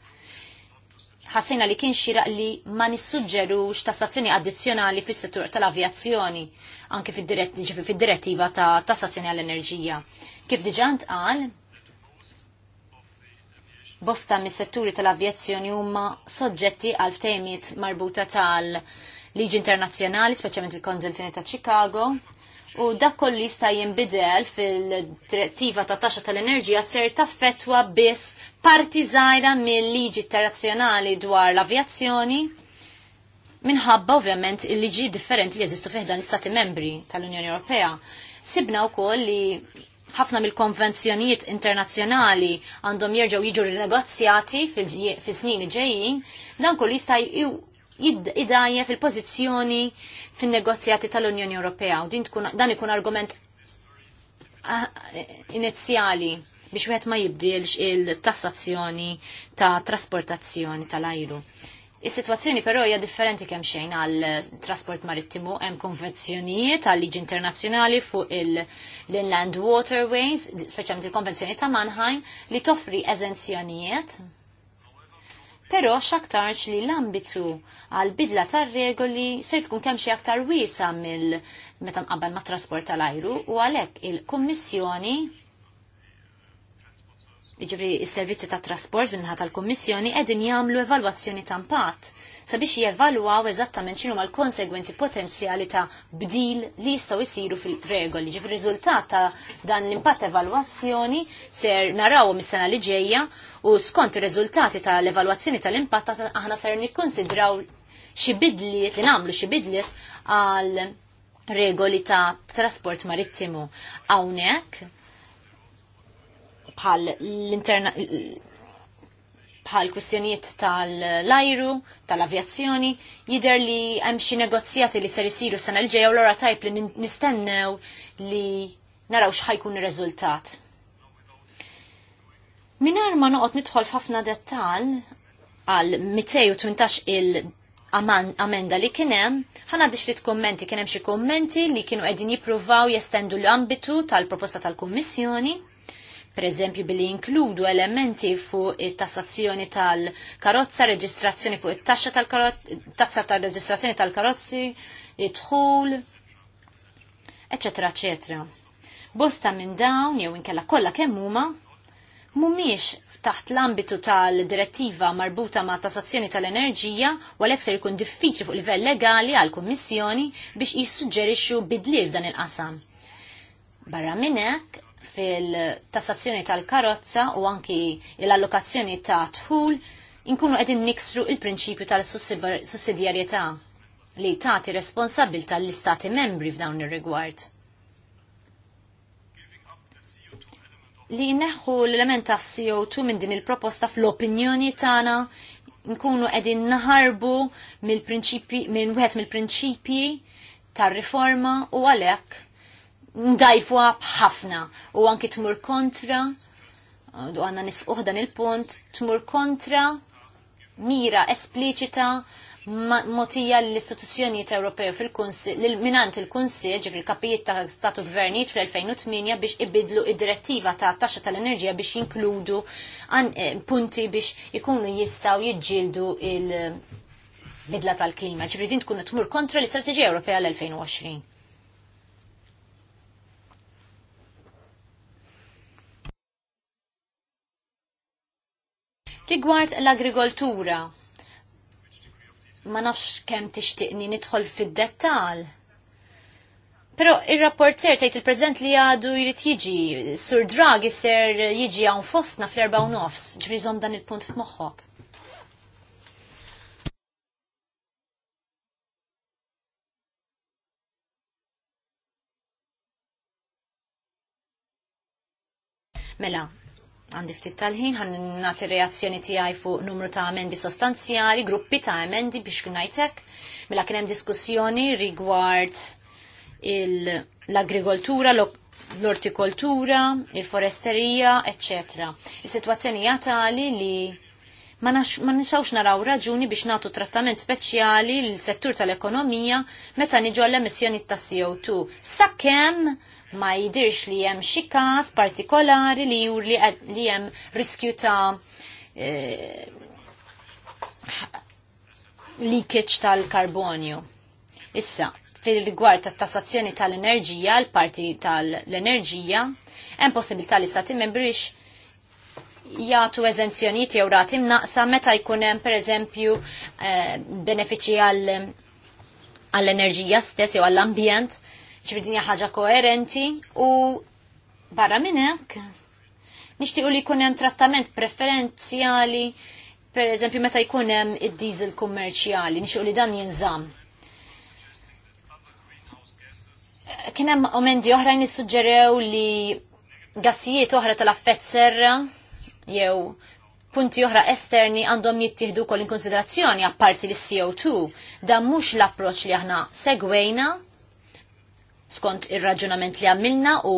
ħassina li kien xiraq li ma nissuġġerux tassazzjoni addizzjonali fis-settur tal-avjazzjoni anke fid-direttiva ta' tassazzjoni għall-enerġija. Kif diġà ntqal, bosta mis-setturi tal-avjazzjoni huma soġġetti għal ftejmiet marbuta tal- liġi internazzjonali, speċjalment il-Konvenzjoni ta' Chicago, u dak kolli jista' jinbidel fil-direttiva ta' taxxa tal-enerġija ser taffetwa biss parti żgħira mill-liġi internazzjonali dwar l-avjazzjoni minħabba ovvjament il-liġi differenti li jeżistu fih dan l-Istati membri tal-Unjoni Ewropea. Sibna wkoll li ħafna mill-konvenzjonijiet internazzjonali għandhom jerġgħu jiġu rinegozjati fis snin ġejjin, dan kull jista' id-dajja fil-pozizjoni fin-negozjati tal-Unjoni Ewropea u dan ikun argument ah, inizjali biex wieħed ma jibdilx il-tassazzjoni ta' trasportazzjoni tal-ajru. Is-sitwazzjoni però hija differenti kemm xejn għal trasport marittimu hemm konvenzjonijiet għal liġi internazzjonali fuq l-Inland Waterways, speċjalment il-Konvenzjoni ta' Mannheim, li toffri eżenzjonijiet Pero xaktarx li l-ambitu għal-bidla tar-regoli ser tkun kemm xi aktar wiesa mill meta nqabbel ma' trasport tal-ajru u għalhekk il-Kummissjoni Iġifri, s servizzi ta' trasport minnaħat tal kummissjoni qegħdin jagħmlu evalwazzjoni ta' impatt sabiex jevalwaw eżattament x'inhu l-konsegwenzi potenzjali ta' bdil li jistgħu jsiru fil-regoli. Ġifir riżultat ta' dan l-impatt evalwazzjoni ser naraw mis-sena li ġejja u skont ir-riżultati tal-evalwazzjoni tal-impatt aħna ser nikkonsidraw xi bidliet li nagħmlu xi bidliet għal regoli ta' trasport marittimu. Hawnhekk bħal l-interna bħal kwistjonijiet tal-ajru, tal-avjazzjoni, jider li hemm xi negozjati li ser isiru sena l ġeja u l-ora tajb li nistennew li naraw x'ħajkun ir-riżultat. Minar ma noqgħod nidħol f'ħafna dettal għal 218 il amenda li kienem, ħana biex t kommenti, kienem xie kommenti li kienu għedin jipruvaw jestendu l-ambitu tal-proposta tal-Kommissjoni, per eżempju billi inkludu elementi fuq it-tassazzjoni tal-karozza, reġistrazzjoni fuq it-taxxa tal-karozza, tal-reġistrazzjoni tal-karozzi, it-tħul, eccetera, eccetera. Bosta minn dawn, jew inkella kollha kemm huma, mhumiex taħt l-ambitu tal-direttiva marbuta ma' tassazzjoni tal-enerġija u għalhekk ser jkun diffiċli fuq livell legali għal kummissjoni biex jissuġġerixxu bidliet dan il-qasam. Barra minnek, fil-tassazzjoni tal-karozza u anki l-allokazzjoni ta' tħul inkunu qegħdin niksru il-prinċipju tal-sussidjarjetà li tagħti responsabil tal istati membri f'dawn ir-rigward. Li neħu l-element ta' CO2 minn din il-proposta fl-opinjoni tagħna nkunu qegħdin naħarbu mill-prinċipji minn wieħed mill-prinċipji tar-riforma u għalhekk ndajfuha bħafna u anki tmur kontra du għanna nisquħdan il-punt tmur kontra mira espliċita motija l-istituzzjonijiet Ewropew fil minant il-Kunsil, ġifri kapijiet ta' statu gvernijiet fl-2008 biex ibidlu id-direttiva ta' taxxa tal-enerġija biex jinkludu eh, punti biex ikunu jistaw jidġildu il-bidla tal-klima. Ġifri din tkun tmur kontra l-Istrateġija Ewropea l-2020. Rigward l-agrikoltura, ma nafx kemm tixtiqni nidħol fid-dettal. Pero il-rapporter tajt il-prezident li għadu jrid jiġi, sur drag jisser jiġi għan fostna fl-erba u nofs, ġrizom dan il-punt f'moħħok. Mela, Għandi ftit tal-ħin, għan nati reazzjoni għaj fuq numru ta' emendi sostanzjali, gruppi ta' emendi biex knajtek, mela kienem diskussjoni rigward l-agrikoltura, l-ortikoltura, il-foresterija, etc. Is-situazzjoni għatali li ma nixawx naraw raġuni biex natu trattament speċjali l settur tal-ekonomija meta niġu l-emissjoni ta' CO2. Sakemm ma jidirx li hemm xi każ partikolari li jur li hemm riskju ta' eh, leakage tal-karbonju. Issa, fil-rigward tat tassazzjoni tal-enerġija, l-parti tal-enerġija, hemm possibilità li stati membrix jagħtu eżenzjonijiet jew rati naqsa meta jkun hemm pereżempju e, benefiċċji għall-enerġija stess jew għall-ambjent ċividinja ħaġa koerenti u barra minnek nishtiqu li kunem trattament preferenzjali per eżempju meta jkunem id-diesel kummerċjali, nixuq li dan jinżam. Kienem omendi oħra nissuġġerew li gassijiet oħra tal-affett serra jew punti oħra esterni għandhom jittieħdu kol in konsiderazzjoni apparti l co 2 dan mhux l-approċċ li aħna segwejna skont ir-raġunament li għamilna u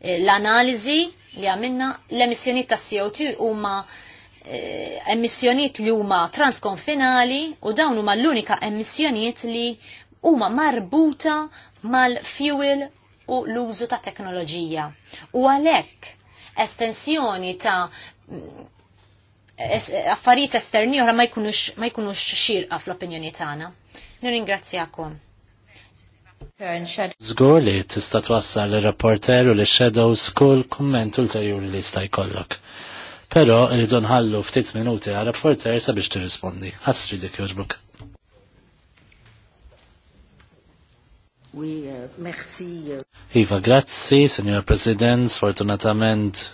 eh, l-analiżi li għamilna l-emissjoniet ta' CO2 huma eh, emissjoniet li huma transkonfinali u dawn huma l-unika emissjoniet li huma marbuta mal-fuel u l-użu ta' teknoloġija. U għalhekk estensjoni ta' mm, affarijiet esterni oħra ma jkunux xirqa fl-opinjoni tagħna. Nirringrazzjakom. Zgur li tista twassal li rapporter u li shadow school kumment ulterjuri li sta jkollok. Pero rridu nħallu ftit minuti għal rapporter sabiex tirrispondi. Asri dik joġbuk. Iva, grazzi, Signor President, sfortunatament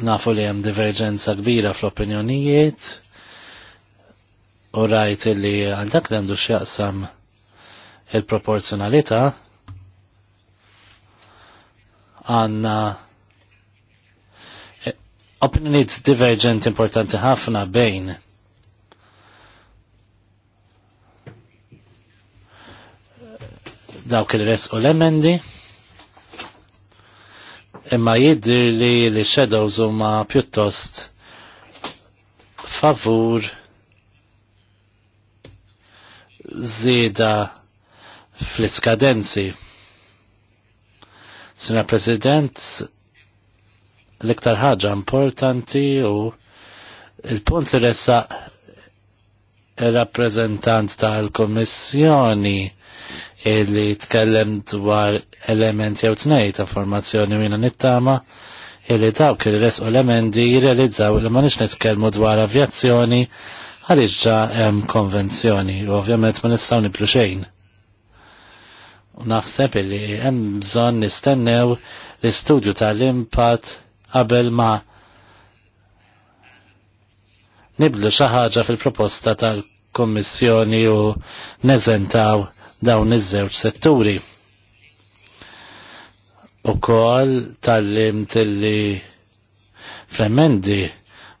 Nafu li hemm diverġenza kbira fl-opinjonijiet u rajt li għal dak li għandu x'jaqsam il-proporzjonalità għanna eh, opinjoniet divergent importanti ħafna bejn dawk il-res u l-emendi imma jiddi li li shadows huma pjuttost favur zida fl-iskadenzi. Sina President, l-iktar ħaġa importanti u il-punt li ressa il-rappresentant tal-Komissjoni illi tkellem dwar elementi jew tnej ta' formazzjoni minna nittama illi dawk il u elementi jirrealizzaw li ma nix nitkellmu dwar avjazzjoni għaliex ġa hemm konvenzjoni u ovvjament ma nistgħu niblu xejn. U naħseb illi hemm bżonn nistennew l-istudju tal-impatt qabel ma' niblu xi ħaġa fil-proposta tal-Kommissjoni u neżentaw dawn iż-żewġ setturi. U kol tal-lim tilli fremendi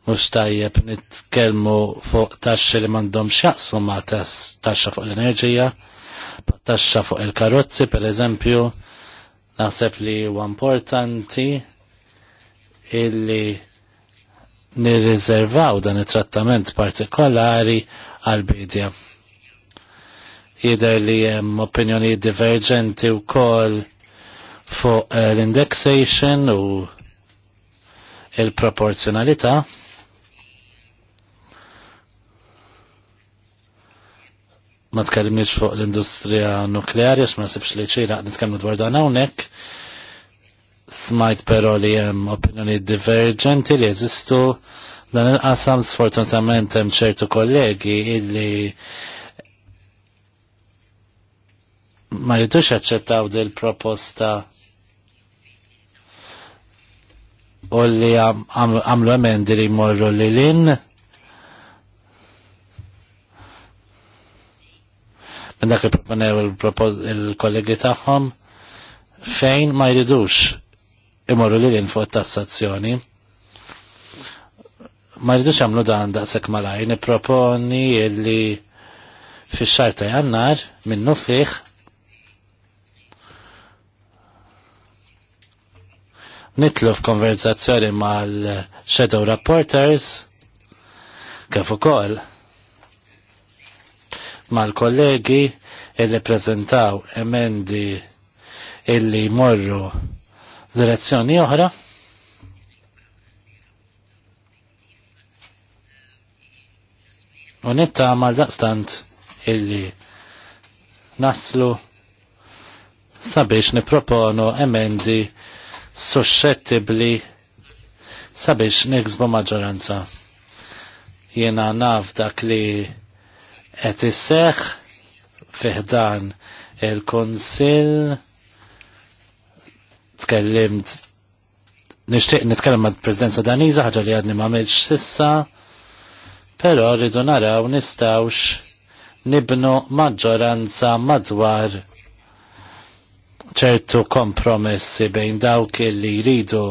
mux tajjeb nitkelmu fuq taxxi li mandom xaqsfu ma taxxa fuq l-enerġija, taxxa fuq il-karozzi per eżempju, naħseb li u importanti illi nirriservaw dan it-trattament partikolari għal-bidja jider li jem opinjoni divergenti u kol fuq eh, l-indexation u il-proporzjonalità. Ma tkellimniex fuq l-industrija nukleari għax ma nasibx li ċira nitkellmu dwar dan hawnhekk. Smajt però li hemm opinjoni divergenti li jeżistu dan il-qasam sfortunatament hemm ċertu kollegi illi ma jridux aċċettaw dil proposta u li għamlu emendi li morru li l minn dak li proponew il-kollegi tagħhom fejn ma jridux imorru li l-in fuq tassazzjoni ma jridux għamlu dan daqshekk malajr, proponi illi fix-xar jannar minnu fiħ nitlu f'konverzazzjoni mal-Shadow Reporters kif ukoll mal-kollegi illi prezentaw emendi illi jmorru direzzjoni oħra. U nitta mal daqstant illi naslu sabiex niproponu emendi suscettibli sabiex negżbu maġġoranza. Jena naf dak li qed isseħ fiħdan il-Konsil tkellimt nixtieq nitkellem mal-Presidenza Daniża ħaġa li għadni m'għamilx sissa, però rridu naraw nistgħux nibnu maġġoranza madwar ċertu kompromessi bejn dawk li jridu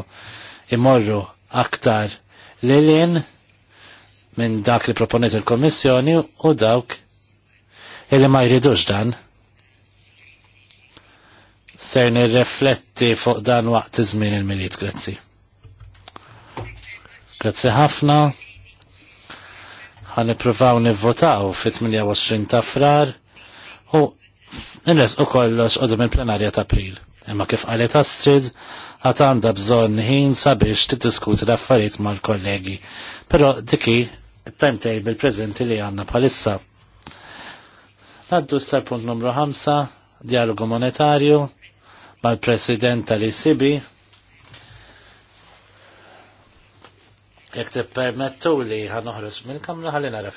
imorru aktar lilin minn dak li proponiet il-Kommissjoni u dawk li ma jridux dan. Ser nirrefletti fuq dan waqt iż-żmien il-miliet, grazzi. Grazzi ħafna. Ħa nippruvaw nivvotaw fit-28 ta' frar u Nres u kollox għodu minn plenarja ta' april. Imma kif għalet Astrid, għat għanda bżon ħin sabiex tiddiskuti l-affarijiet mal-kollegi. Pero diki timetable prezenti li għanna bħalissa. Naddu sar punt numru 5, dialogu monetarju, mal-president tal-ICB, jek te permettu li ħanoħroġ minn kamra ħalli nara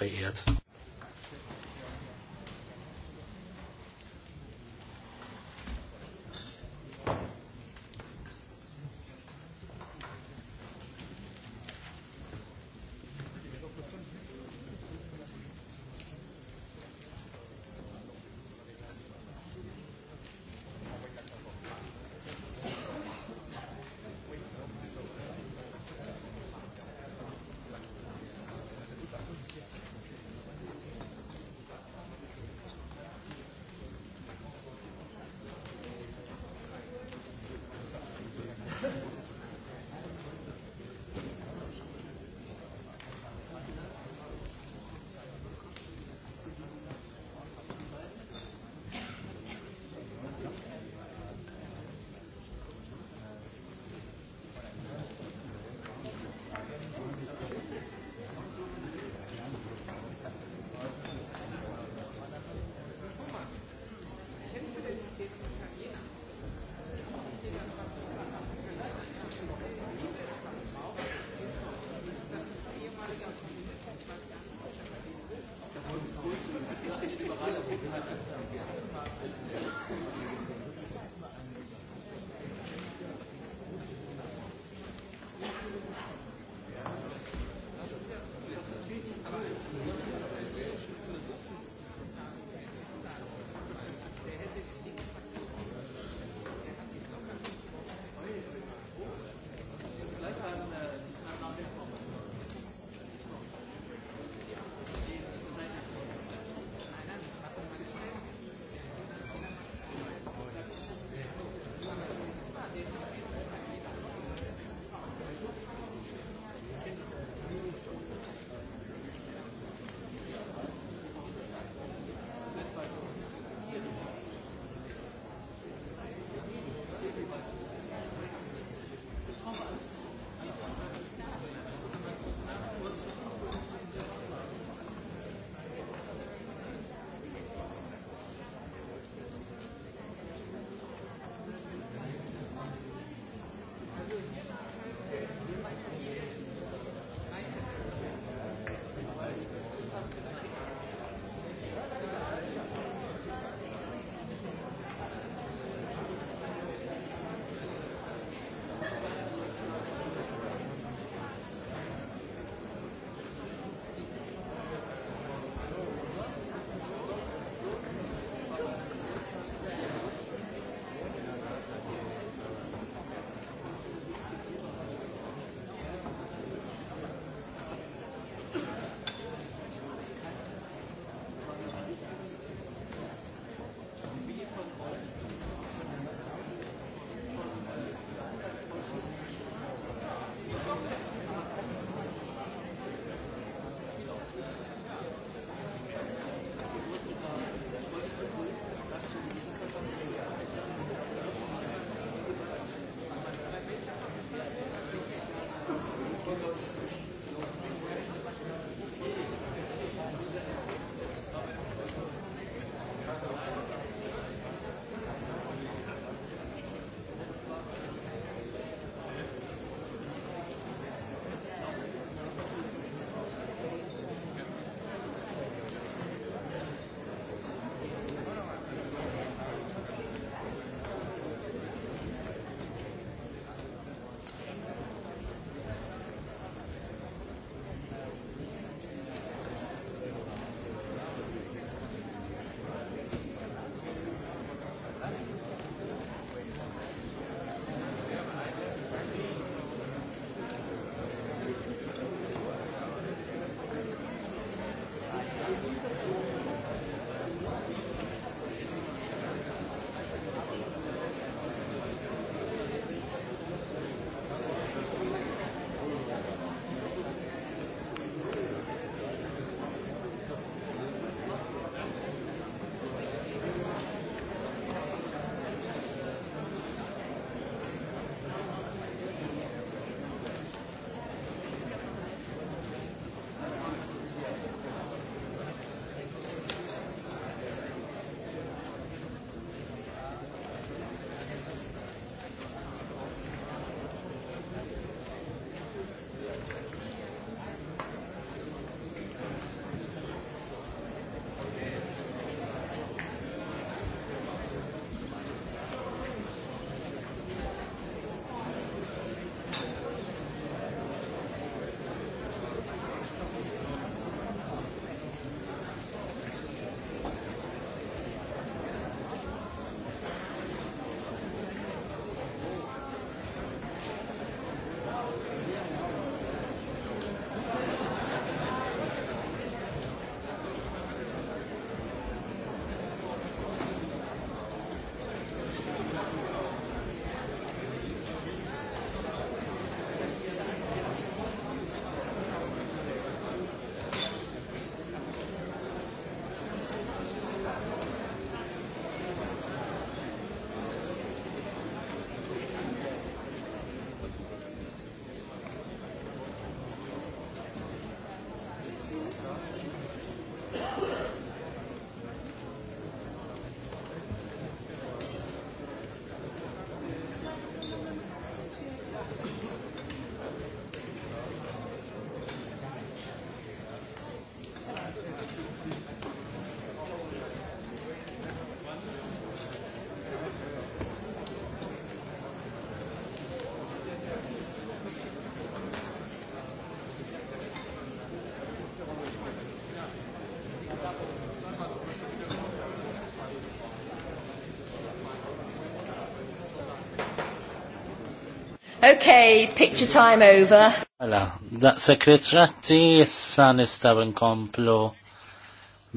Okay, picture time over. Għala, mela, da Sekretrati issa nistaw nkomplu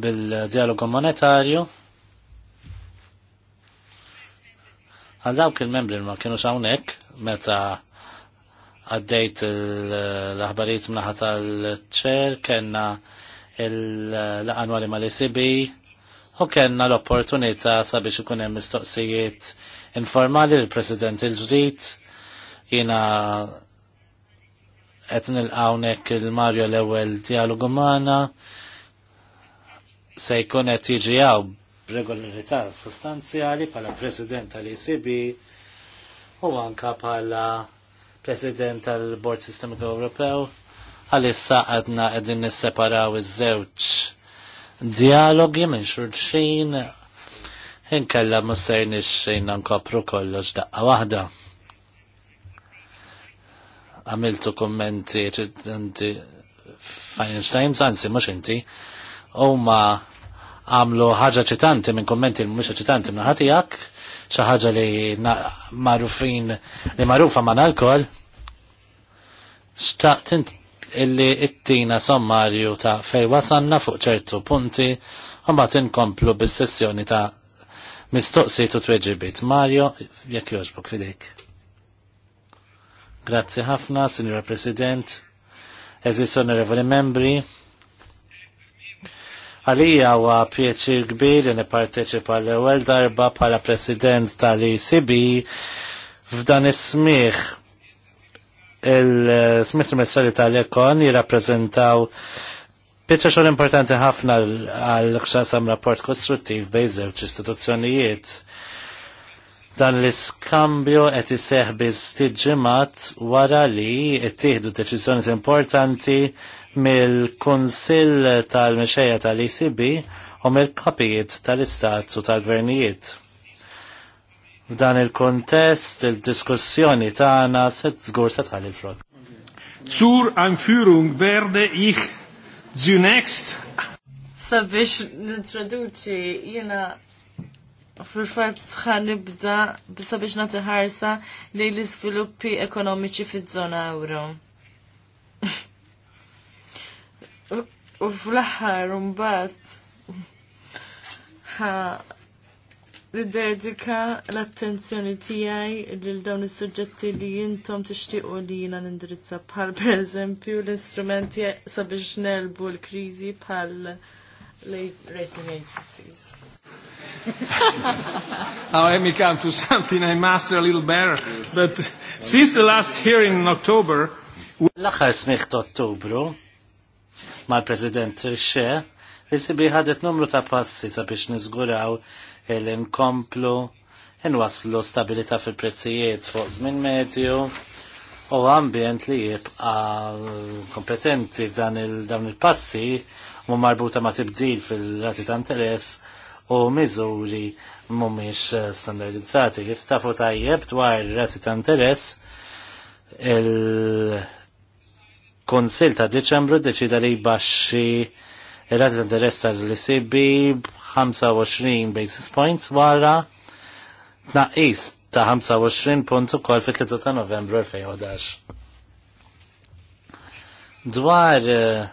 bil-dialogu monetarju. Għal dawk il-membri ma kienu xawnek meta għaddejt l-aħbarijiet mnaħa tal-ċer, kena l-anwali mal-ECB u kena l-opportunita sabiex ikun hemm mistoqsijiet informali l-President il-ġdid Jena qed nilqawnek il-Mario l-ewwel dialogu magħna se jkun qed jiġi hawn b'regolarità sostanzjali bħala President tal-ECB u anka bħala President tal-Bord Sistemiku Ewropew għalissa għadna għedin nisseparaw iż-żewġ dialogi minn xurxin inkella mussejn xejn nkopru kollox daqqa waħda għamiltu kommenti ċirtanti Financial Times, anzi, mux inti, u ma għamlu ħagġa ċitanti minn kommenti mux ċitanti minn ħatijak, xaħġa li marufin, li marufa man alkol, xtaqtint illi ittina sommarju ta' fej wasanna fuq ċertu punti, u ma tinkomplu bis-sessjoni ta' tu tweġibit. Mario, jekk joġbok fidejk. Grazzi ħafna, Signora President, eżis onorevoli membri. Għalija huwa pieċir kbir li nipparteċipa l-ewwel darba bħala President tal icb f'dan is-smieħ il-smieħ messali tal-ekon jirrappreżentaw Pieċa xogħol importanti ħafna għal xasam rapport kostruttiv bejn żewġ istituzzjonijiet Dan l-iskambju qed iseħħ biż tiġimat wara li ttieħdu deċiżjoni importanti mill-Kunsill tal-Mexejja tal-ECB u mill-kapijiet tal-Istat u tal-Gvernijiet. F'dan il-kontest, il-diskussjoni tagħna se żgur se tħalli l-frott. Zur Anführung werde ich zunächst Sabiex nintroduċi jiena fil-fat ħanibda bisa biex nati ħarsa li l sviluppi ekonomiċi fil-zona euro. U fl-axħar bat ħa dedika l-attenzjoni tiegħi lil dawn is-suġġetti li intom tixtiequ li n nindirizza bħal pereżempju l-istrumenti sabiex nelbu l-kriżi bħal rating agencies now let me come to something I master a little better. But since the last hearing in October... L-axar smiħt Ottobru ma' l president Xe, jisibi ħadet numru ta' passi sabiex nizguraw l inkomplu n-waslu stabilita fil-prezzijiet fuq zmin medju u ambient li jibqa' kompetenti dan il il-passi mu marbuta ma' tibdil fil-rati ta' interess u miżuri mhumiex eh, standardizzati. Kif tafu tajjeb dwar rati ta' interess il-Konsil ta' Deċembru deċida li baxxi rati ta' interess tal-ICB 25 basis points wara tnaqqis ta' 25 punt ukoll fit-3 ta' Novembru 2011. Dwar eh,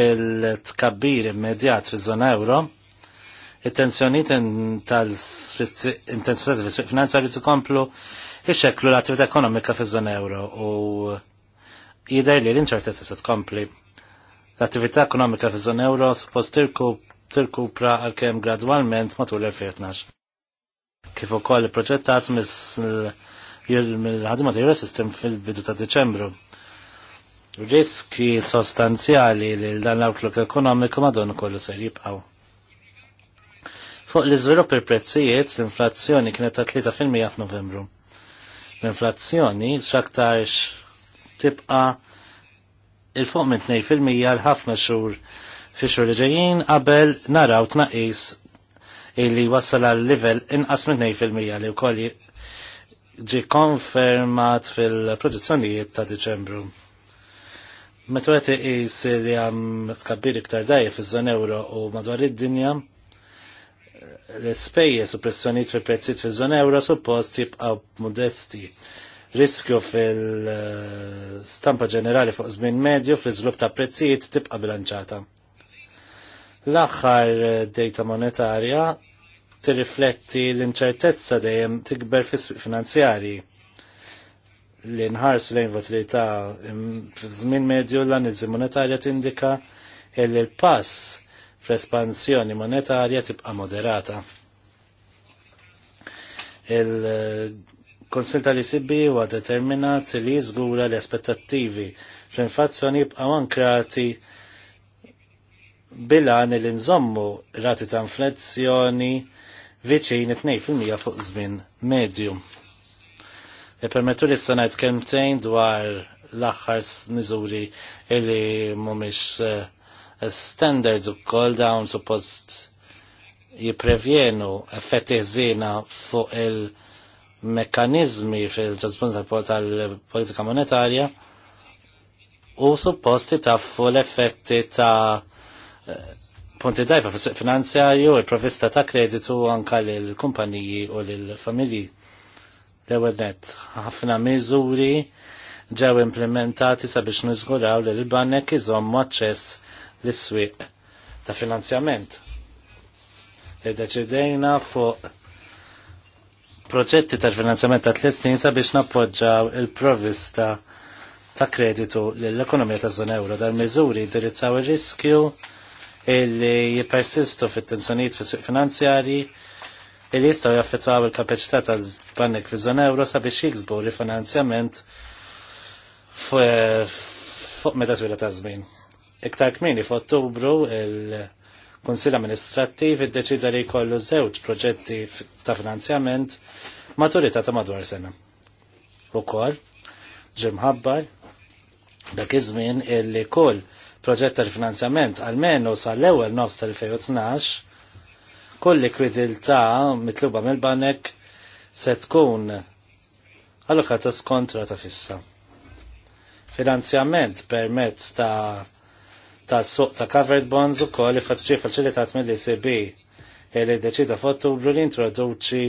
il-tkabbir immedjat fi zona euro, it-tensjoniet tal-intensità fis-suq komplu iċeklu l-attività ekonomika fi żona euro u jidher li l-inċertezza se tkompli. L-attività ekonomika fi żona euro suppost tirkupra għalkemm gradwalment matul l-2012. Kif ukoll proġettat mill-ħadima ta' Eurosystem fil-bidu ta' Deċembru. Riski sostanzjali li dan l-outlook ekonomiku madonna kollu se jibqaw. Fuq l-iżvilupp il-prezzijiet, l-inflazzjoni kienet ta' 3% f'Novembru. L-inflazzjoni x'aktarx tibqa' il-fuq minn 2% l-ħafna xhur fi xhur li ġejjin qabel naraw tnaqis illi wassal għal livell inqas minn 2% li wkoll ġi konfermat fil-proġezzjonijiet ta' Diċembru. Meta qed iqis li hemm tkabbir iktar dajja fiż-żon euro u madwar id-dinja, l spejje su pressjonijiet fil prezzit fi żona euro suppost jibqgħu modesti. Riskju fil-stampa ġenerali fuq żmien medju fl-iżlub ta' prezzijiet tibqa' bilanċata. L-aħħar eh, data monetarja tirrifletti l-inċertezza dejjem tikber finanzjarji li nħarsu lejn votilità mm, f'żmien medju l-analiżi monetarja tindika il-pass fl-espansjoni monetarja tibqa moderata. Il-Konsil tal-ICB huwa determinat li jiżgura l-aspettattivi fl-inflazzjoni jibqgħu ankrati bilan li nżommu rati ta' inflazzjoni viċin 2% fuq żmien medju. Ipermettu li s-sanajt kemtejn dwar l-axħar miżuri illi mumiex eh, standards call down suppost jiprevjenu effetti zina fuq il mekanizmi fil-ġazbun tal-politika monetarja u supposti taffu l-effetti ta' punti dajfa finanzjarju, il-provista ta' kreditu anka l-kumpaniji u l-familji. L-ewel net, ħafna miżuri ġew implementati sabiex nizguraw li l-banek jizommu aċċess l-iswiq ta' finanzjament. E deċidejna fuq proġetti tal-finanzjament ta' tliet snin sabiex nappoġġaw il-provista ta' kreditu l-ekonomija ta' zon euro dal-miżuri indirizzaw ir-riskju illi jipersistu fit-tensjonijiet fis finanzjari illi jistgħu jaffettwaw il-kapaċità tal-bannek fi zon euro sabiex jiksbu l-finanzjament fuq meta twila ta' żmien. Iktar kmini f'Ottubru il-Kunsill Amministrattiv iddeċida li jkollu żewġ proġetti ta' finanzjament maturita ta' madwar sena. Ukoll ġim ħabbar dak iż-żmien illi kull proġett tal-finanzjament għalmenu sal-ewwel nofs tal-2012 kull likwidilità mitluba mill-banek se tkun allokata skontra ta' fissa. Finanzjament permezz ta' ta' suq ta' covered bonds u koll ifatġi faċilitat mill-ECB e li deċida f'Ottubru li introduċi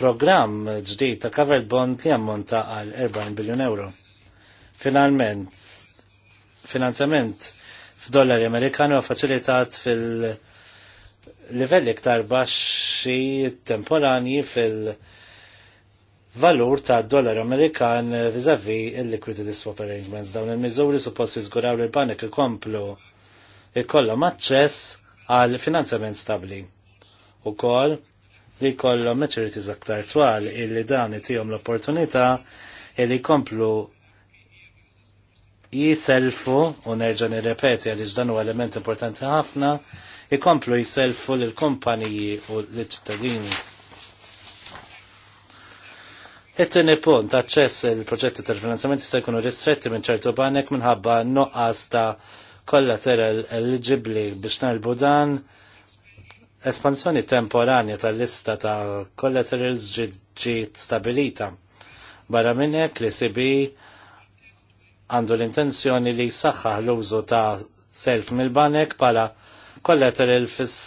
programm ġdid ta' covered bond li ammonta għal 40 biljun euro. Finalment, finanzjament f'dollari Amerikani u faċilitat fil- livelli iktar baxxi temporani fil- valur ta' dollar Amerikan vizavi il-liquidity swap arrangements dawn il-miżuri suppost jizguraw li l-banek ikomplu ikollom aċċess għal finanzjament stabbli. kol li jkollhom maturities aktar twal illi dan itihom l-opportunità illi jkomplu jiselfu u nerġa' nirrepeti għaliex dan huwa element importanti ħafna ikomplu jiselfu lill kumpaniji u l ċittadini It-tieni punt, aċċess il-proġetti tal finanzjamenti se jkunu ristretti minn ċertu banek minħabba noqqas ta' kollateral eligibli biex nalbu dan espansjoni temporanja tal-lista ta' collaterals ġiet stabilita. Barra minn hekk li sibi għandu l-intenzjoni li jsaħħaħ l-użu ta' self mill-banek pala collateral fis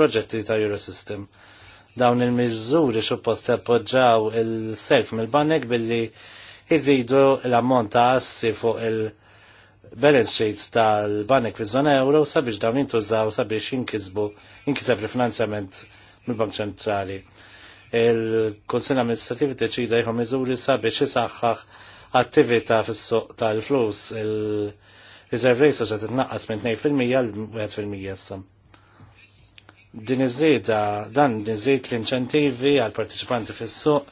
proġetti ta' Eurosystem dawn il-miżuri suppost appoġġaw il-self mill-banek billi jizidu l-ammont ta' assi fuq il-balance sheets tal-banek fi zona euro sabiex dawn jintużaw sabiex jinkisbu jinkisab il-finanzjament mill-Bank Ċentrali. Il-Konsil Amministrativi deċida jħu miżuri sabiex jisaxħax attività fis-suq tal-flus il-Reserve Rate se titnaqqas minn 2% l-1% issa din iż-żieda dan iżid l-inċentivi għal partiċipanti fis-suq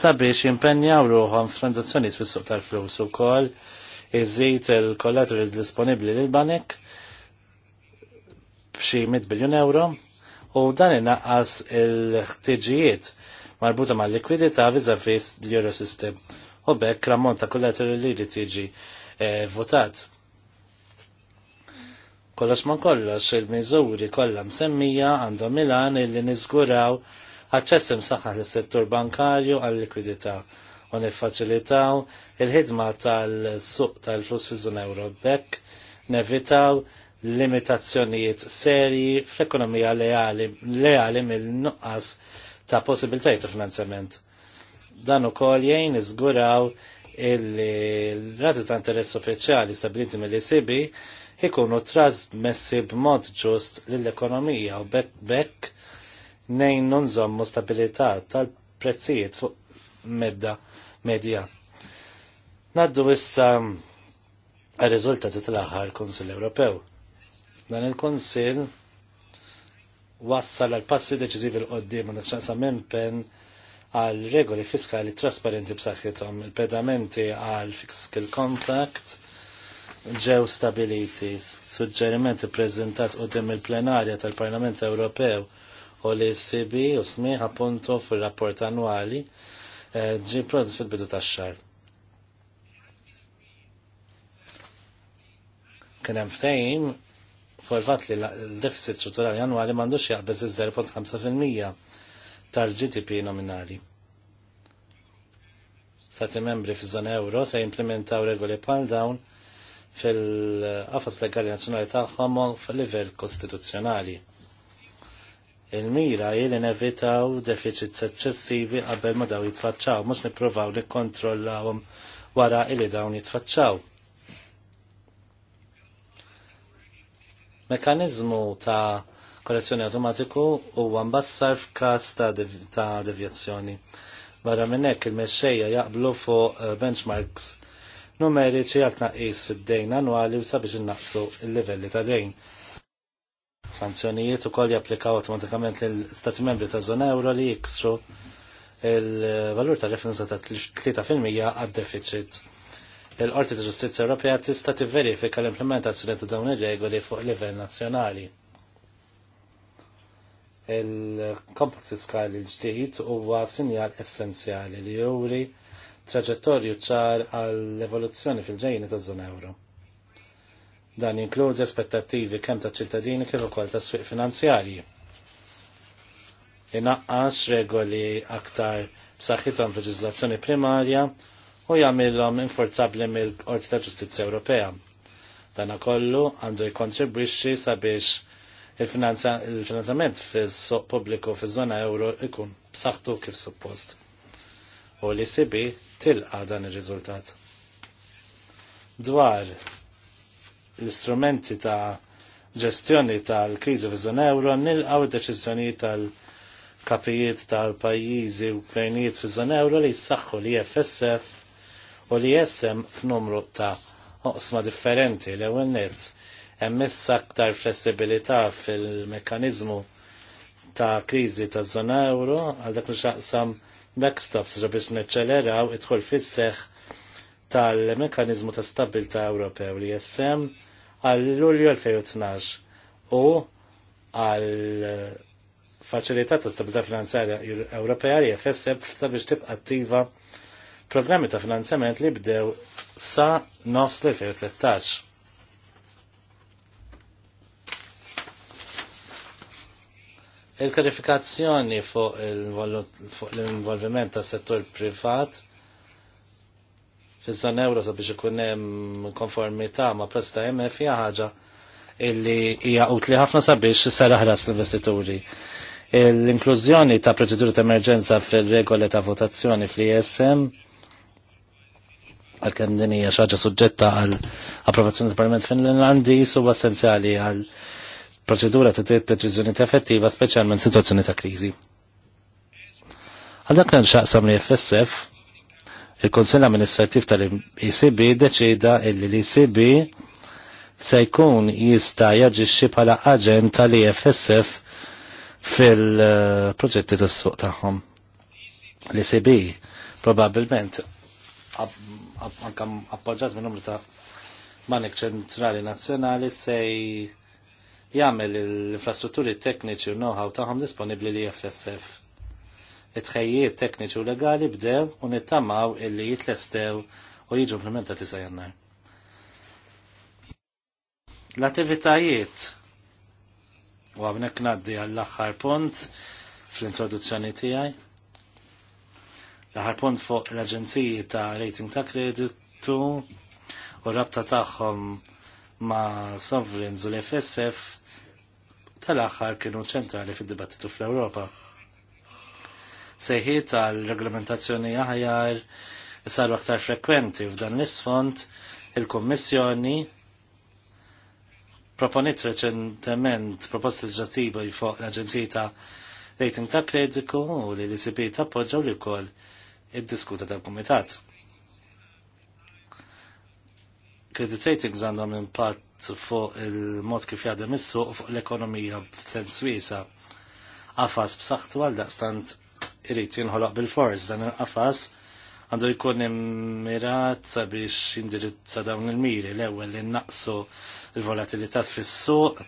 sabiex jimpenjaw ruhom f'tranzazzjonijiet fis-suq tal-flus ukoll iżid il-collateral disponibbli lil banek b'xi 100 biljun euro u dan inaqqas il-ħtiġijiet marbuta mal-likwidità vis-a-vis l-Eurosystem u bekk l-ammont ta' kollateral li tiġi eh, votat Kollox ma kollox il-miżuri kollha msemmija għandhom Milan illi niżguraw aċċess imsaħħaħ lis-settur bankarju għal likwidità u niffaċilitaw il-ħidma tal-suq tal-flus fiżun żun euro bekk nevitaw limitazzjonijiet serji fl-ekonomija leali mill-nuqqas ta' possibilitajiet ta' finanzjament. Dan ukoll jgħin iżguraw il-rati ta' interess uffiċjali stabiliti mill-ECB ikunu trasmessi b'mod ġust lill-ekonomija u bekk bekk nejnu nżommu stabilità tal-prezzijiet fuq medda medja. Naddu issa għal-riżultati tal-aħħar Kunsill Ewropew. Dan il-Kunsill wassal għal passi deċiżivi l-qoddim għandek ċansa minn pen għal regoli fiskali trasparenti b'saħħithom, il-pedamenti għal fiscal compact, ġew stabiliti. Suġġerimenti prezentat u il-plenarja tal-Parlament Ewropew u l cb u smiħ appunto fil-rapport annuali eh, ġi prodott fil-bidu ta' xar. Kien hemm ftehim forfat li l-deficit strutturali annwali m'għandux jaqbeż iż-0.5% tal-GDP nominali. Stati membri fi zona euro se jimplementaw regoli bħal dawn fil-qafas legali nazjonali tagħhom fil-livell kostituzzjonali. Il-mira jien nevitaw deficit eċċessivi qabel ma daw jitfaċċaw, mhux nippruvaw nikkontrollawhom wara illi dawn jitfaċċaw. Mekanizmu ta' korrezzjoni automatiku huwa mbassar f'każ ta', dev ta devjazzjoni. Barra minn hekk il-mexxejja jaqblu fuq eh, benchmarks numeriċi għal tnaqqis fid-dejn annwali u sabiex innaqsu il-livelli ta' dejn. Sanzjonijiet ukoll japplikaw automatikament l-Stati membri ta' zona euro li jiksru il-valur ta' referenza ta' 3% għad-deficit. Il-Qorti ta' Ġustizzja Ewropea tista' tivverifika l-implementazzjoni ta' dawn ir-regoli fuq livell nazzjonali il-kompat fiskali l ġdid huwa sinjal essenzjali li juri traġettorju ċar għall-evoluzzjoni fil-ġejjini taż-żona euro. Dan jinkludi aspettattivi kemm ta' ċittadini kif ukoll ta' swieq finanzjarji. Inaqqas regoli aktar b'saħħithom leġiżlazzjoni primarja u jagħmilhom inforzabbli mill-Qorti ta' Ġustizzja Ewropea. Dan kollu għandu jkontribwixxi sabiex il-finanzament fis suq pubbliku fiż-żona euro ikun b'saħħtu kif suppost u li sibi tilqa dan ir-riżultat. Dwar l-istrumenti ta' ġestjoni tal-kriżi fi żona euro nilqaw id-deċiżjonijiet tal-kapijiet tal-pajjiżi u gvernijiet fi żona euro li jissaħħu li FSF u li jessem f'numru ta' oqsma differenti l ewwel nett hemm issa aktar flessibilità fil-mekkaniżmu ta' kriżi ta' żona euro għal dak li xaqsam backstops ġo biex neċċeleraw idħol fis tal-mekanizmu ta' stabilta Ewropew li jessem għal lulju 2012 u għall faċilità ta' stabilità finanzjarja Ewropea li FSM sabiex tibqa' attiva programmi ta' finanzjament li bdew sa nofs l 2013. Il-kodifikazzjoni fuq l-involviment ta' tas settur privat fiż-żon euro sabiex ikun hemm konformità ma' presta MF hija ħaġa illi hija utli ħafna sabiex sar ħras l-investituri. L-inklużjoni ta' proċeduri ta' emerġenza fil-regoli ta' votazzjoni fl-ISM għalkemm din hija xi ħaġa suġġetta għal approvazzjoni tal-Parlament Finlandiż huwa essenzjali għal, -għal Proċedura ta' deċiżjoni ta' effettiva speċjalment situazzjoni ta' kriżi. Għal dak xaqsam li FSF, il-Konsell Amministrativ tal-ECB deċida illi l-ECB se jkun jista' jaġixxi bħala aġent tal-EFSF fil-proġetti tas-suq tagħhom. L-ECB probabbilment anke appoġġjat minn numru ta' Manik Ċentrali Nazzjonali se jagħmel l-infrastrutturi tekniċi u know-how tagħhom disponibbli li FSF. It-tħejjiet tekniċi u legali bdew u nittamaw illi jitlestew u jiġu implementati sa jannar. L-attivitajiet u għabnek naddi għall-axħar punt fl-introduzzjoni tiegħi. L-aħħar punt fuq l-aġenziji ta' rating ta' kreditu u rabta tagħhom ma' sovereigns u l-FSF tal-aħħar kienu ċentrali fid-dibattitu fl-Ewropa. Sejħiet tal-reglamentazzjoni aħjar saru aktar frekwenti f'dan l-isfond il-Kommissjoni proponit reċentement proposta leġislativa fuq l-Aġenzija ta' rating ta' krediku u li l-ICP ta' poġġaw li kol id-diskuta tal komitat Credit ratings għandhom impatt fuq il-mod kif jadem is-suq fuq l-ekonomija f'sens wiesa. Afas b'saħħtu għal daqstant irid jinħoloq bil-fors dan il-qafas għandu jkun immirat sabiex jindirizza dawn il-miri l-ewwel li naqsu l-volatilità fis-suq,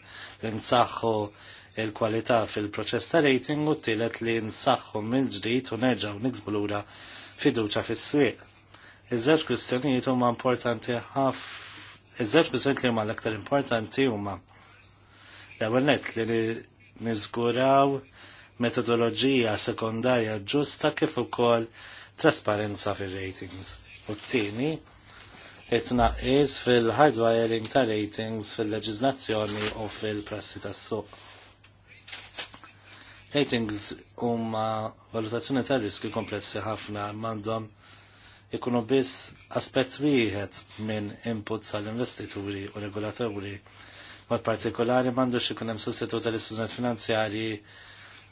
li nsaħħu il-kwalità fil-proċess ta' rating u tielet li nsaħħu mill-ġdid u nerġgħu niksbu lura fiduċa fis-swieq. Iż-żewġ kwistjonijiet huma importanti ħafna Iż-żewġ kwistjoni li huma l-aktar importanti huma l-ewwel nett li niżguraw metodoloġija sekondarja ġusta kif ukoll trasparenza fir-ratings. U t-tieni qed tnaqqis fil-hardwiring ta' ratings fil leġiżlazzjoni u fil-prassi tas suq Ratings huma valutazzjoni tar riski komplessi ħafna m'għandhom ikunu biss aspett wieħed minn input tal-investituri u regolatori. Mod partikolari m'għandux ikun hemm sostitut tal-istituzzjoni finanzjarji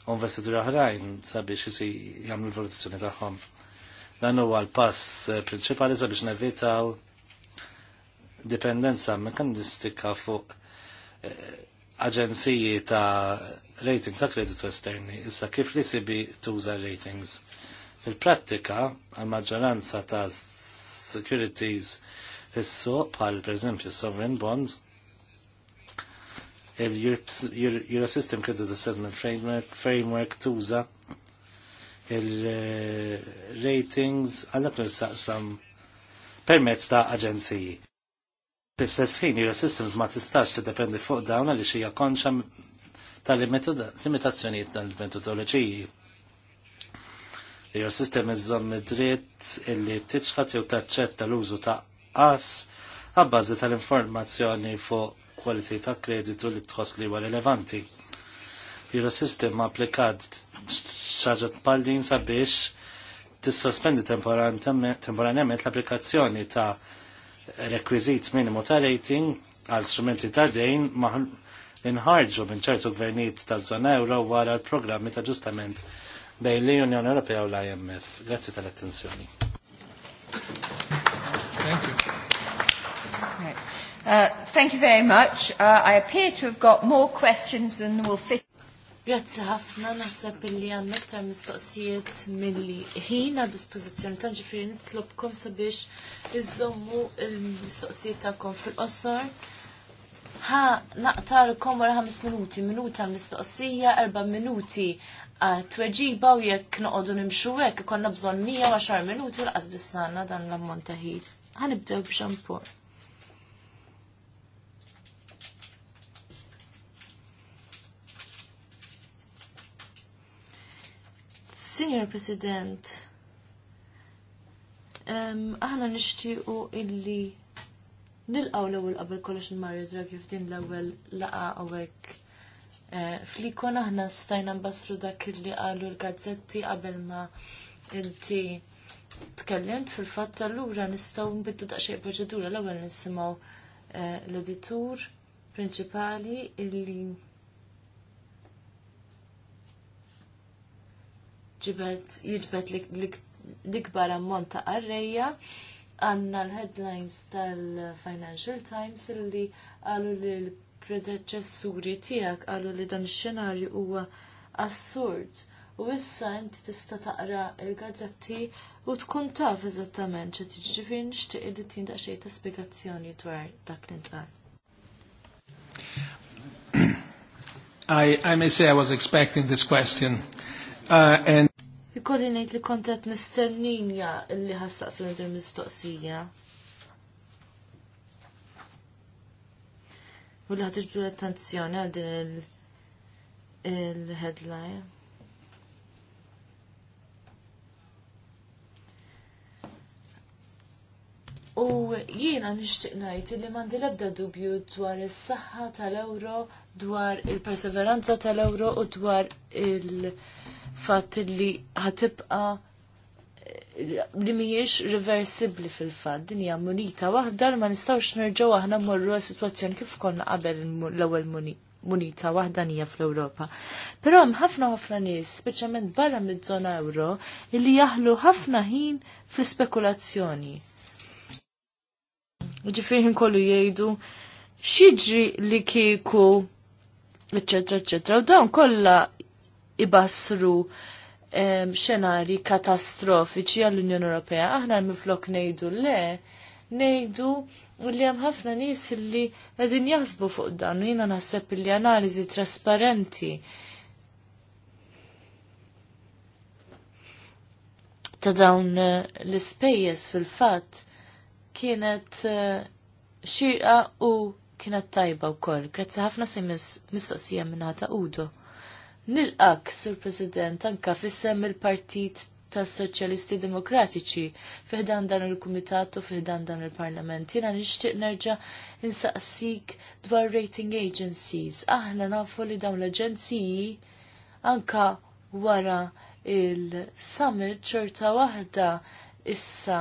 u investituri oħrajn sabiex isi jagħmlu l-valutazzjoni tagħhom. Dan huwa l-pass eh, prinċipali sabiex nevitaw dipendenza mekanistika fuq eh, aġenziji ta' rating ta' kreditu esterni. Issa kif li sibi tuża ratings? Fil-prattika, għal-maġġoranza ta' securities fis-suq per pereżempju sovereign bonds, il-Eurosystem Credit Assessment Framework, framework tuża il-ratings għallak nil-saqsam permezz ta' aġenziji. Fl-istess Eurosystems ma tistax li dependi fuq dawn li xija konċa tal-limitazzjonijiet tal-metodoloġiji jew sistemi żomm dritt illi tiċħat jew taċċetta l-użu ta' qas għabbażi tal-informazzjoni fuq kwalità ta' kreditu li tħoss li huwa rilevanti. Jew sistema applikat xaġat paldin din sabiex tissospendi temporanjament l-applikazzjoni ta' rekwizit minimu ta' rating għal strumenti ta' dejn inħarġu minn ċertu gvernijiet ta' zona euro wara l-programmi ta' ġustament bej l-Unjoni Ewropea u l-IMF. Grazzi tal-attenzjoni. Thank you. Uh, thank you very much. Uh, I appear to have got more questions than will fit. Grazzi ħafna naħseb li għan mektar mistoqsijiet mill-li ħina dispozizjoni ta' ġifiri nitlobkom sabiex iżommu il mistoqsijiet tagħkom fil-qosor. Ha naqtarkom wara ħames minuti, minuta mistoqsija, erba' minuti tweġiba u jekk noqogħdu nimxu hekk ikollna bżonn mija għaxar minuti u laqas biss għandna dan l-ammont ta' ħin. Ħanibdew b'xampur. Signor President, aħna nixtiequ illi nilqaw l-ewwel qabel kollox il-Mario Draghi f'din l-ewwel laqa hawnhekk Eh, flikon aħna stajna nbassru dak li qalu l-gazzetti qabel ma inti tkellimt fil-fatt allura nistgħu nbiddu daqsxejn proċedura l-ewwel nisimgħu eh, l-editur prinċipali illi ġibet jiġbet l-ikbar ammont ta' qarrejja għandna l-headlines tal-Financial Times illi qalu li l predeċessuri tiegħek qalu li dan ix-xenarju huwa assurd u issa inti tista' taqra il-gazzetti u tkun taf eżattament x'qed jiġri nixtieq li tindaq xejn ta' spjegazzjoni dwar dak li ntqal. I, I may say I was expecting this question. Uh, and Ikolli ngħid li kontet nistennija li ħassaqsu l-mistoqsija. U li ħatiġdu l-attenzjoni għal din il-headline. U jiena nixtieq ngħid li m'għandi l-ebda dubju dwar is-saħħa tal-ewro, dwar il-perseveranza tal-ewro u dwar il fat li ħatibqa' li mhijiex reversibli fil-fatt. Din hija munita waħda ma nistgħux nerġgħu aħna mmorru situazzjoni kif konna qabel l-ewwel munita waħda nija fl-Ewropa. Però hemm ħafna ħafna nies, speċjalment barra mid-żona euro, li jaħlu ħafna ħin fl spekulazzjoni Ġifieri kollu jgħidu x'jiġri li kieku eccetera, eccetera. U dawn kollha ibassru xenari katastrofiċi għall-Unjoni Ewropea. Aħna miflok nejdu le, nejdu li hemm ħafna nies li qegħdin jaħsbu fuq dan u jiena naħseb li analiżi trasparenti ta' dawn eh, l-ispejjeż fil-fatt kienet eh, xirqa u kienet tajba wkoll. Grazzi ħafna se mistoqsija minn ta' Udo. Nil-ak, Sur President, anka fissem il-Partit tas Soċjalisti Demokratiċi fiħdan dan il-Kumitat u fiħdan dan il-Parlament. Jena nixtieq nerġa' insaqsik dwar rating agencies. Aħna nafu li dawn l-aġenziji anka wara il-summit ċorta waħda issa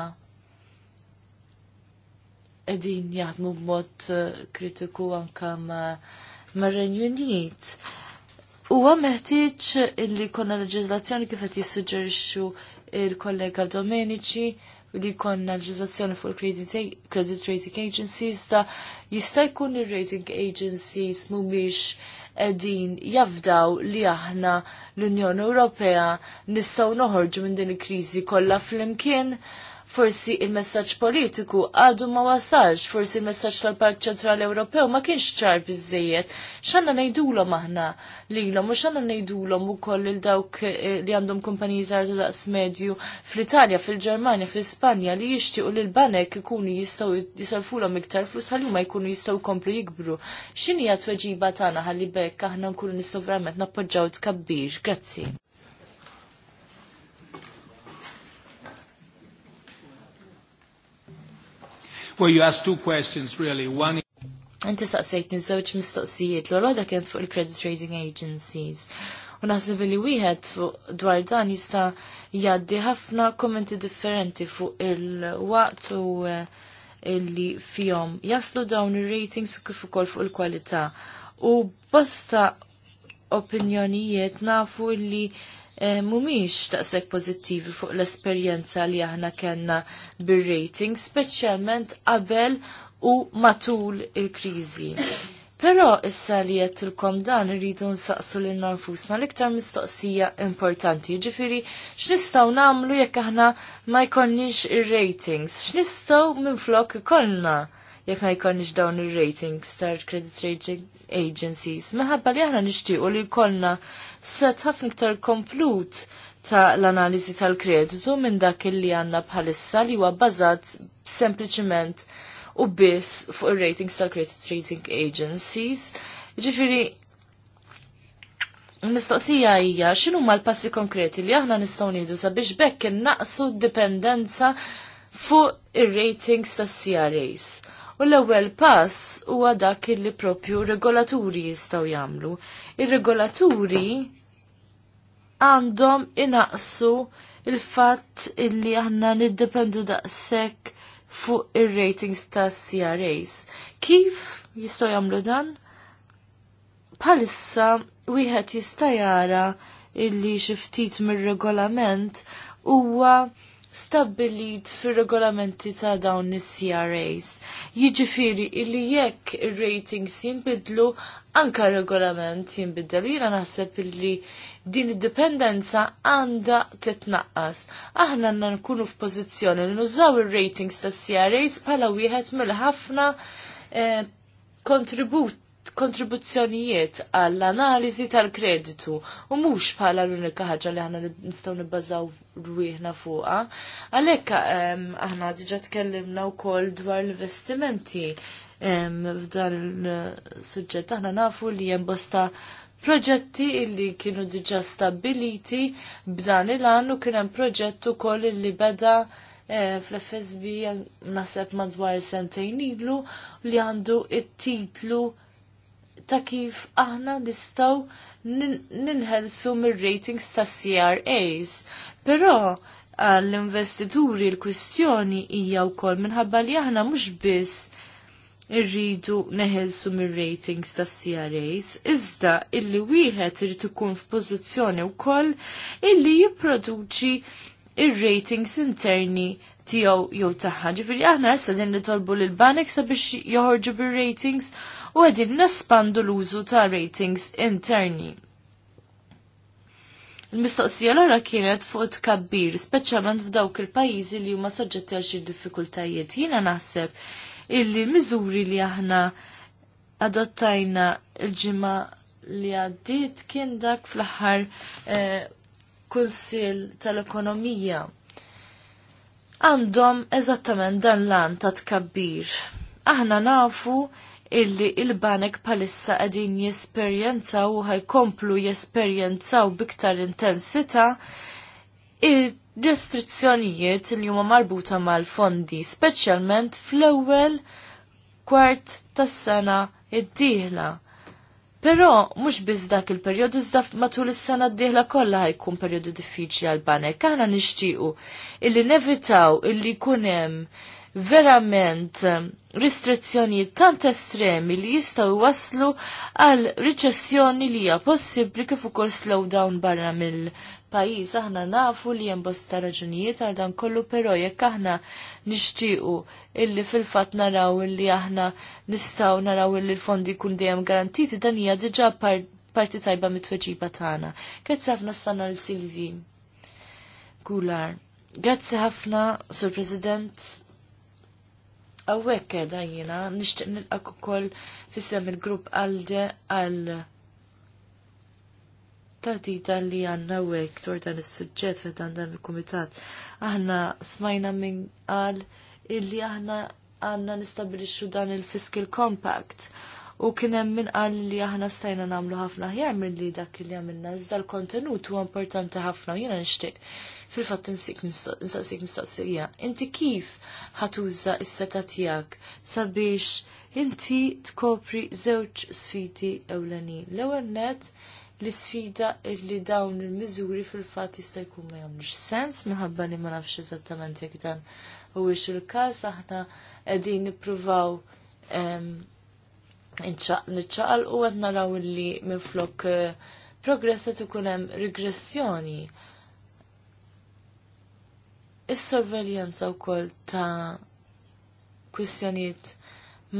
edin jaħdmu b'mod eh, kritiku anka ma' Renju Unit huwa meħtieġ li konna leġiżlazzjoni kif qed jissuġġerixxu il-kollega Domenici li konna leġiżlazzjoni fuq il-credit rating agencies ta' jista' jkun ir-rating agencies mhumiex qegħdin jafdaw li aħna l-Unjoni Ewropea nistgħu noħorġu minn din il-kriżi kollha flimkien. imkien forsi il-messaġġ politiku għadu ma wasalx, forsi il-messaġġ tal-Park Ċentrali Ewropew ma kienx ċar biżejjed. X'għandna ngħidulhom aħna lilhom u x'għandna ngħidulhom ukoll il dawk eh, li għandhom kumpaniji żgħar daqs medju fl-Italja, fil-Ġermanja, fil ispanja li jixtiequ l banek ikunu jistgħu om iktar flus ħalli ma jkunu jistgħu jkomplu jikbru. X'inhi tweġiba tagħna ħalli bekk aħna nkunu nistgħu verament nappoġġaw tkabbir. Grazzi. Well you asked two questions really. One Inti saqsejt niżewġ mistoqsijiet l-għoda kienet fuq il-credit rating agencies. U naħseb li wieħed dwar dan jista' jgħaddi ħafna kommenti differenti fuq il-waqt u eh, illi fihom jaslu dawn ir-ratings kif ukoll fuq il-kwalità. U bosta opinjonijiet nafu li Eh, mumiex taqsek pozittivi fuq l-esperjenza li aħna kellna bil rating speċjalment qabel u matul il-kriżi. Però issa li jettilkom dan irridu nsaqsu l nfusna l-iktar mistoqsija importanti. Ġifiri, x'nistgħu nagħmlu jekk aħna ma jkollniex ir-ratings, x'nistgħu minflok ikollna jekk jkollniex dawn ir-ratings tar credit rating agencies. Meħabba li aħna nixtiequ li jkollna set ħafna iktar komplut ta' l-analiżi tal-kreditu minn dak li għandna bħalissa li huwa bbażat sempliċiment u biss fuq ir-ratings tal-credit rating agencies. Ġifiri, Mistoqsija hija x'inhu huma l-passi konkreti li aħna nistgħu nieħdu sabiex bekk innaqsu d-dipendenza fuq ir-ratings tas-CRAs. U l-ewwel pass huwa dak li propju regolaturi jistgħu jagħmlu. Ir-regolaturi għandhom inaqsu il-fatt illi aħna niddependu daqshekk fuq ir-ratings tas CRAs. Kif jistgħu jagħmlu dan? Bħalissa wieħed jista' jara illi xi ftit mir-regolament huwa stabbilit fil-regolamenti ta' dawn is-CRAs. Jiġifieri illi jekk ir-ratings jinbidlu anka regolament jinbidel. Jiena naħseb illi din id-dipendenza għandha titnaqqas. Aħna għandna nkunu f'pożizzjoni li nużaw ir-ratings tas CRAs bħala wieħed mill-ħafna eh, kontribut kontribuzzjonijiet għall-analiżi tal-kreditu u mhux bħala l-unika ħaġa li aħna nistgħu nibbażaw rwieħna fuqha. Għalhekk ehm, aħna diġà tkellimna wkoll dwar l-investimenti ehm, f'dan il-suġġett aħna nafu li hemm bosta proġetti illi kienu diġà stabiliti b'dan il-għan u kien hemm proġett ukoll illi beda eh, fl-FSB naħseb madwar sentejn ilu li għandu it-titlu ta' kif aħna nistaw ninħelsu mir-ratings ta' CRAs. Però għall-investituri ah, l-kwistjoni hija wkoll minħabba li aħna mhux biss irridu neħelsu mir-ratings ta' CRAs, iżda illi wieħed irid ikun f'pożizzjoni wkoll illi jipproduċi ir-ratings interni tiegħu jew tagħha. Ġifieri aħna issa din nitolbu lil banek sabiex joħorġu bir-ratings u għedin nespandu l-użu ta' ratings interni. Il-mistoqsija l-ora kienet fuq tkabbir, speċjalment f'dawk il-pajjiżi li huma soġġetti għal xi diffikultajiet. Jiena naħseb illi miżuri li aħna adottajna l-ġimgħa li għaddiet kien dak fl-aħħar eh, kunsill kunsil tal-ekonomija għandhom eżattament dan lan ta' tkabbir. Aħna nafu illi il-banek palissa għadin jesperjenza u ħajkomplu jesperjenzaw biktar intensita il-restrizzjonijiet li huma marbuta mal-fondi, speċjalment fl-ewwel kwart tas-sena id-dieħla. Però mhux biss f'dak il-perjodu iżda matul is-sena d-dieħla kollha ħajkun perjodu diffiċli għal banek. Aħna nixtiequ illi nevitaw illi jkun hemm verament ehm, ristrizzjonijiet tant estremi li jistgħu waslu għal riċessjoni li hija possibbli kif ukoll slowdown barra mill pajjiż aħna nafu li hemm bosta raġunijiet għal dan kollu però jekk aħna nixtiequ illi fil-fatt naraw illi aħna nistgħu naraw illi l-fondi jkun dejjem garantiti dan hija diġà parti tajba mit-tweġiba tagħna. Grazzi ħafna s-sanna l-Silvi. Gular. Grazzi ħafna, Sur President. Għawek edha jina, nishtiq nilqak ukoll fissem il-grupp għalde għal tatita li għanna għek dwar dan il-sujġet fe dan dan il-komitat. Aħna smajna minn għal illi aħna għanna nistabilixu dan il fiskil compact. U kienem minn għal li aħna stajna namlu ħafna ħjar mill-li dak li għamilna. Iżda l-kontenut u importanti ħafna, jena nishtiq fil-fatt nsaqsik mistaqsija. Inti kif ħatuża s-seta tiegħek sabiex inti tkopri żewġ sfidi ewlenin. L-ewwel net l-sfida illi dawn il-miżuri fil-fatt jista' jkun ma jagħmlux sens minħabba li ma nafx eżattament jekk dan huwiex il-każ aħna qegħdin nippruvaw ehm, niċċaqal u qed naraw li minflok eh, progressa ikun hemm regressjoni Is-sorveljanza wkoll ta' kwistjonijiet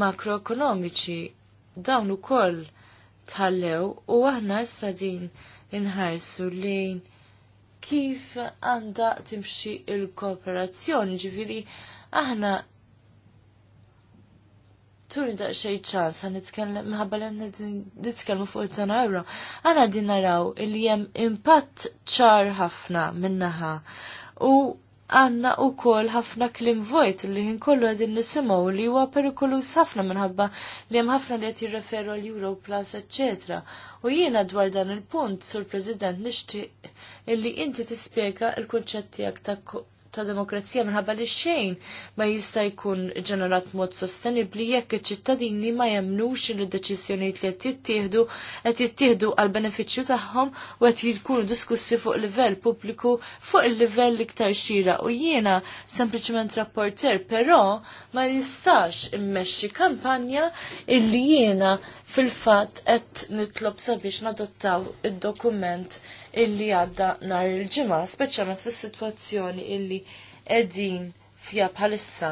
makroekonomiċi dawn ukoll tħallew u aħna issa din inħarsu lejn kif għandha timxi il-kooperazzjoni ġifiri aħna turi daqxej ċans għan nitkellem, mħabba li nitkellmu fuq il-tana euro, għana din naraw il-jem impatt ċar ħafna minnaħa. U għanna u kol ħafna klim vojt li kollu għedin nisimaw li huwa perikolus ħafna minħabba li hemm ħafna li qed jirreferu għal Euro Plus, etc. U jiena dwar dan il-punt, sur President, nixtieq illi inti tispjega l-kunċett tiegħek ta' ta' demokrazija minħabba li xejn ma jista' jkun ġenerat mod sostenibli jekk iċ-ċittadini ma jemnux li d-deċiżjonijiet li qed jittieħdu qed jittieħdu għal benefiċċju tagħhom u qed jkunu diskussi fuq livell pubbliku fuq il-livell iktar xira u jiena sempliċement rapporter, però ma nistax immexxi kampanja illi jiena fil-fatt qed nitlob sabiex nadottaw id-dokument illi għadda nar il-ġimgħa, speċjalment fis-sitwazzjoni illi qegħdin fija bħalissa.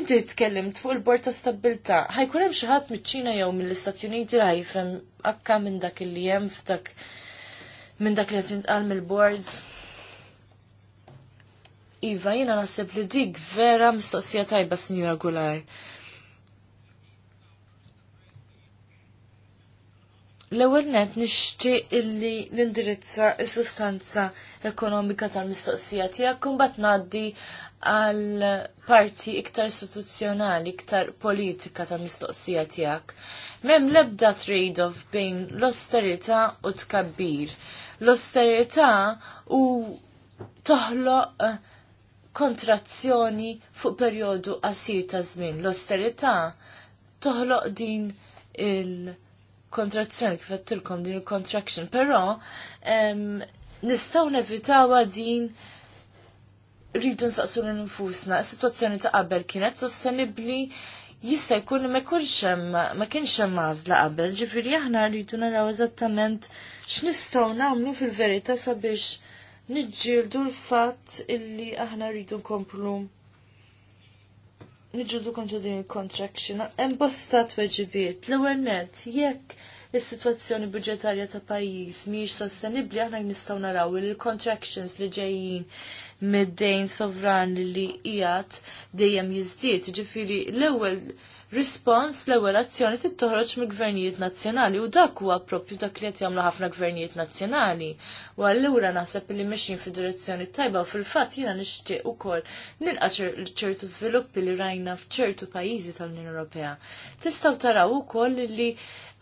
Inti tkellimt fuq il-bord ta' stabilta, ħajkun hemm xi ħadd miċ-Ċina jew mill-Istati Uniti li ħajfhem akka minn dak illi hemm f'dak minn dak li qed jintqal mill-boards. Iva, jina nasib li dik vera mistoqsija tajba, Signora Gular. L-ewwel net nixtieq illi nindirizza s-sustanza ekonomika tal-mistoqsija tiegħek imbagħad ngħaddi għal parti iktar istituzzjonali, iktar politika ta' mistoqsija tijak. Mem lebda trade-off bejn l osterità u tkabbir. l osterità u toħloq eh, kontrazzjoni fuq periodu qasir ta' żmien. l osterità toħloq din il- kontrazzjoni kif għattilkom din il-contraction, pero um, nistaw nevitawa din rridu nsaqsu l-nfusna, situazzjoni ta' qabel kienet sostenibli jista' jkun ma jkunx hemm ma kienx hemm għażla qabel, ġifiri aħna rridu naraw eżattament x'nistgħu nagħmlu fil-verità sabiex niġġieldu l-fatt illi aħna rridu nkomplu nġudu kontra din il-contraction, embosta t-weġibiet, l-ewel net, jekk il-situazzjoni budġetarja ta' pajis miġ sostenibli, aħna nistaw naraw il-contractions li ġejjin mid-dejn sovran li jgħat dejjem jizdiet, ġifiri l-ewel rispons l-ewwel azzjoni tittoħroġ mill-gvernijiet nazzjonali u dak huwa proprju dak li qed jagħmlu ħafna gvernijiet nazzjonali. U allura naħseb li mexjin fid-direzzjoni tajba u fil-fatt jiena nixtieq ukoll nilqa' ċertu żviluppi li rajna f'ċertu pajjiżi tal-Unjoni Ewropea. Tistgħu taraw ukoll li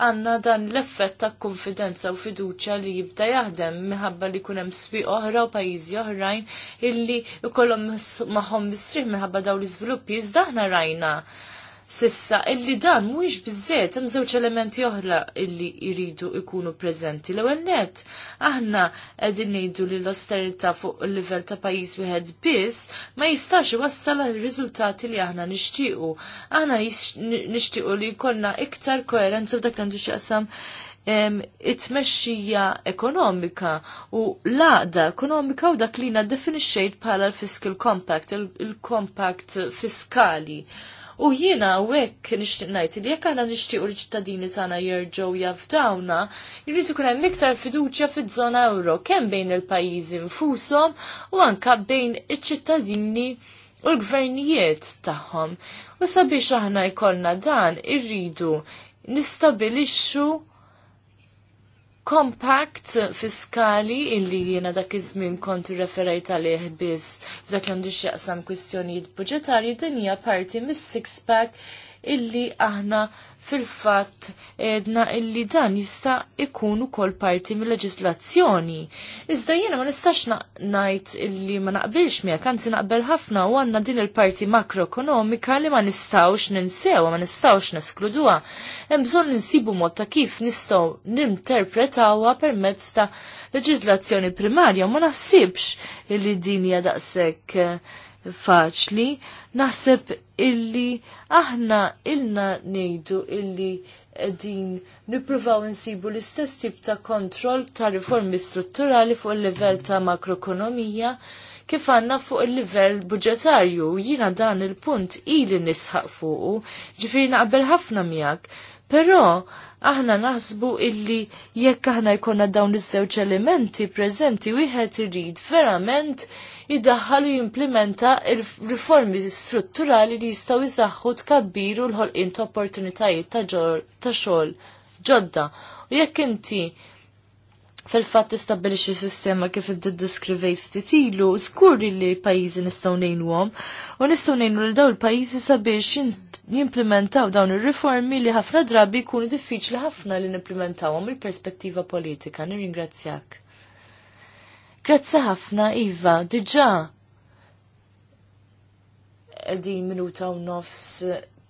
għanna dan l-effett ta' konfidenza u fiduċa li jibda jaħdem minħabba li kunem sbi oħra u pajizi oħrajn illi kollom maħom bistriħ minħabba daw l-izviluppi iżda rajna sissa illi dan mhuwiex biżżejjed hemm żewġ elementi oħra illi jridu ikunu preżenti. L-ewwel nett aħna qegħdin ngħidu li l-austerità fuq il-livell ta' pajjiż wieħed biss ma jistax iwassal għal riżultati li aħna nixtiequ. Aħna nixtiequ li jkollna iktar koerenza f'dak li għandu x'jaqsam it-tmexxija ekonomika u laqda ekonomika u dak li definixxejt bħala l-Fiscal Compact, il-Compact fiskali. U jiena hekk nixtieq ngħid li jekk aħna nixtiequ l-ċittadini tagħna jerġgħu jafdawna, jrid ikun hemm iktar fiduċja fiż-żona euro kemm bejn il-pajjiżi nfushom u anke bejn iċ-ċittadini u l-gvernijiet tagħhom. U sabiex aħna jkollna dan irridu nistabilixxu kompakt fiskali illi jiena dak iż-żmien kont irreferejt għalih biss f'dak li għandu x'jaqsam kwistjonijiet budġetarji din hija parti mis-six pack illi aħna fil-fatt edna illi dan jista' ikun ukoll parti mill-leġislazzjoni. Iżda jiena ma nistax ngħid illi ma naqbilx miegħek, kanzi naqbel ħafna u għandna din il-parti makroekonomika li ma nistawx ninsew, ma nistawx neskluduwa. Hemm bżonn ninsibu mod ta' kif nistgħu ninterpretawha permezz ta' leġislazzjoni primarja u ma naħsibx illi din hija daqshekk eh, faċli, naħseb illi aħna ilna nejdu illi din nipruvaw nsibu l-istess tip ta' kontroll ta' riformi strutturali fuq il-livell ta' makroekonomija kif għanna fuq il-livell budġetarju. Jina dan il-punt ili nisħaq fuq ġifiri naqbel ħafna miegħek. Però aħna naħsbu illi jekk aħna jkollna dawn iż-żewġ elementi preżenti wieħed irid verament jiddaħħal u jimplementa il-riformi strutturali li jistaw jisaxħu tkabbiru l-ħolqin ta' opportunitajiet ta' xogħol ġodda. U jekk inti fil-fatt tistabbilixi sistema kif id-diskrivejt ftit ilu, skurri li pajjiżi nistgħu ngħinuhom u nistgħu ngħinu lil dawn il-pajjiżi sabiex jimplementaw dawn ir-riformi li ħafna drabi jkunu diffiċli ħafna li nimplementawhom il-perspettiva politika. Nirringrazzjak. Grazzi ħafna, Iva, diġa. Di minuta u nofs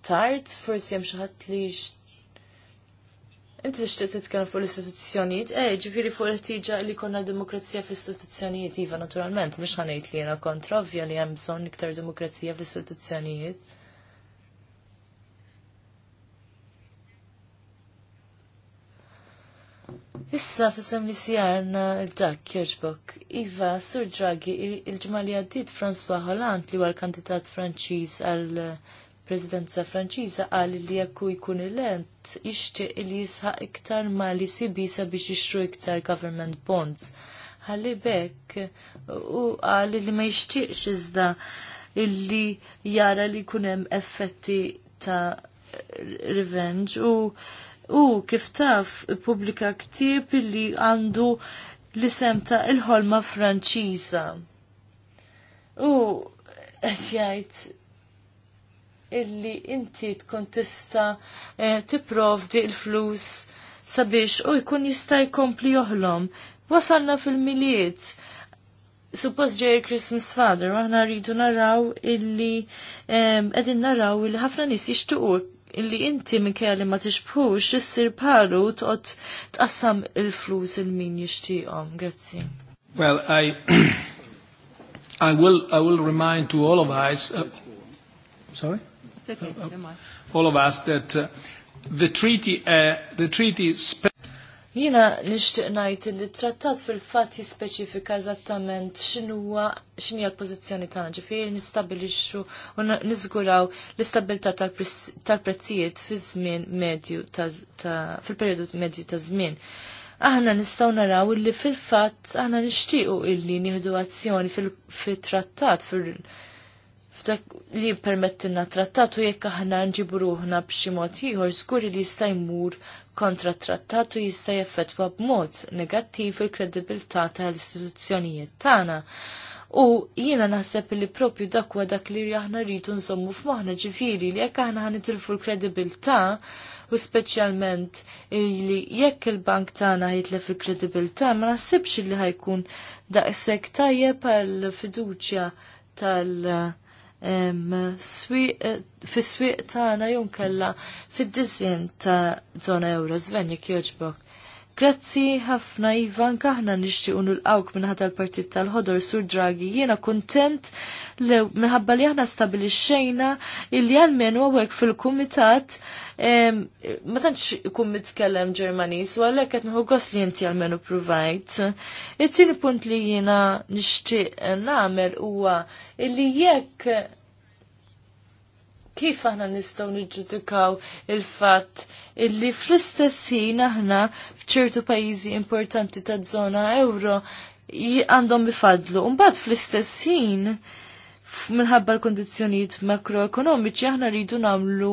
tard, forsi hemm xi ħadd li Inti tixtieq titkellem fuq l-istituzzjonijiet, eh, ġifieri fuq il tiġa li konna demokrazija fl-istituzzjonijiet, iva naturalment, mhux ħanejt li jiena kontra, ovvja li hemm bżonn iktar demokrazija fl-istituzzjonijiet. Issa fissam li sjarna dak kjoġbok. Iva, sur Draghi, il ġmali għaddit François Hollande li għal kandidat franċiż għal eh, presidenza franċiża għal li jekku jkun il-lent ixtieq li jisħaq iktar ma li sibisa biex jixtru iktar government bonds. Ħalli bekk u għal li ma jixtieqx iżda illi jara li kunem effetti ta' revenge u u kif taf pubblika ktieb li għandu l-isem ta' il-ħolma Franċiża. U għazjajt jgħid illi inti tkun tista eh, tipprovdi flus sabiex u jkun jista' jkompli joħlom. Wasalna fil-miliet. Suppost ġej Christmas Father, aħna rridu naraw illi qegħdin naraw illi ħafna nies jixtuqu illi inti minkejja li ma tixbhux issir paru toqgħod tqassam il-flus il min jixtieqhom. Grazzi. Well, I I will I will remind to all of us uh, sorry? It's okay, uh, uh, all of us that uh, the treaty uh, the treaty Jiena nixtieq ngħid li trattat fil-fatt jispeċifika eżattament x'inhuwa x'inhi l-pożizzjoni tagħna, ġifiri nistabilixxu u niżguraw l istabilta tal-prezzijiet fi żmien medju fil-perjodu medju ta' żmien. Aħna nistgħu naraw li fil-fatt aħna nixtiequ illi nieħdu azzjoni fit-trattat fil dak li permettilna trattatu jekk aħna nġibu ruħna b'xi mod ieħor żgur li jista' jmur kontra trattatu jista' jaffettwa b'mod negattiv il-kredibilità tal-istituzzjonijiet tagħna. U jiena naħseb li propju dak huwa dak li aħna rridu nżommu f'moħħna ġifieri li jekk aħna ħanitilfu l-kredibilità u speċjalment li jekk il-bank tagħna jitlef il-kredibilità ma naħsibx li ħajkun daqshekk tajjeb għall fiduċja tal- Eh, fis-swieq tagħna kalla kella fid-disjen ta' żona euro żven jekk jogħġbok. Grazzi ħafna Ivan kaħna nixtiequ nilqawk minħata l-Partit tal-Ħodor Sur Draghi. Jiena kuntent minħabba li aħna stabilixxejna illi għalmenu għawek fil-Kumitat ma tantx ikun mitkellem Ġermaniż u għalhekk qed nħu li inti għalmenu provajt. It-tieni punt li jiena nixtieq nagħmel huwa li jekk kif aħna nistgħu niġġudikaw il-fatt illi fl-istess ħin aħna f'ċertu pajjiżi importanti taż żona euro għandhom ifadlu. Mbagħad fl-istess ħin minħabba l-kondizjoniet makroekonomiċi aħna rridu namlu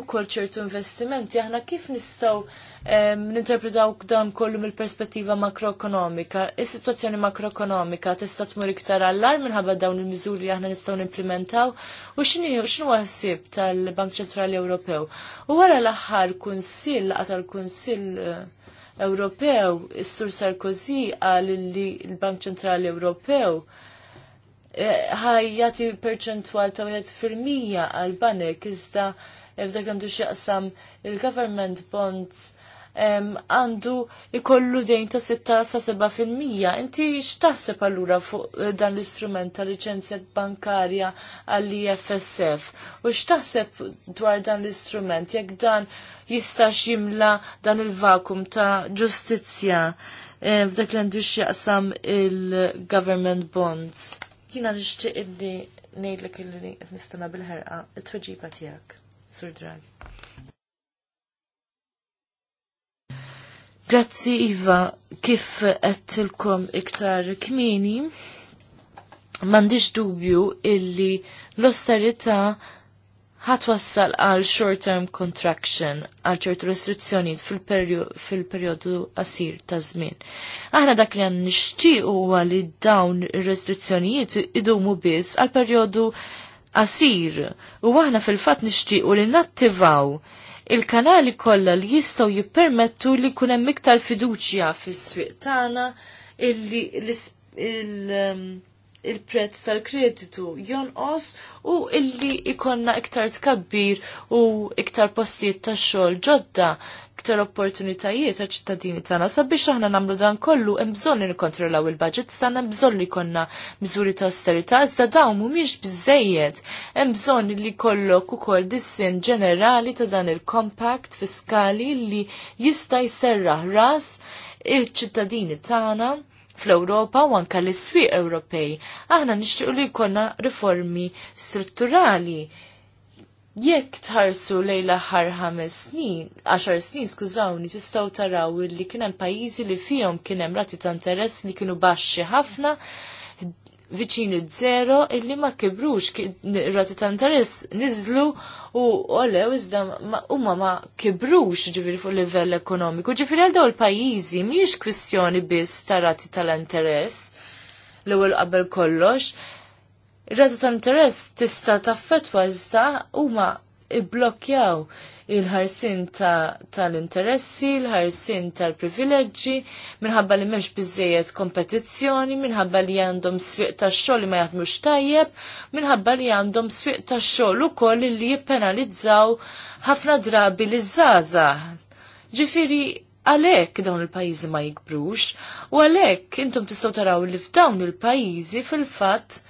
ukoll ċertu investimenti. Aħna kif nistgħu ninterpretaw dan kollu mill-perspettiva makroekonomika. Is-sitwazzjoni makroekonomika tista' tmur iktar allar minħabba dawn il-miżuri li aħna nistgħu nimplementaw u x'inhu ħsieb tal-Bank Ċentrali Ewropew. U wara l-aħħar kunsill laqgħa tal-Kunsill eh, Ewropew, is-Sur Sarkozy qal li l-Bank Ċentrali Ewropew Eh, ħajjati perċentwal ta' wieħed fil-mija għal banek iżda eh, f'dak għandu x'jaqsam il-government bonds għandu ikollu dejn ta' 6 sa 7 fil-mija. Inti x'taħseb allura fuq eh, dan l-istrument ta' liċenzja bankarja għall ifsf u x'taħseb dwar dan l-istrument jekk dan jistax jimla dan il-vakum ta' ġustizzja f'dak li għandu x'jaqsam il-government bonds. Jina nixtieq inni ngħidlek illi qed nistenna bil-ħerqa it-tweġiba tiegħek, Sur drag. Grazzi Iva, kif qedtilkom iktar kmini, m'għandix dubju illi l-osterità ħatwassal għal short-term contraction għal ċertu restrizzjonijiet fil-perjodu qasir ta' żmien. Aħna dak li għan nixtieq huwa li dawn ir-restrizzjonijiet idumu biss għal perjodu qasir u aħna fil-fatt nixtiequ li nattivaw il-kanali kollha li jistgħu jippermettu li jkun hemm iktar fiduċja fis-swieq tagħna illi l il um, il-prezz tal-kreditu jonqos u illi ikonna iktar tkabbir u iktar postijiet ta' xogħol ġodda, iktar opportunitajiet għal ċittadini tagħna. Sabiex aħna nagħmlu dan kollu hemm bżonn nikkontrollaw il-budget tagħna, hemm bżonn li jkollna miżuri ta' austerità, iżda dawn mhumiex biżejjed. Hemm bżonn li jkollok ukoll dissin ġenerali ta' dan il-compact fiskali li jista' jserraħ ras il-ċittadini tagħna fl-Ewropa u anka l-iswieq Ewropej. Aħna nixtiequ li jkollna riformi strutturali. Jekk tħarsu lejn l-aħħar ħames snin, għaxar snin skużawni, tistgħu taraw li kien hemm pajjiżi li fihom kien hemm rati ta' interess li kienu baxxi ħafna viċini zero illi ma kibrux rati ta' interess nizlu u olew iżda huma ma kibrux ġifiri fuq livell ekonomiku. Ġifiri għal daw il-pajjiżi mhijiex kwistjoni biss ta' rati tal-interess l-ewwel qabel kollox. Rati ta' interess tista' taffetwa iżda huma iblokjaw il-ħarsin tal-interessi, ta il-ħarsin tal-privileġġi, minħabba li mhux biżejjed kompetizzjoni, minħabba li għandhom sfiq tax-xogħol li ma jaħdmux tajjeb, minħabba li għandhom sfiq tax-xogħol ukoll li jippenalizzaw ħafna drabi li żgħażagħ. Ġifieri għalhekk dawn il-pajjiżi ma jikbrux u għalhekk intom tistgħu taraw li f'dawn il-pajjiżi fil-fatt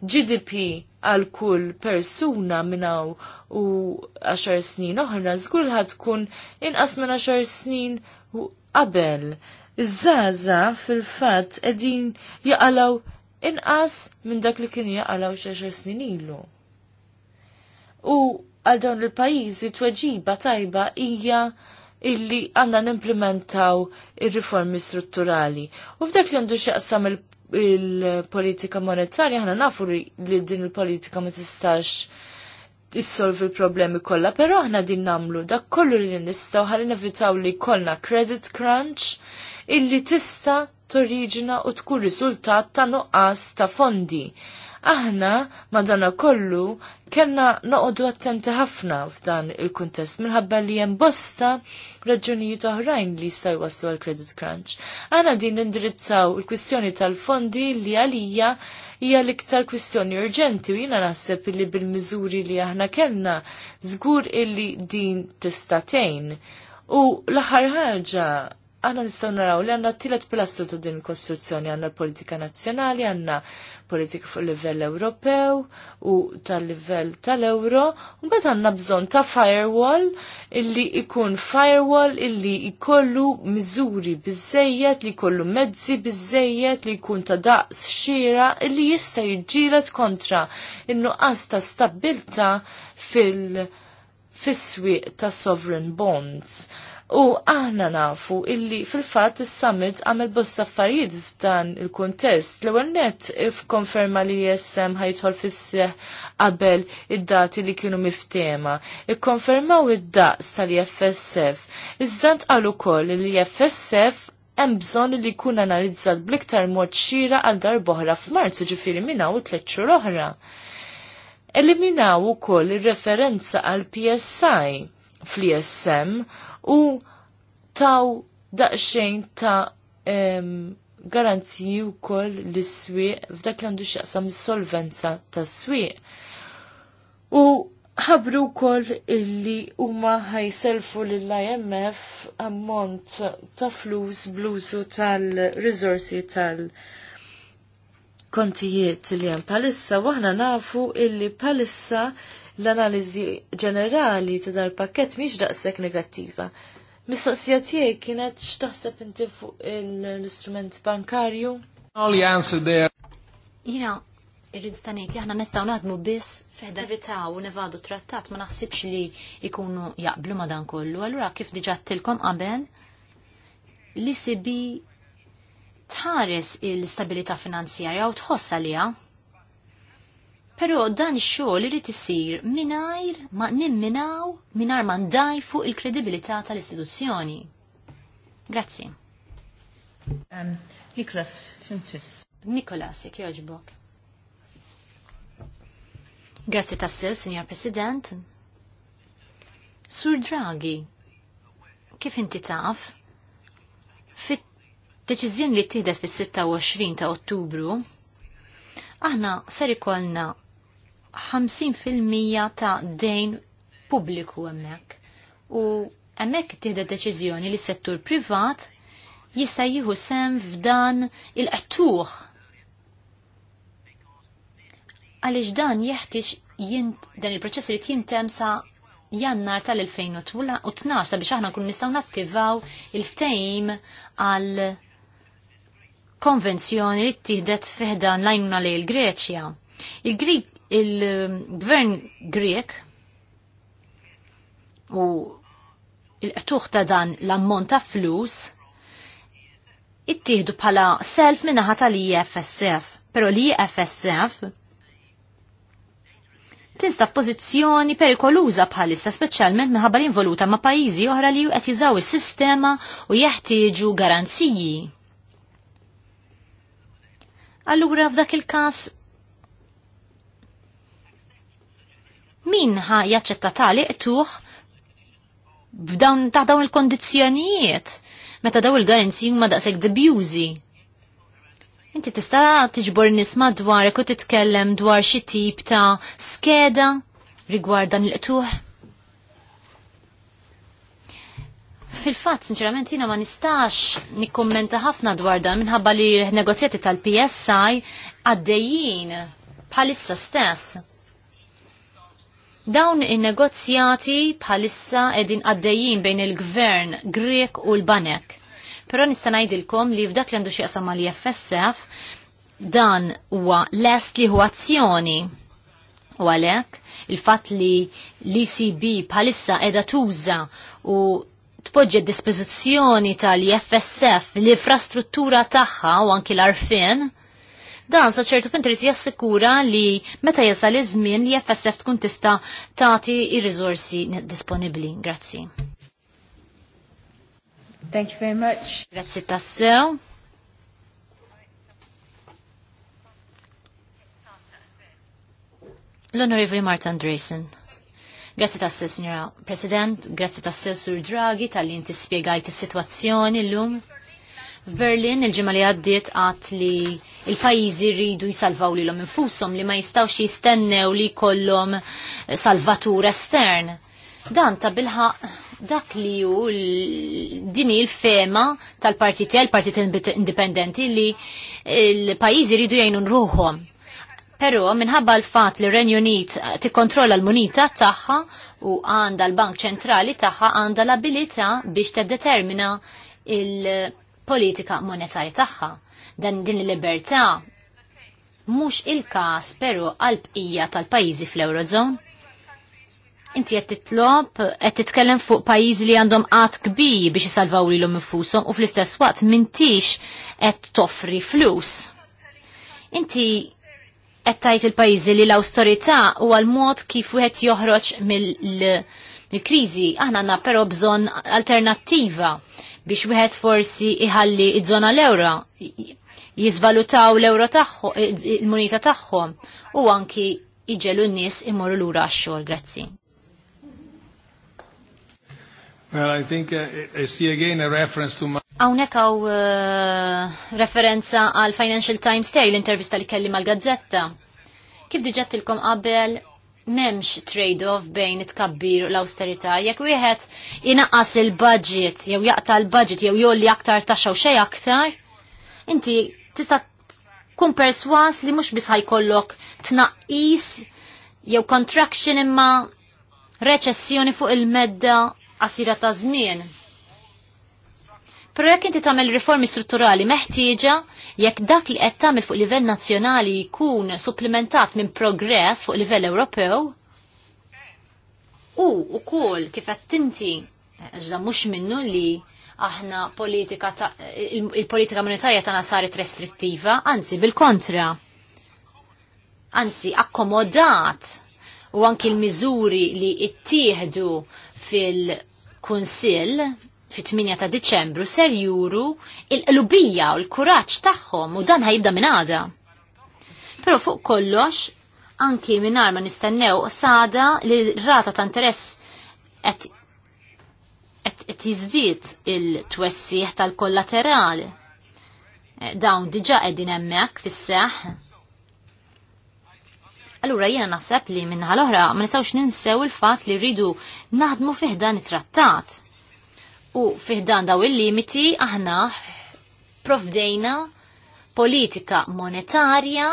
GDP għal kull persuna minnaw u 10 snin oħra, żgur ħad tkun inqas minn 10 snin qabel. iż fil-fatt qegħdin jaqalaw inqas minn dak li kien jaqalaw xi 10 snin ilu. U għal dawn il-pajjiżi tweġiba tajba hija illi għanna nimplementaw ir-riformi strutturali. U f'dak li għandu xaqsam il il-politika monetarja ħana nafu li din il-politika ma tistax issolvi il-problemi kollha, però aħna din namlu dak kollu li nistgħu ħalli nevitaw li kollna credit crunch illi tista toriġina u tkun rizultat ta' nuqqas ta' fondi. Aħna madana kollu kellna noqogħdu attenti ħafna f'dan il-kuntest minħabba li hemm bosta raġunijiet oħrajn li jistgħu waslu għal credit crunch. Għana din indirizzaw il-kwistjoni tal-fondi li għalija hija l-iktar kwistjoni urġenti u jiena naħseb illi bil-miżuri li aħna kellna żgur illi din tista' tgħin. U l-aħħar ħaġa aħna nistgħu naraw li għandna tielet pilastru ta' din il-kostruzzjoni għandna l-politika nazzjonali, għandna politika fuq livell Ewropew u tal-livell tal-Ewro, u mbagħad għandna bżonn ta' firewall illi ikun firewall illi ikollu miżuri bizzejiet, li jkollu mezzi bizzejiet, li ikun ta' daqs xira illi jista' jġilet kontra in-nuqqas ta' stabilta fil- fis-swieq ta' sovereign bonds U aħna nafu illi fil-fat is-summit għamel bosta affarijiet f'dan il-kuntest. L-ewwel net fkonferma li jessem ħajtħol fis-seħ qabel id-dati li kienu miftema. Ikkonfermaw id-daqs tal-FSF. Iżda għalu kol li FSF hemm bżonn li jkun analizzat bliktar mod xira għal darboħra f'Marzu ġifieri minnaw tliet xhur oħra. Eliminaw ukoll ir-referenza għal PSI fl-ISM u taw daqsxejn ta' garanziju wkoll lis-swieq f'dak li għandu x'jaqsam is-solvenza tas-swieq. U ħabru kol illi huma ħajselfu l imf ammont ta' flus bluzu tal-rizorsi tal-kontijiet li hemm palissa waħna nafu illi palissa l-analiżi ġenerali ta' dal-pakket miex daqshekk negattiva. Mistoqsija tiegħi kienet x'taħseb inti fuq l-istrument bankarju? All the answer there. irrid stanejt li aħna nistgħu naħdmu biss f'ħedavita u nevadu trattat ma naħsibx li jkunu jaqblu ma dan kollu. Allura kif diġà tilkom qabel li sibi tħares il-stabilità finanzjarja u tħoss għalija Pero dan ix-xogħol irid isir mingħajr ma nimminaw mingħajr ma fuq il-kredibilità tal-istituzzjoni. Grazzi. Um, Niklas, xintis. Nikolas, jek joġbok. Grazzi tassil, Signor President. Sur Draghi, kif inti taf, fit deċiżjoni li tieħdet fis-26 ta' Ottubru, aħna ser ikollna 50% ta' dejn pubbliku hemmhekk. U hemmhekk tieħda deċiżjoni li settur privat jista' jieħu sem f'dan il-qattuħ. Għaliex dan jeħtiex dan il-proċess li tjintem sa jannar tal-2012 sabiex aħna kun nistgħu nattivaw il-ftejm għal konvenzjoni li t-tihdet fiħdan lajnuna lej il-Greċja. Il-Grip il-gvern Grek u il-qtuħ ta' dan l-ammont ta' flus ittieħdu bħala self minnaħa tal-IFSF. Pero l-IFSF e tinsta f'pożizzjoni perikoluża bħalissa speċjalment minħabba involuta ma' pajjiżi oħra li qed jużaw is-sistema u jeħtieġu garanziji. Allura f'dak il-każ min ħa jaċċetta tali tuħ b'dawn ta' dawn il-kondizzjonijiet meta daw il-garanzi ma daqshekk dibjużi. Inti tista' tiġbor nisma' dwar u titkellem dwar xi tip ta' skeda rigward dan il-qtuħ. Fil-fatt, sinċerament, jina ma nistax nikkommenta ħafna dwar dan minħabba li negozjati tal-PSI għaddejjin bħalissa stess. Dawn in-negozjati bħalissa edin għaddejjin bejn il-gvern Grek u l-Banek. Pero nista' ngħidilkom li f'dak li għandu xi qasam mal FSF dan huwa lest li huwa azzjoni. U għalhekk il-fatt li l-ECB bħalissa qiegħda tuża u tpoġġi dispożizzjoni tal fsf l-infrastruttura tagħha u anki l-arfin Dan sa ċertu punt irid jassikura li meta jasal iż-żmien li FSF tkun tista' tagħti ir-riżorsi disponibbli. Grazzi. Thank you very much. Grazzi tassew. L-Onorevoli Marta Andresen. Grazzi tasse, signora President, grazzi tasse Sur Draghi tal-li inti spiegajt is-sitwazzjoni l-lum. F'Berlin il-ġimgħa li għaddiet għat li il-pajizi rridu jisalvaw li l-om infusom li ma jistawx jistennew li kollom salvatur estern. Dan ta' bilħa dak li ju dini il-fema tal-partiti għal-partiti indipendenti li il-pajizi rridu jajnun nruħom. Pero minħabba l-fat li Renju Unit tikkontrolla l-munita tagħha u għanda l-Bank Ċentrali tagħha għanda l-abilità biex determina il-politika monetari tagħha dan din il-libertà mhux il-każ peru għall-bqija tal-pajjiżi fl eurozon Inti qed titlob qed titkellem fuq pajjiżi li għandhom qatt kbir biex isalvaw lilhom infushom u fl-istess waqt mintix qed toffri flus. Inti qed tajt il-pajjiżi li l austorita huwa l-mod kif wieħed joħroġ mill-kriżi. Aħna għandna però bżonn alternattiva biex wieħed forsi iħalli iż-żona l-ewra jizvalutaw l-euro tagħhom, il-munita tagħhom u anki iġelu n-nies immorru lura għax-xogħol. Grazzi. Well, I think uh, I see again a reference to my Hawnhekk hawn uh, referenza għal Financial Times Day l-intervista li kelli mal-Gazzetta. Kif diġettilkom qabel memx trade-off bejn it-kabbir u l-austerità. Jekk wieħed inaqqas il-budget, jew jaqta l-budget, jew jolli aktar taxxa u xej aktar, inti tista' tkun perswas li mhux biss ħajkollok tnaqqis jew contraction imma reċessjoni fuq il-medda qasira ta' żmien. Pero jekk inti tagħmel riformi strutturali meħtieġa, jekk dak li qed tagħmel fuq livell nazzjonali jkun supplementat minn progress fuq livell Ewropew, u wkoll kif qed tinti, ġda mhux minnu li aħna politika ta, il-politika monetarja tagħna saret restrittiva, anzi bil-kontra. Anzi akkomodat u anki l-miżuri li ittieħdu fil-Kunsill fit-8 ta' Diċembru ser juru il-qlubija u l-kuraġġ tagħhom u dan ħajibda minn għada. Però fuq kollox, anki minn ma nistennew sada li rata ta' interess qed jiżdied il twessiħ tal-kollaterali. Eh, dawn diġa qegħdin hemmhekk fis-seħħ. Allura jiena naħseb li minnaħa l-oħra ma nistgħux ninsew il-fatt li rridu naħdmu fih dan it-trattat U fiħdan daw il-limiti aħna provdejna politika monetarja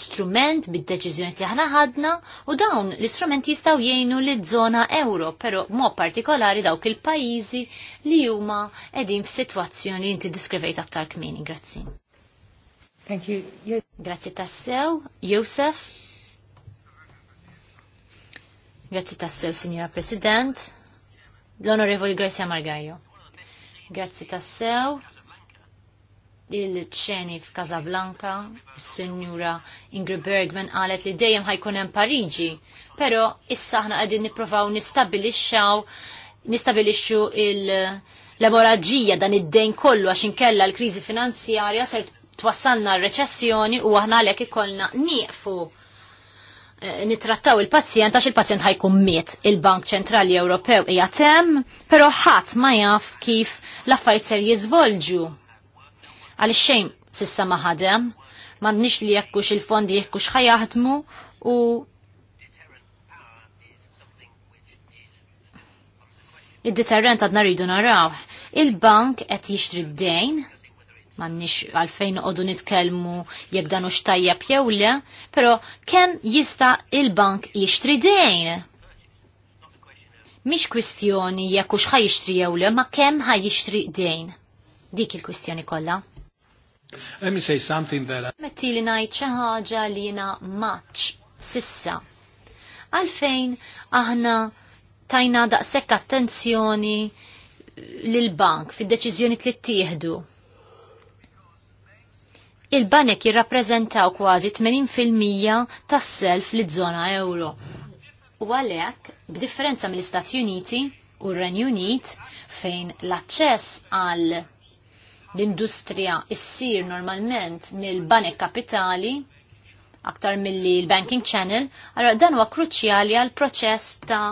strument bid-deċiżjoni li aħna ħadna u dawn l-istrumenti jistgħu jgħinu liż-żona euro, però mod partikolari dawk il-pajjiżi li huma qegħdin f'sitwazzjoni li inti diskrivejt aktar kmieni. Grazzi. Thank you. you... Grazzi tassew, Josef. Grazzi tassew, Signora President l-Onorevoli Garcia Margajo. Grazzi tassew il-ċeni f'Casablanca, s-Sinjura Ingrid Bergman qalet li dejjem ħajkun hemm Pariġi, però issa aħna qegħdin niprofaw nistabilixxaw nistabilixxu l laboraġija dan id-dejn kollu għax inkella l-kriżi finanzjarja ser twassalna r-reċessjoni u aħna għalhekk ikollna nieqfu Eh, nitrattaw il pazzjent għax il-pazjent ħajkun miet. Il-Bank Ċentrali Ewropew hija temm, però ħadd ma jaf kif l-affarijiet ser jiżvolġu. Għaliex xejn sissa ma ħadem, m'għandniex li jekkux il-fondi jekkux ħajaħdmu u id-deterrent għadna rridu naraw. Il-bank qed jixtri d-dejn Mannix għalfejn għodu nitkelmu jekk danu xtajja jew le, pero kem jista il-bank jixtri dejn? Mix kwistjoni jekk ux ħajixtri jew le, ma kem jishtri dejn? Dik il-kwistjoni kollha. Let me say something that I... Metti li najt xi ħaġa li jina maċ sissa. Għalfejn aħna tajna daqshekk attenzjoni lil bank fid-deċiżjoni li ttieħdu il-banek jirrappreżentaw kważi 80% tas-self li zona euro. U għalhekk, b'differenza mill-Istati Uniti u r-Renju Unit, fejn l-aċċess għal l-industrija issir normalment mill-banek kapitali, aktar mill l-banking channel, għallora dan huwa kruċjali għal proċess ta'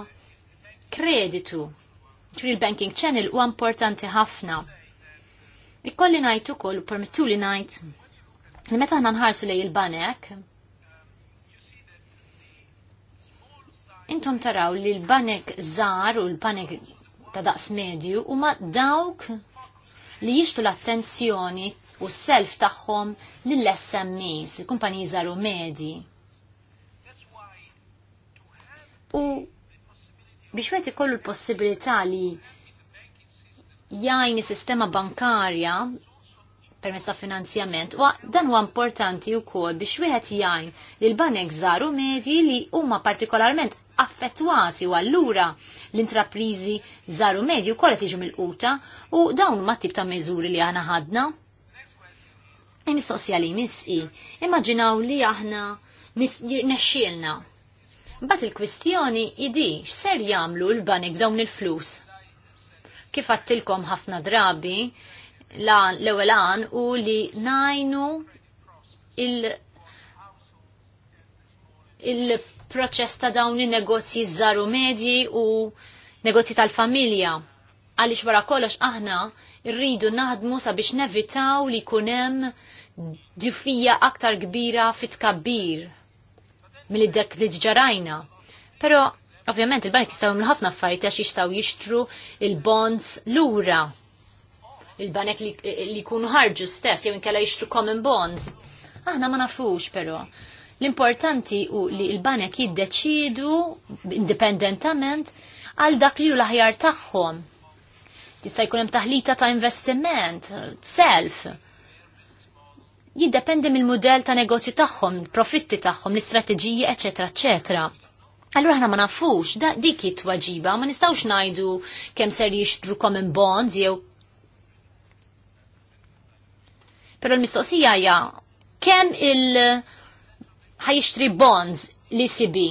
kreditu. Ġri l-banking channel huwa importanti ħafna. Ikkolli ngħid ukoll permettu li ngħid Meta ħna nħarsu lej il-banek, intom taraw li l-banek zar u l-banek ta' daqs medju u ma dawk li jixtu l-attenzjoni u s-self tagħhom lill-SMEs, il-kumpaniji żaru medji. U biex wieħed ikollu l-possibilità li jajni sistema bankarja permess ta' finanzjament. Wa dan huwa importanti wkoll biex wieħed jgħin l banek żgħar u medji li huma partikolarment affettwati u allura l-intraprizi żgħar u medji wkoll qed jiġu mill-quta u dawn ma tip ta' miżuri li aħna ħadna. Mistoqsija li misqi, immaġinaw li aħna nexxielna. Mbagħad il-kwistjoni idi x'ser jagħmlu l-banek dawn il-flus. Kif għattilkom ħafna drabi, l-ewwel an u li najnu il- il-proċess ta' dawn i negozji zaru medji u negozji tal-familja. Għaliex wara kollox aħna rridu naħdmu sabiex nevitaw li kunem dufija aktar kbira fit kabbir mill dak li ġarajna. Pero, ovvjament, il-bank jistaw ħafna affarijiet għax jistaw jixtru il-bonds lura il-banek li jkunu ħarġu stess, jew inkella jixtru common bonds. Aħna ma nafux però. L-importanti u li l-banek jiddeċidu indipendentament għal dak li hu l-aħjar tagħhom. Tista' jkun hemm taħlita ta' investiment, self. Jiddependi mill-mudell ta' negozju tagħhom, profitti tagħhom, l-istrateġiji, eċetera, eċetera. Allura ħna ma nafux, dik it-tweġiba, ma nistgħux ngħidu kemm ser jixtru common bonds jew Pero l-mistoqsija hija kemm il- ħajixtri bonds li sibi.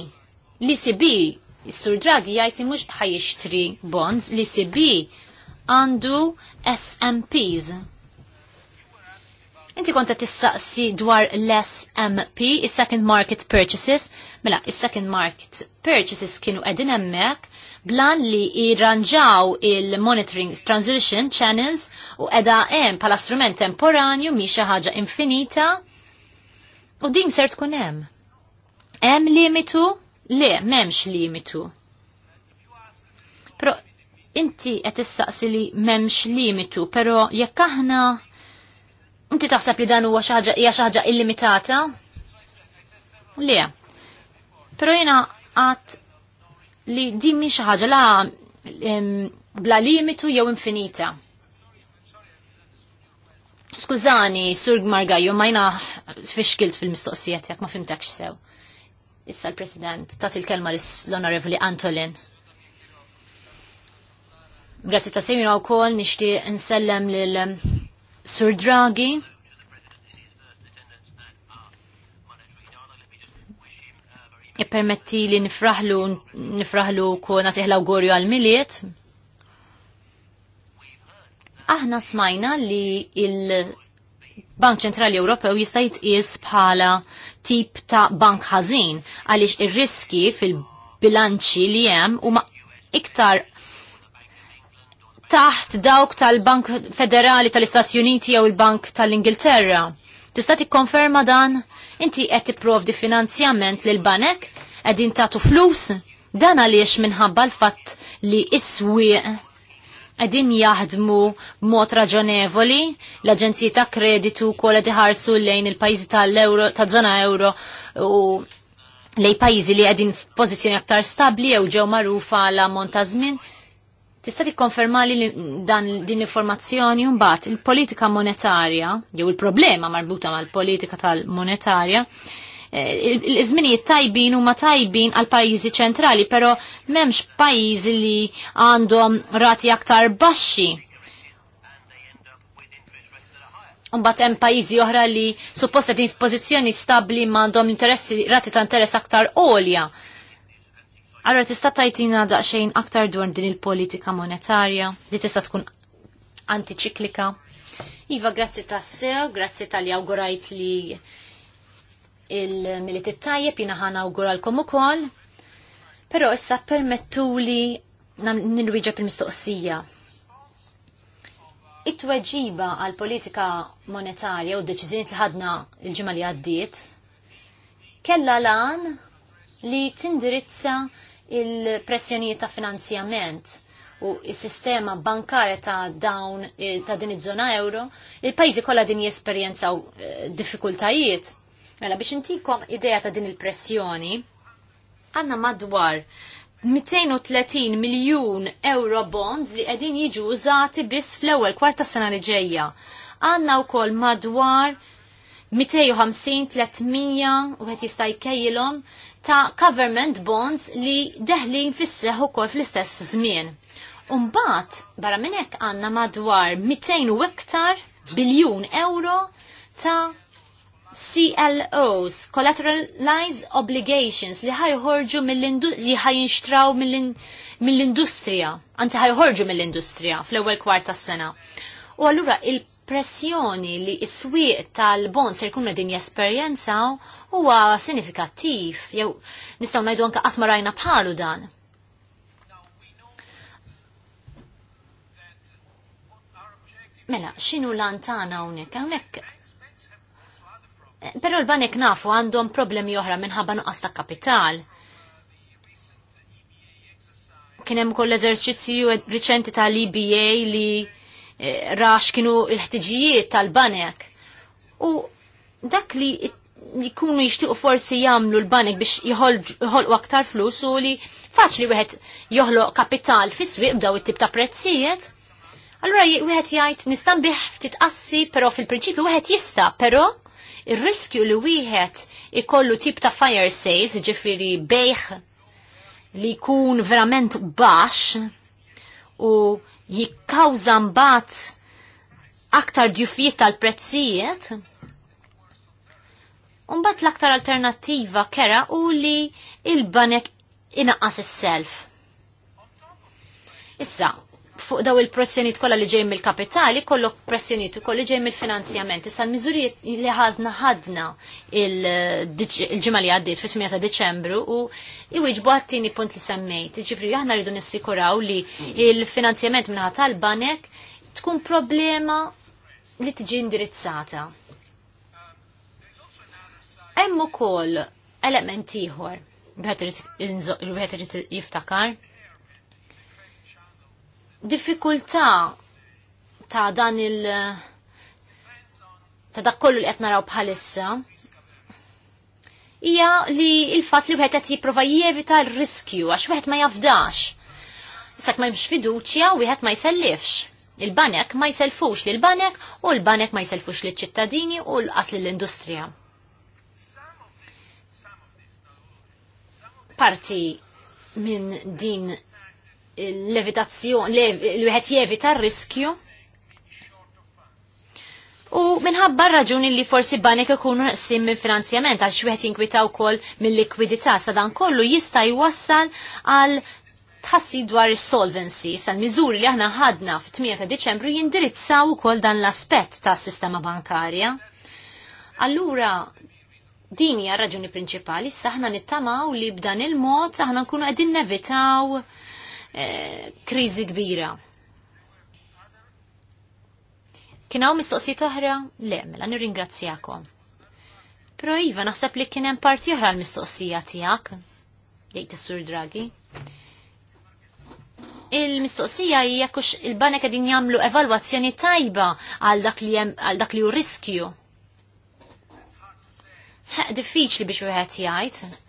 Li sibi, s-sur Draghi jgħid li mhux ħajixtri bonds li sibi għandu SMPs. Inti konta tissaqsi dwar l-SMP, is-Second Market Purchases, mela, is-Second Market Purchases kienu qegħdin hemmhekk blan li jirranġaw il-monitoring transition channels u edha hemm pala strument temporanju mi xi ħaġa infinita u din ser tkun hemm. Hemm limitu? Le, m'hemmx limitu. Pero inti qed issaqsi li m'hemmx limitu, però jekk aħna inti taħseb li dan huwa xi ħaġa ħaġa illimitata? Le. Pero jena għat li din minn xi ħaġa la bla limitu jew infinita. Skużani, Sur Margaju, majna fixkilt fil-mistoqsijiet jekk ma fimtekx sew. Issa l-President, tagħti il-kelma l-Onorevoli Antolin. Grazzi ta' semina u kol nishti nsellem l-Sur Draghi Ippermetti li nifraħlu, nifraħlu kuna u għorju għal-miliet. Aħna smajna li il-Bank Ċentrali Ewropew jista' jitqies bħala tip ta' bank ħażin għaliex ir-riski fil-bilanċi li hemm huma iktar taħt dawk tal-Bank Federali tal-Istati Uniti jew il-Bank tal-Ingilterra. Tista' tikkonferma dan? Inti qed tipprovdi finanzjament lil banek qegħdin tagħtu flus dan għaliex minħabba l-fatt li iswieq qegħdin jaħdmu b'mod raġonevoli l-aġenziji ta' kreditu wkoll qed iħarsu lejn il-pajjiżi tal-euro ta' żona euro u lej pajjiżi li qegħdin f'pożizzjoni aktar stabbli jew ġew magħrufa għal ammont ta' żmien Tista' tikkonferma li dan din l-informazzjoni mbagħad il-politika monetarja jew il-problema marbuta mal-politika tal-monetarja eh, l żminijiet tajbin huma tajbin għal pajjiżi ċentrali, però m'hemmx pajjiżi li għandhom rati aktar baxxi. Mbagħad hemm pajjiżi oħra li suppost qegħdin f'pożizzjoni stabbli m'għandhom interessi rati ta' interess aktar għolja. Allora tista' tajtina daqsxejn aktar dwar din il-politika monetarja li tista' tkun antiċiklika. Iva, grazzi tassew, grazzi tal-li awgurajt li il-militit tajjeb jina ħana awguralkom u kol, pero issa permettu li nirwiġa pil-mistoqsija. It-tweġiba għal politika monetarja u deċizjoni li ħadna il-ġimma li għaddiet, kella lan li tindirizza il-pressjonijiet ta' finanzjament u s-sistema bankarja ta' dawn eh, ta' din iż-żona euro, il-pajjiżi kollha din jesperjenzaw eh, diffikultajiet. Mela biex intikom idea ta' din il-pressjoni, għandna madwar 230 miljun euro bonds li qegħdin jiġu użati biss fl-ewwel kwarta sena li ġejja. Għandna wkoll madwar 250-300 u qed jista' jkejjilhom ta' government bonds li deħlin fisseħ ukoll fl-istess żmien. Umbat, barra minnek għanna madwar 200 u iktar biljun euro ta' CLOs, Collateralized Obligations, li ħajħorġu li ħajinxtraw mill-industrija, anzi ħajħorġu mill-industrija fl-ewwel kwarta tas-sena. U għallura il l-impressjoni li s-swieq tal-bond se jkun din jesperjenzaw huwa sinifikattiv, jew nistgħu ngħidu anke qatt ma rajna bħalu dan. Mela, x'inhu lantana hawnhekk? Hawnhekk Però l-banek nafu għandhom problemi oħra minħabba nuqqas ta' kapital kien hemm ukoll eżerċizzju riċenti tal-EBA li rax kienu l-ħtiġijiet tal-banek. U dak li jkunu jixtiequ forsi jagħmlu l-banek biex jħolqu aktar flus u li faċli wieħed joħloq kapital fi swieq b'daw it-tip ta' prezzijiet. Allura wieħed jgħid nista' nbih ftit qassi, però fil-prinċipju wieħed jista', però ir-riskju li wieħed ikollu tip ta' fire sales, ġifiri bejħ li jkun verament baxx u jikkawża mbagħad aktar djufijiet tal-prezzijiet. Umbat l-aktar alternattiva kera u li il-banek inaqqas is-self. Issa, fuq daw il-pressjoniet kollha li ġej mill-kapitali kollok pressjoniet ukoll li ġej mill-finanzjament. Issa l-miżurijiet li ħadna ħadna il-ġimgħa li għaddiet fit-8 ta' Deċembru u iwieġbu għattini punt li semmejt. Ġifri aħna rridu nissikuraw li il-finanzjament minħa tal-banek tkun problema li tiġi indirizzata. Hemm ukoll element ieħor li wieħed jiftakar diffikultà ta' dan il- ta' dak kollu li qed naraw bħalissa hija li il-fatt li wieħed qed jipprova jevita r-riskju għax wieħed ma jafdax. Sak ma jimx fiduċja u wieħed ma jsellifx. Il-banek ma jselfux l banek u l-banek ma jselfux li ċittadini u l-qas lill industrija Parti minn din l-evitazzjoni, l-wieħed jevita r-riskju. U minħabba raġuni li forsi banek ikunu naqsim minn finanzjament għax wieħed jinkwitaw kol mill-likwidità sa dan kollu jista' jwassal għal tħassi dwar solvency sal-miżuri li aħna ħadna f-8 Deċembru jindirizzaw ukoll dan l-aspett tas sistema bankarja. Allura, din hija raġuni prinċipali, issa aħna nittamaw li b'dan il-mod aħna nkunu qegħdin nevitaw Eh, kriżi kbira. Kien hawn mistoqsijiet oħra? Le, mela nirringrazzjakom. Però iva naħseb li kien hemm parti oħra l-mistoqsija tiegħek, jgħid is-Sur Draghi. Il-mistoqsija hija kux il-banek qegħdin jagħmlu evalwazzjoni tajba għal dak li għal dak li hu riskju. Diffiċli biex wieħed jgħid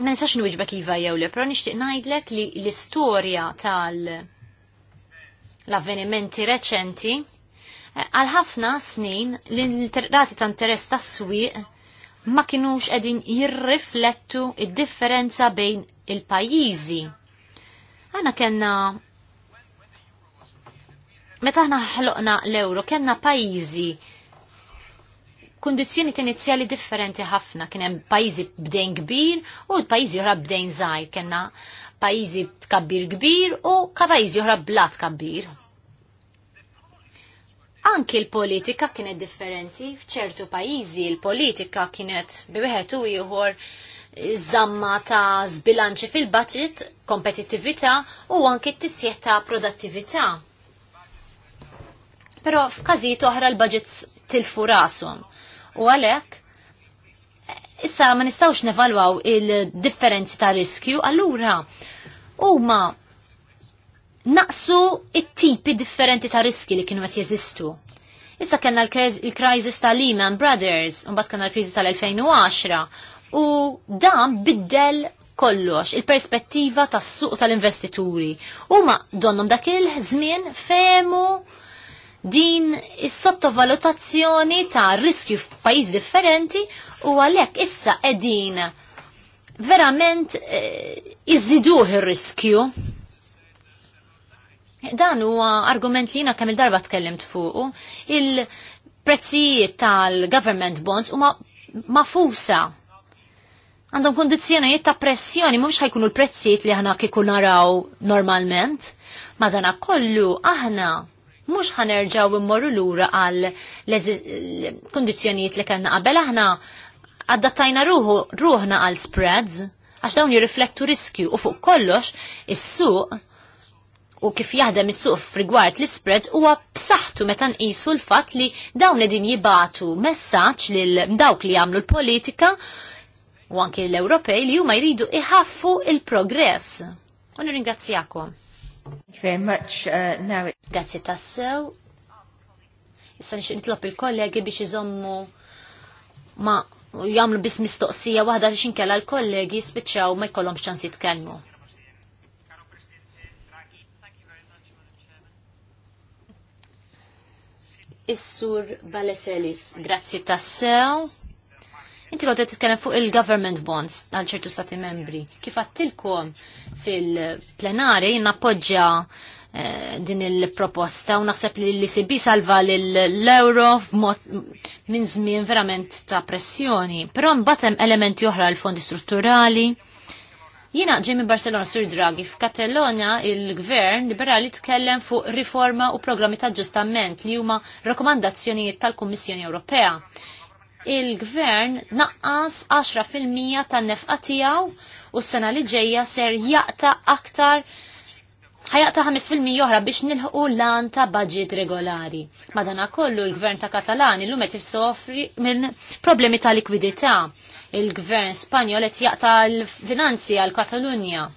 ma nisax nwiġbek iva jew le, pero nixtieq ngħidlek li l-istorja tal l-avvenimenti reċenti eh, għal ħafna snin l-rati ta' interess ta' swieq ma kinux qegħdin jirriflettu id-differenza bejn il-pajjiżi. Għana kellna meta aħna ħloqna l-euro kena pajjiżi kondizjoni inizjali differenti ħafna. Kien hemm pajjiżi bdejn kbir u l-pajjiżi oħra bdejn żgħir. kienna pajjiżi tkabbir kbir u ka pajjiżi oħra bla kabbir. Anki l-politika kienet differenti, f'ċertu pajjiżi l-politika kienet bi wieħed u ieħor zamma ta' zbilanċi fil-budget, kompetittività u anki t-tisjeħ ta' produttività. Pero f'każijiet oħra l-budgets tilfu rasum. U għalhekk issa ma nistawx nevalwaw il-differenzi ta' riskju, allura huma naqsu it-tipi differenti ta' riski li kienu qed jeżistu. Issa kellna il crisis ta' Lehman Brothers, un bat kellna l-kriżi tal-2010, u dan biddel kollox il-perspettiva tas suq tal-investituri. Huma donnom dak il-żmien femu din is-sottovalutazzjoni ta' riskju f'pajjiż differenti u għalhekk issa qegħdin verament eh, iżiduh ir-riskju. Dan huwa argument li jiena kemm il-darba tkellimt fuqu, il-prezzijiet tal-government bonds huma mafusa għandhom kondizjonijiet ta' pressjoni, mhux ħajkunu l-prezzijiet li aħna kieku naraw normalment. Madanakollu kollu aħna mhux ħanerġa'w immorru lura għal kondizjoniet li kellna qabel aħna għaddattajna ruħu ruħna għal spreads għax dawn jirriflettu riskju u fuq kollox is-suq u kif jaħdem is-suq f'rigward l-spreads huwa b'saħħtu meta nqisu l-fatt li dawn qegħdin jibatu messaġġ lil dawk li jagħmlu l-politika u anki l-Ewropej li huma jridu iħaffu il-progress. U nirringrazzjakom. Very much uh, now. Grazzi tassew. Issa nix nitlob il-kollegi biex jizommu ma jamlu bis mistoqsija waħda li xinkella l-kollegi spiċċaw ma jkollom ċans jitkellmu. Is-sur Baleselis, grazzi tassew. Inti għodet titkellem fuq il-government bonds għal ċertu stati membri. Kif għattilkom fil-plenari nappoġġja eh, din il-proposta u naħseb li l-ICB salva l-euro minn żmien verament ta' pressjoni. Però mbatem elementi oħra l-fondi strutturali. Jina ġej minn Barcelona Sur Draghi f'Katalonja il-gvern liberali tkellem fuq riforma u programmi ta' ġustament li huma rakkomandazzjonijiet tal-Kummissjoni Ewropea il-gvern naqqas 10% tan-nefqa tiegħu u s-sena li ġejja ser jaqta aktar ħajaqta 5% oħra biex nilħu lan ta' budget regolari. Madana kollu il-gvern ta' Katalan illum qed sofri minn problemi ta' likwidità. Il-gvern Spanjol qed jaqta l-finanzi għal Katalunja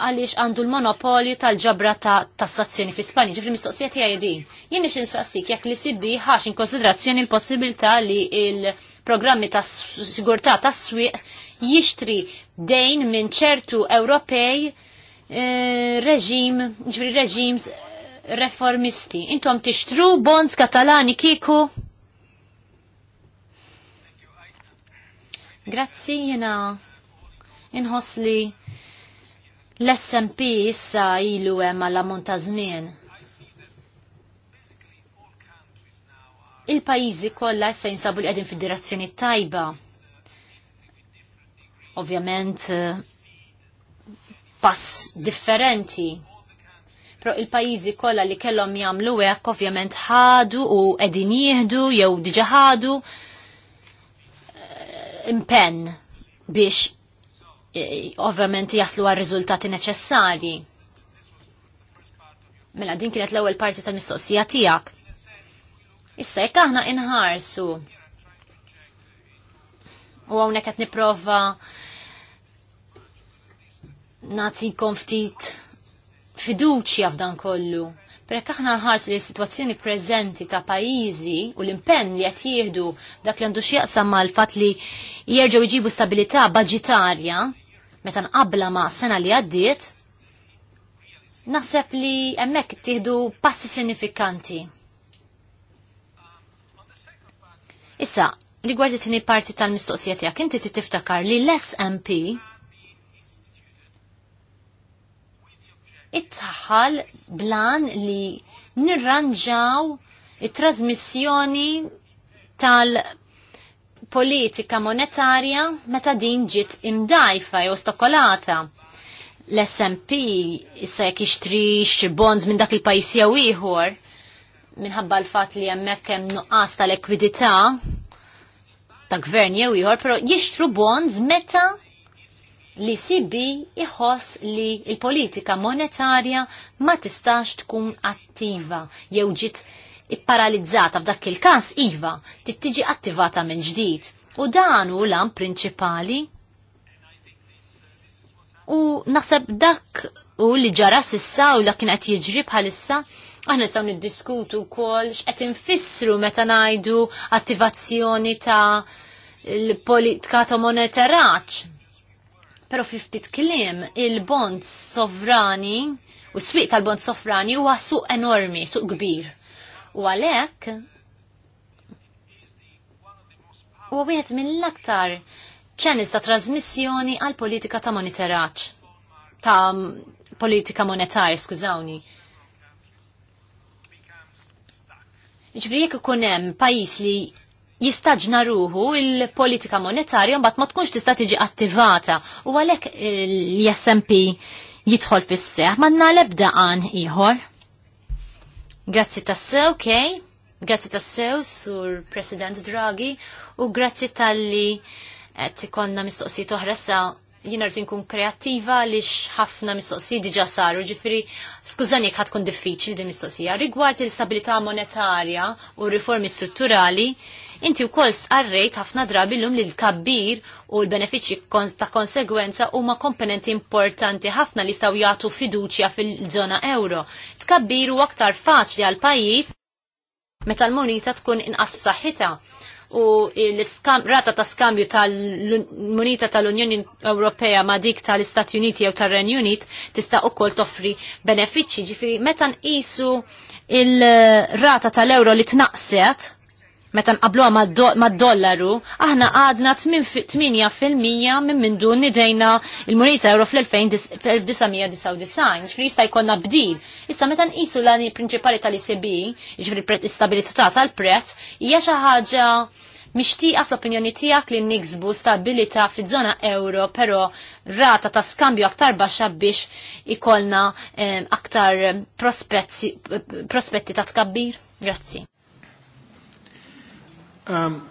għaliex għandu l-monopolju tal-ġabra ta' tassazzjoni fi Spanja, ġifri mistoqsija tiegħi din. Jien nix insassik jekk li sibbi ħax in konsiderazzjoni l-possibilità li il-programmi ta' sigurtà tas swieq jixtri dejn minn ċertu Ewropej eh, reġim, ġifri reġims eh, reformisti. Intom tixtru bonds katalani kiku? Grazzi jena inħoss li L-SMP issa ilu hemm għal ammont ta' żmien. Il-pajjiżi kollha issa jinsabu li qegħdin fid-direzzjoni tajba. Ovvjament eh, pass differenti. Pro il-pajjiżi kollha li kellhom jagħmlu hekk ovvjament ħadu u qegħdin jieħdu jew diġà ħadu eh, impenn biex ovvjament jaslu għal riżultati neċessari. Mela din kienet l-ewwel parti tal-mistoqsija tiegħek. Issa jekk aħna inħarsu u hawnhekk qed nipprova nagħtikom ftit fiduċja f'dan kollu. Perek aħna nħarsu li situazzjoni preżenti ta' pajjiżi u l-impenn li qed jieħdu dak li għandu ma' mal-fatt li jerġgħu jġibu stabilità budġetarja meta qabla ma' sena li għaddiet, naħseb li hemmhekk tieħdu passi sinifikanti. Issa, rigward it-tieni parti tal-mistoqsija tiegħek, inti tiftakar li l-SMP It-tħal blan li nirranġaw it-trasmissjoni tal politika monetarja meta din ġiet imdajfa jew stokolata. L-SMP issa jekk ixtrix bonds minn dak il-pajjiż jew ieħor minħabba l-fatt li hemmhekk hemm nuqqas tal-ekwidità ta' gvern jew ieħor, però jixtru bonds meta li sibi iħoss li il-politika monetarja ma tistax tkun attiva jew ġit ipparalizzata f'dak il-każ iva tittiġi attivata minn ġdid. U dan u l-am prinċipali. U naħseb dak u li ġara sissa u dak kien qed jiġri bħalissa aħna nistgħu niddiskutu wkoll x'qed infissru meta ngħidu attivazzjoni ta' l-politika ta' monetaraġġ Pero ftit kliem il-bond sovrani u s-swiq tal-bond sovrani huwa suq enormi, suq kbir. U għalhekk huwa wieħed mill-aktar ċenis ta' trasmissjoni għal politika ta' monitoraġġ ta' politika monetarja, skużawni. Ġifri jekk ikun hemm pajjiż li jistaġna ruħu il-politika monetarja mbagħad ma tkunx tista' tiġi attivata u għalhekk eh, l-SMP jidħol fis-seħ ma l-ebda għan ieħor. Grazzi tassew, ok? grazzi tassew sur President Draghi u grazzi tal-li qed eh, ikonna mistoqsijiet oħra sa' jina rtin kun kreativa li ħafna mistoqsi diġa saru, ġifiri, skużani jek ħatkun diffiċli din mistoqsija. Rigward il-stabilità monetarja u riformi strutturali, inti u kost għarrejt ħafna drabi l um li l-kabbir u l-benefiċi ta' konsegwenza u ma' komponenti importanti ħafna li staw jgħatu fiduċja fil-zona euro. Tkabbir u aktar faċli għal pajis meta l-monita tkun inqas b'saħħitha u l-rata ta' skambju tal-munita tal-Unjoni Ewropea ma' dik tal-Istati Uniti jew tar-Renju Unit tista' ukoll toffri benefiċċji. Ġifieri meta nqisu il-rata tal-euro li tnaqset Meta nqabluha mad-dollaru, aħna għadna 8% minn minn dun nidejna il-Munita Euro fl-1999, ġifri jista' jkollna bdil. Issa meta nqisu l-għani prinċipali tal-ICB, ġifri l tal-prezz, hija xi ħaġa mixtieqa fl-opinjoni tiegħek li niksbu stabilità fiż-żona euro, però rata ta' skambju aktar baxxa biex ikollna eh, aktar prospetti ta' tkabbir? Grazzi. Um,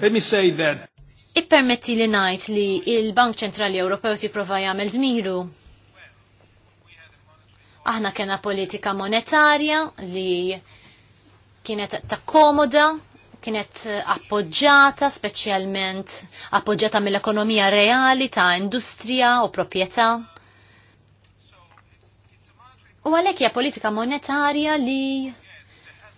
let me say that Ippermetti li najt li il-Bank Ċentrali Ewropew tipprova jagħmel dmiru. Aħna kena politika monetarja li kienet ta' komoda, kienet appoġġata speċjalment appoġġata mill-ekonomija reali ta' industrija u proprjetà. U għalhekk hija politika monetarja li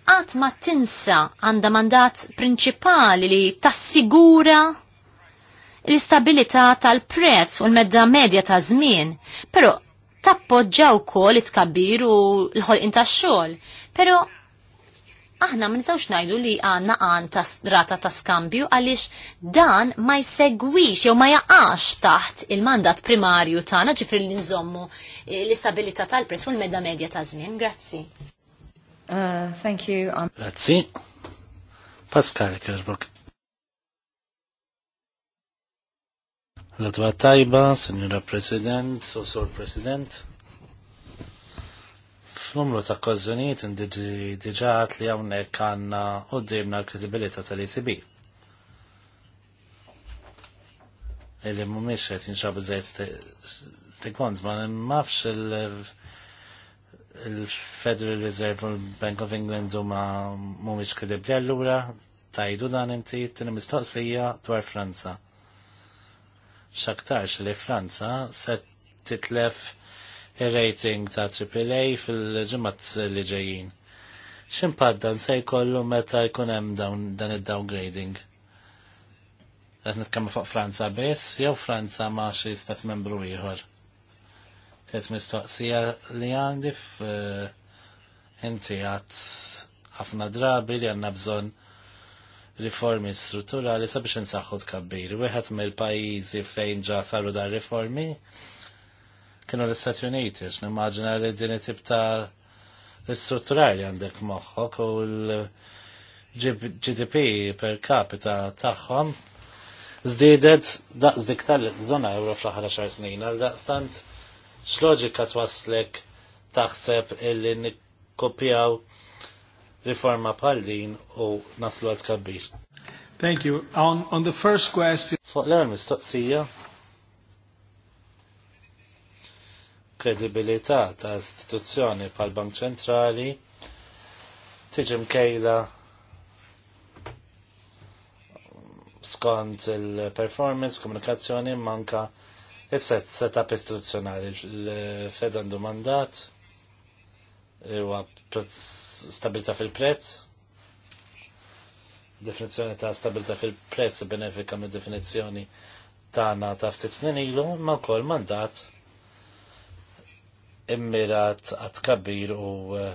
qatt ma tinsa għandha mandat prinċipali li tassigura l-istabilità tal-prezz u l-medda medja ta' żmien, però tappoġġaw ukoll it-tkabbir u l-ħolqin tax-xogħol. Però aħna ma nistgħux ngħidu li għandna għan ta' rata ta' skambju għaliex dan ma jsegwix jew ma jaqax taħt il-mandat primarju tagħna ġifri li nżommu l-istabilità tal-prezz u l-medda medja ta' żmien. Grazzi. Uh, thank you. I'm... Grazzi. Pascal Kerbok. Lodwa taiba, Signora President, Sosor President. F'numru ta' kozzunijiet indiġat li hawnhekk għandna qudiemna l-kredibilità tal-ECB. Illi mhumiex qed jinxabu żejt stekons, ma nafx il- il-Federal Reserve u l-Bank of England huma mhumiex kredibbli allura tajdu dan inti t-tini mistoqsija dwar Franza. X'aktarx li Franza se titlef ir-rating ta' AAA fil-ġimgħat li ġejjin. X'impatt se jkollu meta jkun hemm dan id-downgrading? Qed nitkellmu fuq Franza biss jew Franza ma' xi stat membru ieħor. Tiet mistoqsija li għandi eh, inti għat ħafna drabi li għanna bżon riformi strutturali sabiex nsaħħu tkabbir. Wieħed mill-pajjiżi fejn ġa saru dar riformi kienu l-Istati Uniti, x'nimmaġina li din it-tip ta' l-istrutturali għandek moħħok u l-GDP per capita tagħhom żdiedet daqs dik tal-żona euro fl-aħħar xar snin, għal daqstant X'loġika twaslek taħseb illi nikkopjaw riforma bħal din u naslu għal tkabbir? Thank you. On, on the first question... Fuq l mistoqsija, kredibilità ta' istituzzjoni pal Bank Ċentrali tiġi mkejla skont il-performance, komunikazzjoni, manka Issa setup istituzzjonali l-Fed għandu mandat e, u stabilità fil-prezz. Definizzjoni ta' stabilità fil-prezz benefika mid definizzjoni tagħna ta' ftit snin ilu ma' wkoll mandat immirat għat kabir u e,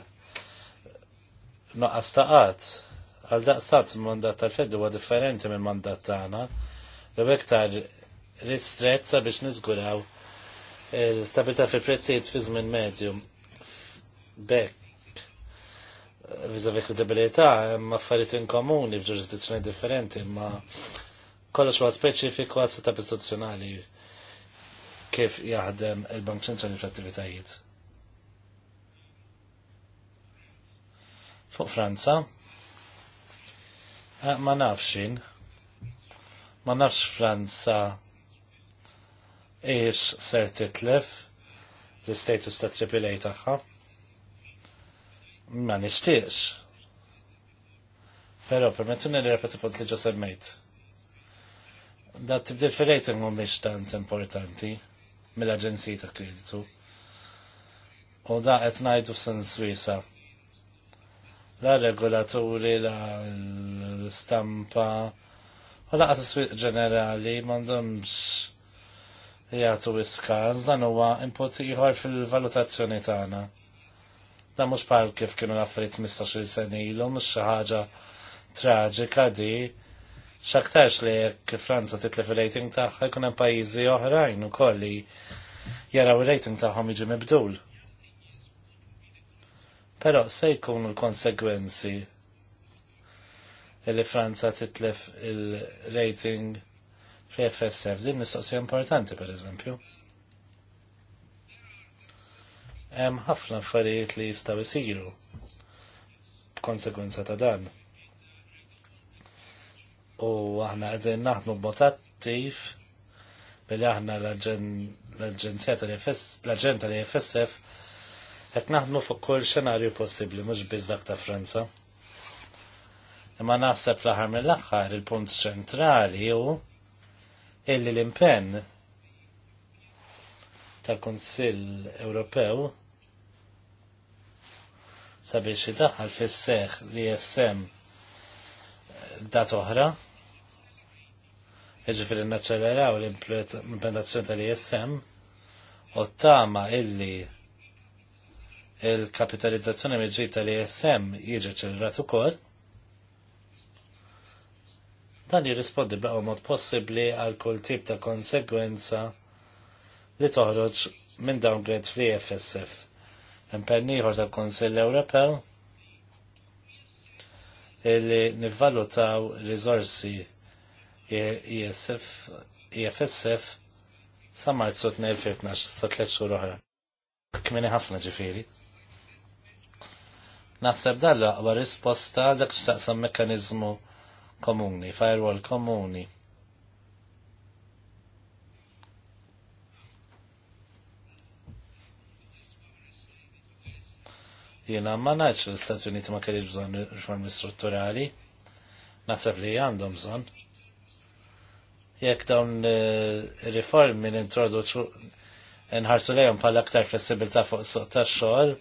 noqqas taqat. Għal daqsat mandat tal-Fed huwa differenti minn mandat tagħna. Rebektar ristrezza biex nizguraw stabilta fil prezzijiet fi żmien medju. Bekk vizavi kredibilità, ma affarijiet inkomuni f'ġurisdizzjoni differenti, ma kollox wa speċifiku għas istituzzjonali kif jaħdem il-Bank Ċentrali fl-attivitajiet. Fuq Franza, eh, ma nafxin, ma nafx Franza ix ser titlef l-status ta' AAA tagħha. Ma nixtieqx. Però permettuni li repeti punt li ġo Da tibdil fil-rating mhumiex tant importanti mill-Aġenziji ta' Kreditu. U da qed ngħidu f'San Swisa. La regolaturi, la l-stampa, u laqas ġenerali m'għandhomx jgħatu iskaż dan huwa input ieħor fil-valutazzjoni tagħna. Dan mhux bħal kif kienu l-affarijiet 15-il sen ilu, mhux xi ħaġa traġika di x'aktarx li jekk Franza titlef il-rating tagħha jkun hemm pajjiżi oħrajn ukoll li jaraw il-rating tagħhom jiġi mibdul. Però se jkunu l-konsegwenzi li Franza titlef il-rating fl-FSF, din nistoqsija importanti per eżempju. Hemm ħafna affarijiet li jistgħu jsiru b'konsegwenza ta' dan. U aħna qegħdin naħdmu b'mod attiv billi aħna l-aġenzija tal-aġent tal-FSF qed naħdmu fuq kull xenarju possibbli mhux biss dak ta' Franza. Imma naħseb fl-aħħar mill-aħħar il-punt ċentrali hu illi l-impenn tal konsil Ewropew sabiex idaħħal fis-seħ li jessem eh, dat oħra jiġifieri naċċeleraw l-implementazzjoni tal-ISM u tama illi il-kapitalizzazzjoni mill-ġid tal-ISM jiġi ċelerat ukoll Dan jirrispondi b'għu mod possibbli għal kull tip ta' konsegwenza li toħroġ minn downgrade fl FSF. Impenn ieħor tal Kunsill Ewropew li nivvalutaw riżorsi EFSF e sa marzu 2012 sa tliet xur oħra. Kmini ħafna ġifieri. Naħseb dan l-aqwa risposta dak x'taqsam mekkaniżmu komuni, firewall komuni. Jena ma naċ l-Stati Uniti ma kellix bżon riformi strutturali, nasab li għandhom bżon. Jekk dawn eh, riformi l-introduċu nħarsu lejhom bħala aktar flessibilità fuq suq tax-xogħol, eh,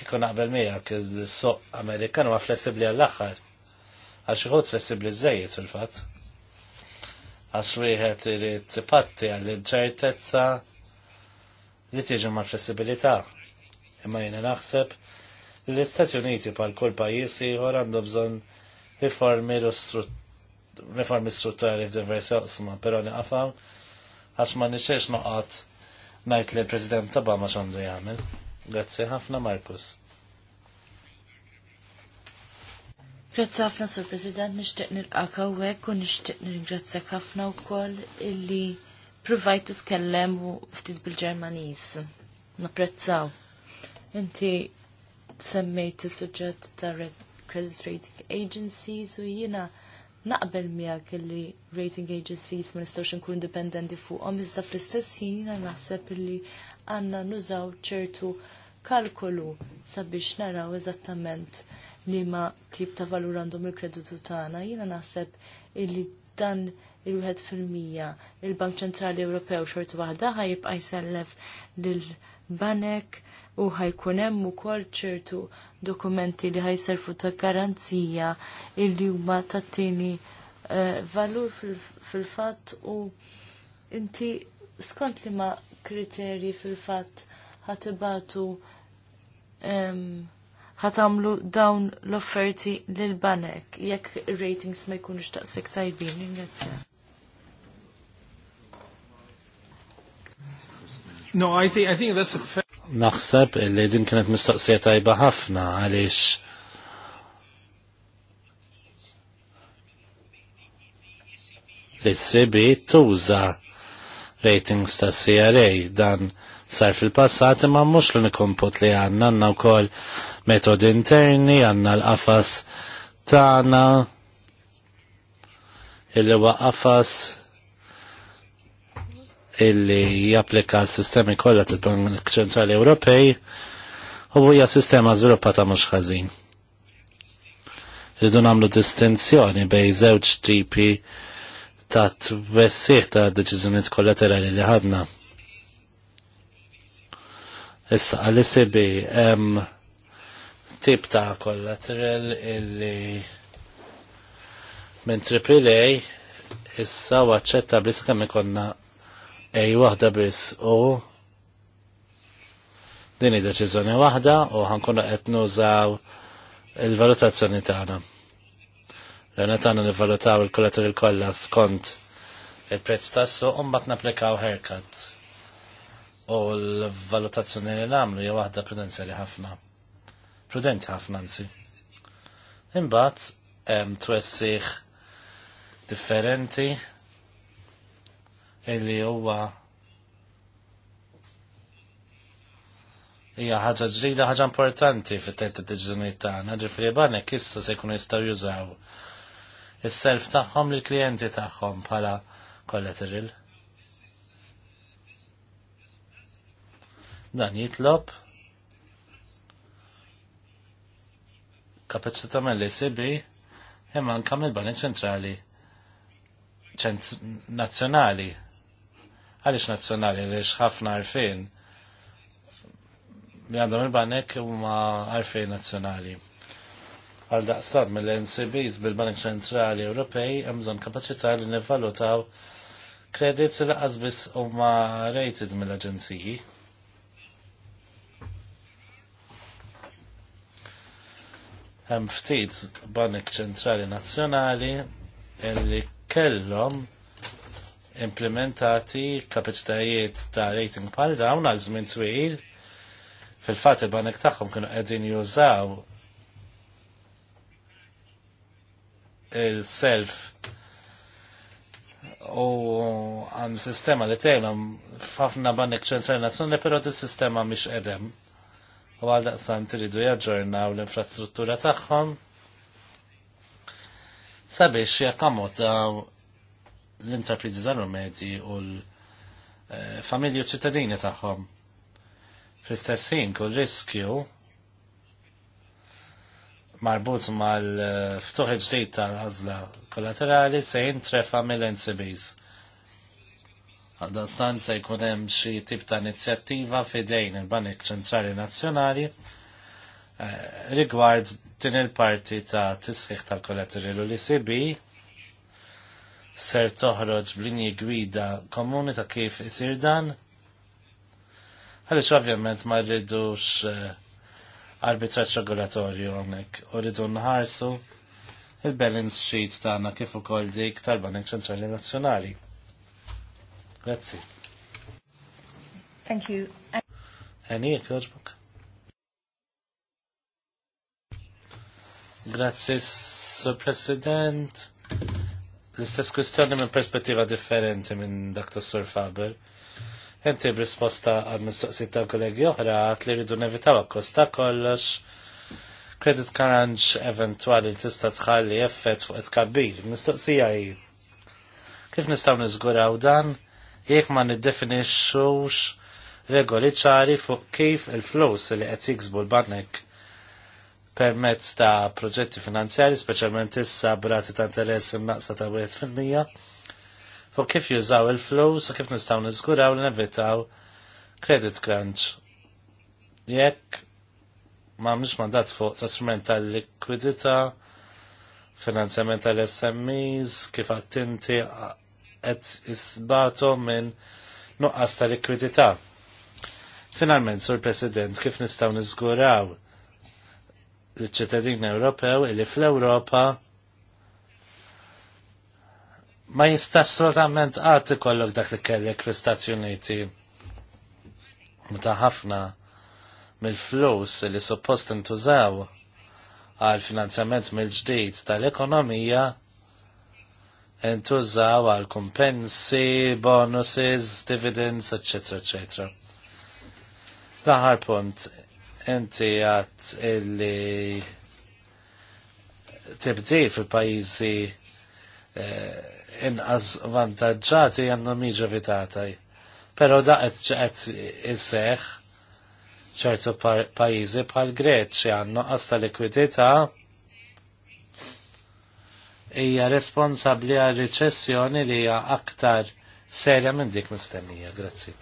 kikun naqbel miegħek il-suq Amerikan huwa flessibbli għall-aħħar għax ħod flessibbli żejjed fil-fatt. Għax wieħed irid tipatti għall ċertezza li tiġi mal flessibilità. Imma jiena naħseb li l-Istati Uniti pal kull pajjiż ieħor għandu bżonn riformi riformi strutturali f'diversi oqsma, però naqafam għax ma nixiex noqgħod ngħid li l-President Obama x'għandu jagħmel. Grazzi ħafna Markus. Grazzi ħafna sur President, nixtieq nilqak hawnhekk u nixtieq nirringrazzjak ħafna wkoll illi provajt tiskellem ftit bil-Ġermaniż. Napprezzaw. Inti semmejt is-suġġett ta' credit rating agencies u jiena naqbel miegħek illi rating agencies ma nistgħux nkunu dipendenti fuqhom iżda fl-istess jina jiena naħseb illi għandna nużaw ċertu kalkolu sabiex naraw eżattament li ma tip ta' valur għandhom il-kreditu tagħna, jiena naħseb illi dan il-1 il-Bank Ċentrali Ewropew xorta waħda ħajibqa' jsellef lill-banek u ħajkun hemm ukoll ċertu dokumenti li ħajserfu ta' garanzija illi huma tattini eh, valur fil-fatt u inti skont li ma kriterji fil-fatt ħatibatu ħatamlu dawn l-offerti lil-banek jekk ratings ma jkunux taqsek tajbin. Ringrazzja. No, I think, I think that's a fair... Naħseb li din kienet mistaqsija tajba ħafna għaliex li s-sibi tuża ratings ta' CRA dan sar fil-passat imma mhux l-uniku input li għandna għandna wkoll metodi interni għandna l-qafas tagħna illi huwa qafas illi japplika s-sistemi kollha tal-Bank Ċentrali Ewropej u hija sistema żviluppata mhux ħażin rridu nagħmlu distinzjoni bejn żewġ tipi ta' twessih ta' deċiżjonijiet kollaterali li ħadna. Issa għal-ECB hemm tip ta' kollateral illi minn AAA issa għacċetta blis kam ikonna ej waħda biss u din hi deċiżjoni waħda u ħankunna qed nużaw il-valutazzjoni tagħna. L-għana tagħna nivvalutaw il-kollateral kollha skont il-prezz tassu u mbagħad naplikaw haircut u l-valutazzjoni li nagħmlu hija waħda prudenzjali ħafna. Prudenti ħafna nsi. Imbagħad hemm differenti illi huwa hija ħaġa ġdida ħaġa importanti fit-tet id-deċiżjonijiet tagħna, ġifieri banek issa se jkunu jistgħu jużaw is-self tagħhom lill-klijenti tagħhom bħala collateral. Dan jitlob kapacita mill-ECB jemman kam mill bani Ċentrali ċent nazzjonali. Għaliex nazzjonali għaliex ħafna għarfin li għandhom il-banek ma għarfin nazjonali Għal daqsad mill-NCBs bil-Bank Ċentrali Ewropej hemm bżonn kapaċità li nivvalutaw kredits li u huma rated mill-aġenziji. hemm ftit Banik Ċentrali Nazzjonali li kellhom implementati kapaċitajiet ta' rating bħal dawn għal żmien twil fil-fatt il-banek tagħhom kienu qegħdin jużaw il-self u għan sistema li tejlom fafna banek ċentrali nazzjonali, pero dis sistema mhix edem u għal daqsan tiridu jaġġornaw l-infrastruttura tagħhom sabiex jakkamodaw l-intrapriżi żaru medji u l-familji u ċittadini tagħhom. Fl-istess ħin kull riskju marbut mal-ftuħ ġdid tal-ħażla kollaterali se jintrefa mill-NCBs Għaldan stan se jkun hemm xi tip ta' inizjattiva fidejn il-Banek Ċentrali Nazzjonali eh, rigward din il-parti ta' tisħiħ tal-kolletturi l-ULCB ser toħroġ b'linji gwida komuni ta' kif isir dan. Għalix ovvjament ma rridux eh, arbitraċ regolatorju għonek u rridu nħarsu il-balance sheet tagħna kif ukoll dik tal-Banek Ċentrali Nazzjonali. Grazie. Thank you. Għani, kħoġbuk. Grazie, Sir President. L-istess kwistjoni minn perspettiva differenti minn Dr. Sir Faber. Enti b'risposta għal mistoqsijiet ta' kollegi oħra għat li rridu nevitaw akkosta kollox credit karanċ eventuali tista tħalli effett fuq it-kabbir. Mistoqsija hi. Kif nistaw nizguraw dan? jekk ma niddefinixxux regoli ċari fuq kif il-flus li qed jiksbu l-banek permezz ta' proġetti finanzjari, speċjalment issa brati ta' interess imnaqsa ta' 1% fuq kif jużaw il-flus u kif nistgħu niżguraw li nevitaw credit crunch. Jekk ma mandat fuq trasferment tal-likwidità, finanzjament tal-SMEs, kif attinti qed isbatu minn nuqqas ta' likwidità. Finalment, Sur President, kif nistgħu niżguraw l-ċittadin Ewropew li fl-Ewropa ma jistax soltament għad ikollok dak li kellek fl-Istati Uniti. Meta ħafna mill-flus li suppost intużaw għal finanzjament mill-ġdid tal-ekonomija entużaw għal kompensi, bonuses, dividends, etc. etc. l punt, inti għat illi tibdi fil-pajizi eh, inqas vantagġati għandhom miġa vitataj. Pero daqet ċaqet isseħ ċertu pajizi bħal Greċi għannu għasta likwidita likwidità hija responsabbli għal riċessjoni li hija aktar serja minn dik mistennija. Grazzi.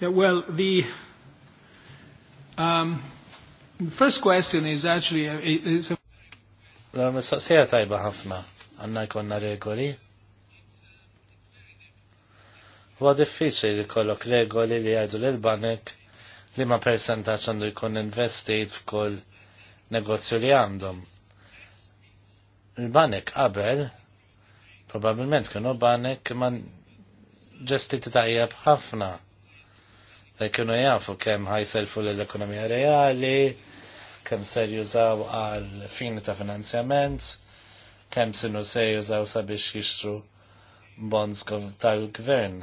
Yeah, well, the um, first question is actually uh, it's a L-mistoqsija tajba ħafna għanna jkonna regoli. Huwa diffiċli li kollok regoli li għadu l-banek li ma percentaċ għandu jkun investit f'kull negozju li għandhom. Il-banek qabel, probabilment kienu banek man ġesti tajjeb ħafna. Li kienu jafu kemm ħajselfu l-ekonomija reali, kem ser jużaw għal fini ta' finanzjament, kem sinu se jużaw sabiex jixtru bonds tal-gvern.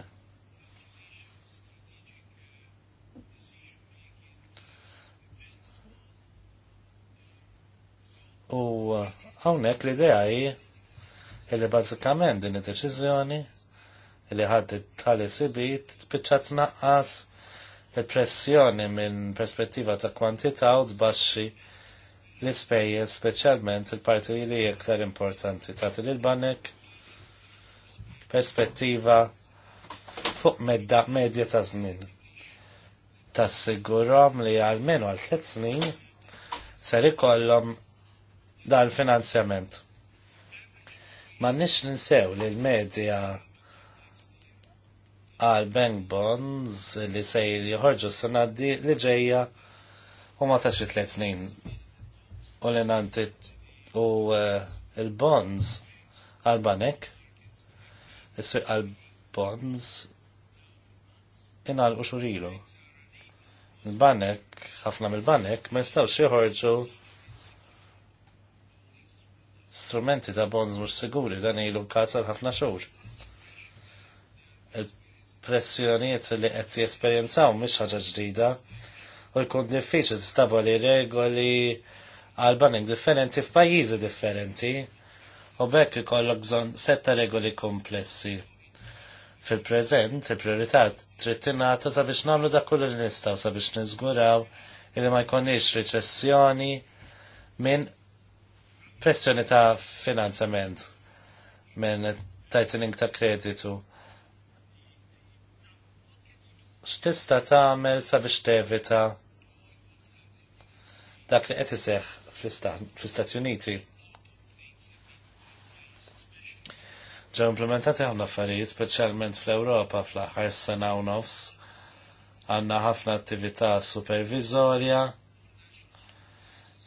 U uh, hawnhekk l-idea hi li bażikament din id-deċiżjoni li ħaddet tal-ECB tpiċċa tnaqqas il-pressjoni minn perspettiva ta' kwantita u tbaxxi l-ispejjeż speċjalment il-parti li iktar importanti ta' il-banek perspettiva fuq medda medja ta' żmien. sigurom li għalmenu għal tliet snin ser ikollhom dal-finanzjament. Ma nix ninsew li l-medja għal bank bonds li sejr joħorġu s-sena li ġeja u ma taċi tlet snin. U li nanti u eh, l bonds għal banek, jisir għal bonds in għal xurilu. Il-banek, ħafna mill-banek, ma jistawx joħorġu strumenti ta' bonds mhux siguri dan ilu kasar ħafna xhur. Il-pressjonijiet li qed jesperjenzaw mhix ħaġa ġdida u jkun diffiċli tistaboli regoli għal banek differenti f'pajjiżi differenti u bekk ikollok bżonn setta regoli komplessi fil-prezent, il-priorità trid tingħata sabiex nagħmlu dak kull li nistgħu sabiex niżguraw illi ma jkunniex riċessjoni minn pressjoni ta' finanzament minn tightening ta' kreditu. X'tista tagħmel biex tevita dak li qed iseħħ fl-Istati Uniti. Ġew implementati ħafna affarijiet, speċjalment fl-Ewropa fl-aħħar sena u nofs, għandna ħafna attività supervizorja,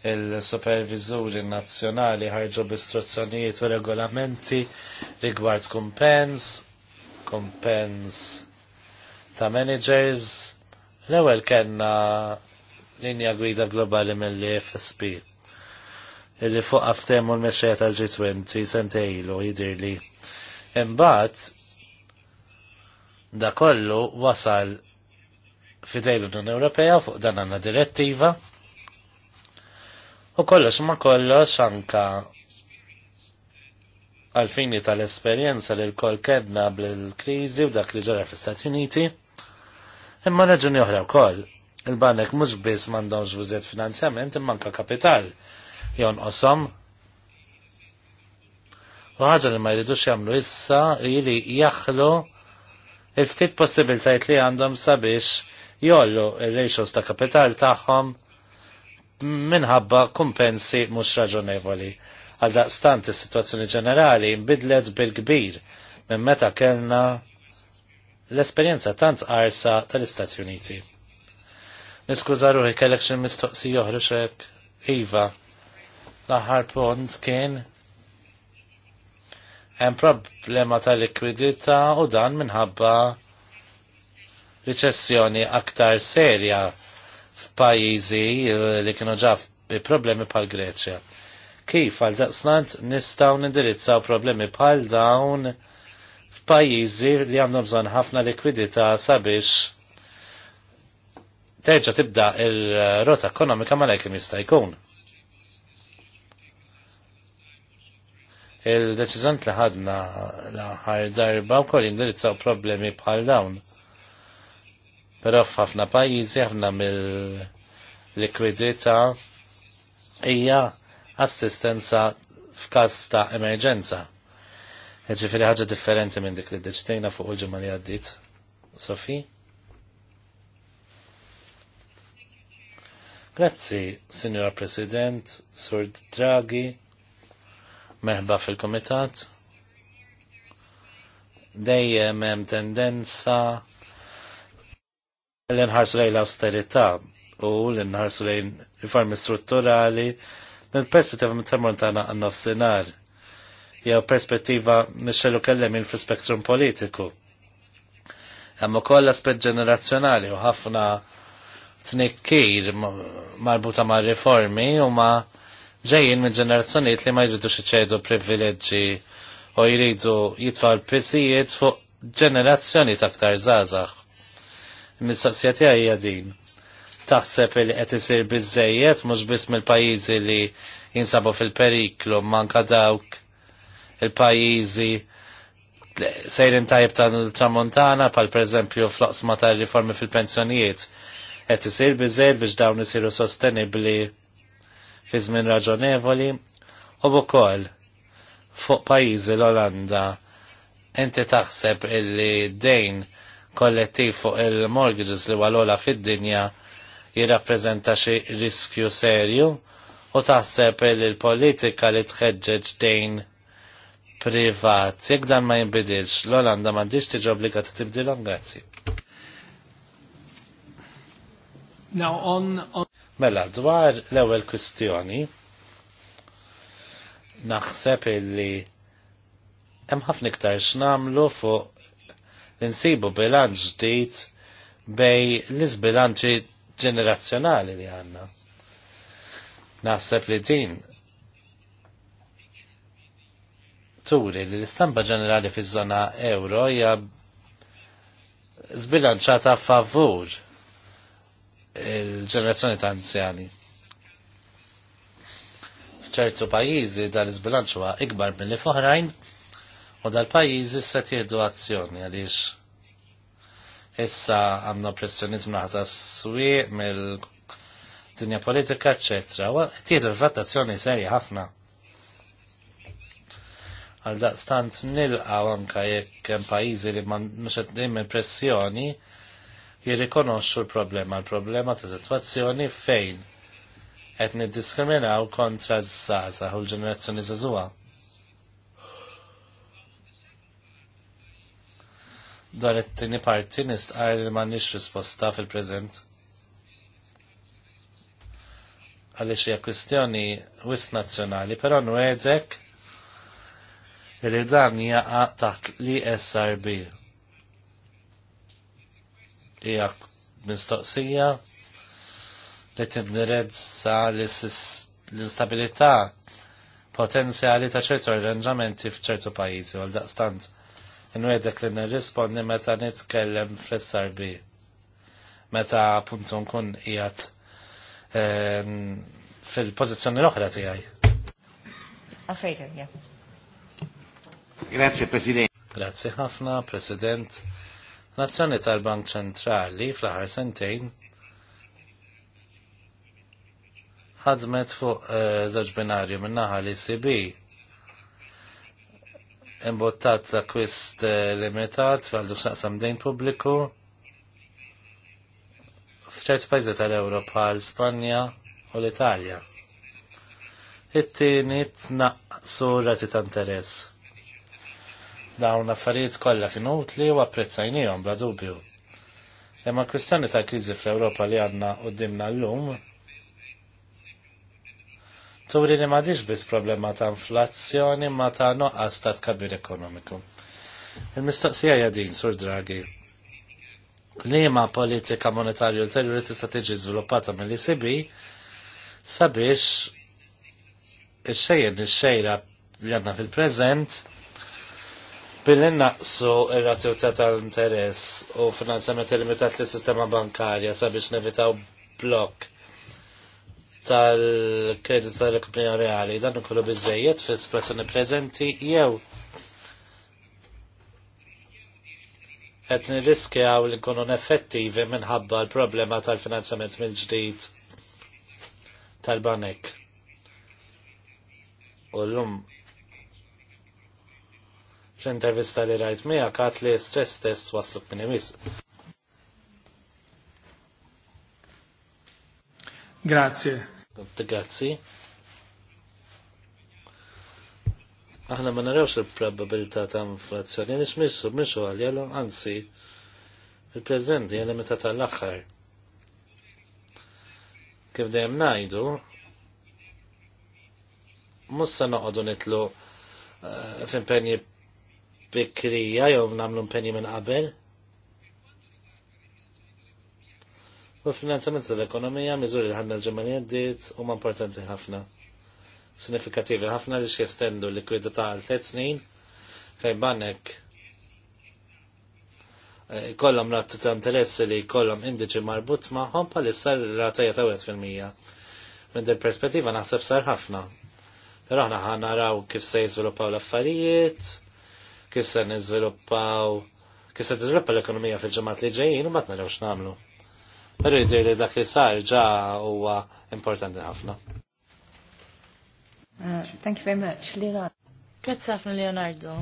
il-supervizuri nazzjonali ħarġu b'istruzzjonijiet u regolamenti rigward kumpens, kumpens ta' managers, l-ewel kena linja gwida globali mill-FSP illi fuq għaftem u l-mesċeja tal-G20 sentejlu li. Imbat, da kollu wasal fidejlu l-Unjoni Ewropea fuq dan għanna direttiva U kollox ma kollox anka għalfini tal-esperienza li l-kol kedna bil-krizi u dak li ġara fl-Stati Uniti, imma raġuni oħra koll, Il-banek mhux biss m'għandhomx biżiet finanzjament imma anka kapital osom. U ħaġa li ma jridux jagħmlu issa ili jaħlu il-ftit possibiltajt li għandhom sabiex jollu il rejxos ta' kapital tagħhom minħabba kompensi mhux raġonevoli. Għal daqstant is-sitwazzjoni ġenerali nbidlet bil-kbir minn meta kellna l-esperjenza tant arsa tal-Istati Uniti. Niskuża ruħi kellek xi mistoqsi joħru hekk. Iva, l-aħħar pont kien hemm problema ta' likwidità u dan minħabba riċessjoni aktar serja pajizi eh, li kienu ġaf bi problemi pal Greċja. Kif għal daqsnant nistaw nindirizzaw problemi pal dawn f'pajjiżi li għandhom bżonn ħafna likwidità sabiex terġa' tibda il-rota ekonomika ma lajkim jkun. il-deċizant li ħadna l-ħar darba u kol jindirizzaw problemi bħal dawn. Però f'ħafna pajjiżi ħafna mill-likwidità hija assistenza f'każ ta' emerġenza. Ġifieri ħaġa differenti minn dik li deċidejna fuq il-ġimgħa li għaddit. Sofi? Grazzi, Signora President, Sur Draghi, meħba fil-Komitat. Dejjem hemm tendenza l-inħarsu lejn l-austerità u l-inħarsu lejn riformi strutturali minn perspettiva minn temur tagħna għan-nofsinhar jew perspettiva mixxellu kellem il spektrum politiku. Hemm ukoll aspett ġenerazzjonali u ħafna tnikkir marbuta ma' riformi u ma' ġejjin minn ġenerazzjonijiet li ma jridux iċedu privileġġi u jridu l pisijiet fuq ġenerazzjoni aktar zazax mis-soqsija tiegħi hija din. Taħseb li qed isir biżejjed mhux biss mill-pajjiżi li jinsabu fil-periklu manka dawk il-pajjiżi sejrin tajb ta' tramontana pal per eżempju floqsma ta' riformi fil-pensjonijiet qed isir biżejjed biex dawn isiru sostenibbli fi żmien raġonevoli u wkoll fuq pajjiżi l-Olanda inti taħseb illi dejn kollettiv fuq il-mortgages li walola fid-dinja jirrappreżenta xi riskju serju u taħseb li l-politika li tħeġġeġ dejn privat. Jekk dan ma jinbidilx, l-Olanda m'għandix tiġi obbligata tibdilhom grazzi. Now on, on... Mela, dwar l-ewwel kwistjoni, naħseb illi hemm ħafna iktar x'namlu fuq insibu bilanċ ġdid bej l-izbilanċi ġenerazzjonali li għanna. Naħseb li din turi li l-istampa ġenerali fi zona euro hija zbilanċata favur il-ġenerazzjoni ta' anzjani. F'ċertu pajjiżi dan iż-bilanċ huwa ikbar li foħrajn, U dal-pajjiżi issa tieħdu azzjoni għaliex issa għandna pressjoniet mnaħta s swi mill-dinja politika, eċċetra. Tiedu tieħdu l-vattazzjoni serja ħafna għal daqstant nilqaw anka jekk hemm pajjiżi li ma qed dejjem pressjoni jirrikonoxxu l-problema, l-problema ta' sitwazzjoni fejn qed niddiskriminaw kontra ż-żgħażagħ u l-ġenerazzjoni żagħżugħa. Dwar it-tini parti nistqar li m'għandniex risposta fil-preżent. Għaliex hija kwistjoni wis nazzjonali, però nwedek li dan jaqa' taħt li SRB. Hija mistoqsija li sa l-instabilità potenzjali ta' ċertu arranġamenti f'ċertu pajjiżi għal daqstant Nwedek li nirrispondi meta nitkellem fl sarbi Meta appuntu nkun qiegħed eh, fil-pożizzjoni l-oħra tiegħi. Alfredo, ja. Grazie President. Grazie ħafna, President. Nazzjoni tal-Bank Ċentrali fl-aħħar sentejn ħadmet fuq eh, żewġ binarju minnaħa l-ECB imbottat ta' kwist eh, limitat għal xaqsam dejn pubbliku. F'ċert pajzi tal-Ewropa għal Spanja u l-Italja. It-tieni tnaqqsu rati ta' interess. Dawn affarijiet kollha kienu utli u apprezzajnihom bla dubju. Imma kwistjoni ta' kriżi fl-Ewropa li għandna l llum turi li m'għadix biss problema ta' inflazzjoni ma ta' noqqas ta' tkabbir ekonomiku. Il-mistoqsija hija din, Sur Draghi. Liema politika monetarja ulterjuri tista' tiġi żviluppata mill-ECB sabiex il-xejjed ix xejra li fil-prezent billi naqsu ir razzjuzza tal-interess u finanzjament limitat li sistema bankarja sabiex nevitaw blok tal-kredit tal-ekonomija reali, dan ukollu biżejjed fis-situazzjoni prezenti jew qed għaw li nkunu effettivi minħabba l-problema tal-finanzjament mill-ġdid tal-banek. U l-lum fl-intervista li rajt mija kat li stress test waslu minimis. Grazie. Grazzi. Aħna ma narawx il-probabilità ta' inflazzjoni, nismissu, missu, għal-jallu, anzi, il-prezenti għal meta tal-axħar. Kif dejjem najdu, mussa noqogħdu nitlu eh, f'impenji pikrija jew nagħmlu impenji minn qabel. U l-finanzjament tal-ekonomija miżuri li ħadna l-ġemali u huma importanti ħafna. Sinifikativi ħafna li x'jestendu l-likwidità għal tliet snin fejn banek eh, kollom rat ta' interessi li kollom indiċi marbut magħhom bħalissa rata jata' fil-mija. Minn din perspettiva naħseb sar ħafna. Per aħna ħana naraw kif se jiżviluppaw l-affarijiet, kif se niżviluppaw kif se tiżviluppa l-ekonomija fil-ġemat li ġejjin u ma naraw x'namlu. Pero jidir li dak li sar ġa huwa importanti ħafna. Uh, thank you very much, Leonardo. Grazie ħafna, Leonardo.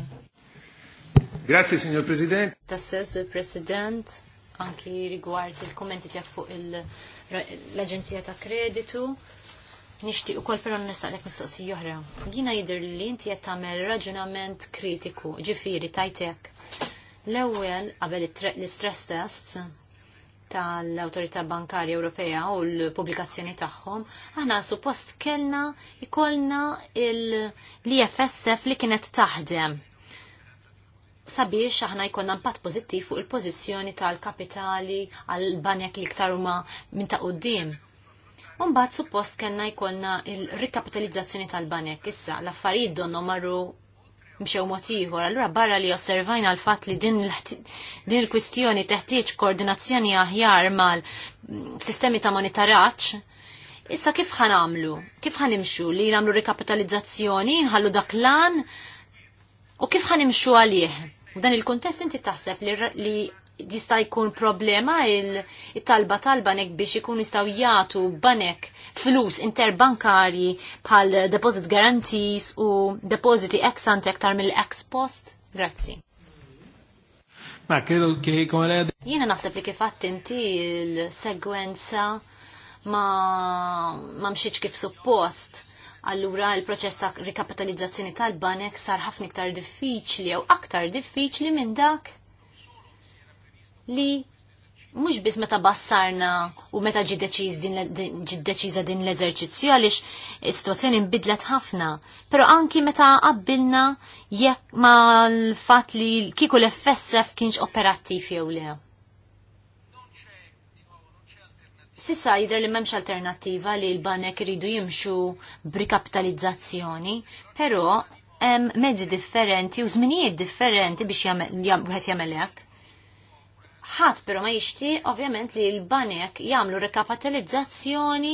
Grazie, signor President. Tassess, President, anki rigward il-kommenti tiegħek fuq l-Aġenzija ta' Kreditu. Nixtieq ukoll però nistaqlek mistoqsija oħra. Jiena jidher li inti qed tagħmel raġunament kritiku, ġifieri tajtek. L-ewwel qabel l-istress tests tal-Autorità Bankarja Ewropea u l-pubblikazzjoni tagħhom, aħna suppost kellna ikollna l-IFSF li kienet taħdem sabiex aħna jkollna impatt pożittiv fuq il-pożizzjoni tal-kapitali għal banjak li iktar huma minn ta' quddiem. Mbagħad suppost kellna jkollna il-rikapitalizzazzjoni tal banjek issa l-affarijiet donhom marru mxew motiħor. Allura barra li osservajna l-fat li din il-kwistjoni teħtieġ koordinazzjoni aħjar mal-sistemi mm, ta' monitoraċ, issa kif ħanamlu? Kif ħanimxu li namlu rikapitalizzazzjoni, nħallu dak lan, u kif ħanimxu għalih? F'dan il-kontest inti taħseb li jista' jkun problema il-talba tal-banek biex ikun jistgħu jagħtu banek flus interbankarji bħal deposit guarantees u depositi ex ante aktar mill-ex post? Grazzi. Ma kredu che come Jiena naħseb li kif inti l-segwenza ma mamxieċ kif suppost. Allura il-proċess ta' rikapitalizzazzjoni tal-banek sar ħafna iktar diffiċli jew aktar diffiċli minn dak li mhux biss meta bassarna u meta ġiddeċiza din l-eżerċizzju għaliex is mbidlet nbidlet ħafna, però anki meta qabbilna jekk ma l-fatt li kieku l-FSF kienx operattiv jew le. Sissa jidher li m'hemmx alternattiva li l-banek iridu jimxu brikapitalizzazzjoni, però hemm mezzi differenti u żminijiet differenti biex wieħed jagħmel hekk ħadd però ma jixtieq ovvjament li l-banek jagħmlu rekapitalizzazzjoni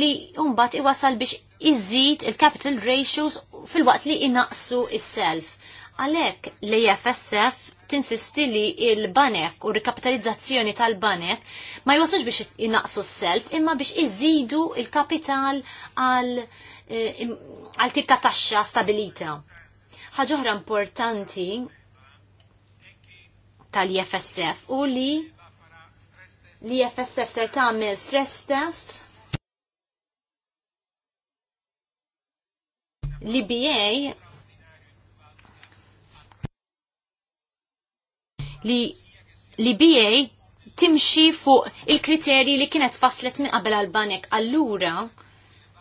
li mbagħad iwasal biex iżid il-capital ratios fil-waqt li inaqsu is-self. Għalhekk li FSF tinsisti li il-banek u rikapitalizzazzjoni tal-banek ma jwasux biex inaqsu s-self imma biex iżidu il-kapital għal eh, tip ta' taxxa stabilita. Ħaġa oħra importanti tal-IFSF u li l-IFSF e ser tagħmel stress test l-IBA li li BA timxi fuq il-kriterji li kienet faslet minn qabel għal-banek allura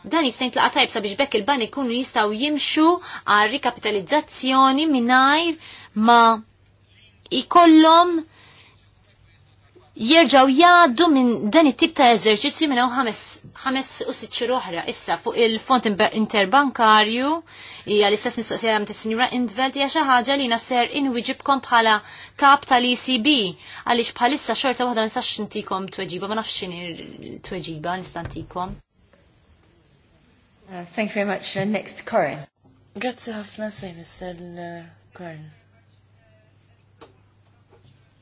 dan jista' jintlaqa tajb sabiex bekk il-banek kunu jistgħu jimxu għal rikapitalizzazzjoni mingħajr ma ikollhom jirġaw jaddu minn dan it-tip ta' eżerċizzju minn ħames u sitxur oħra. Issa fuq il-font interbankarju hija l-istess mistoqsija għam t-sinjura Indvelt hija xi ħaġa li nasser inwiġibkom bħala kap tal-ECB għaliex bħalissa xorta waħda ma nistax tweġiba ma nafx x'inhi tweġiba nista' ntikom. Uh, thank you very much. Uh, next, Corin. Grazzi ħafna sejn is uh, Corin.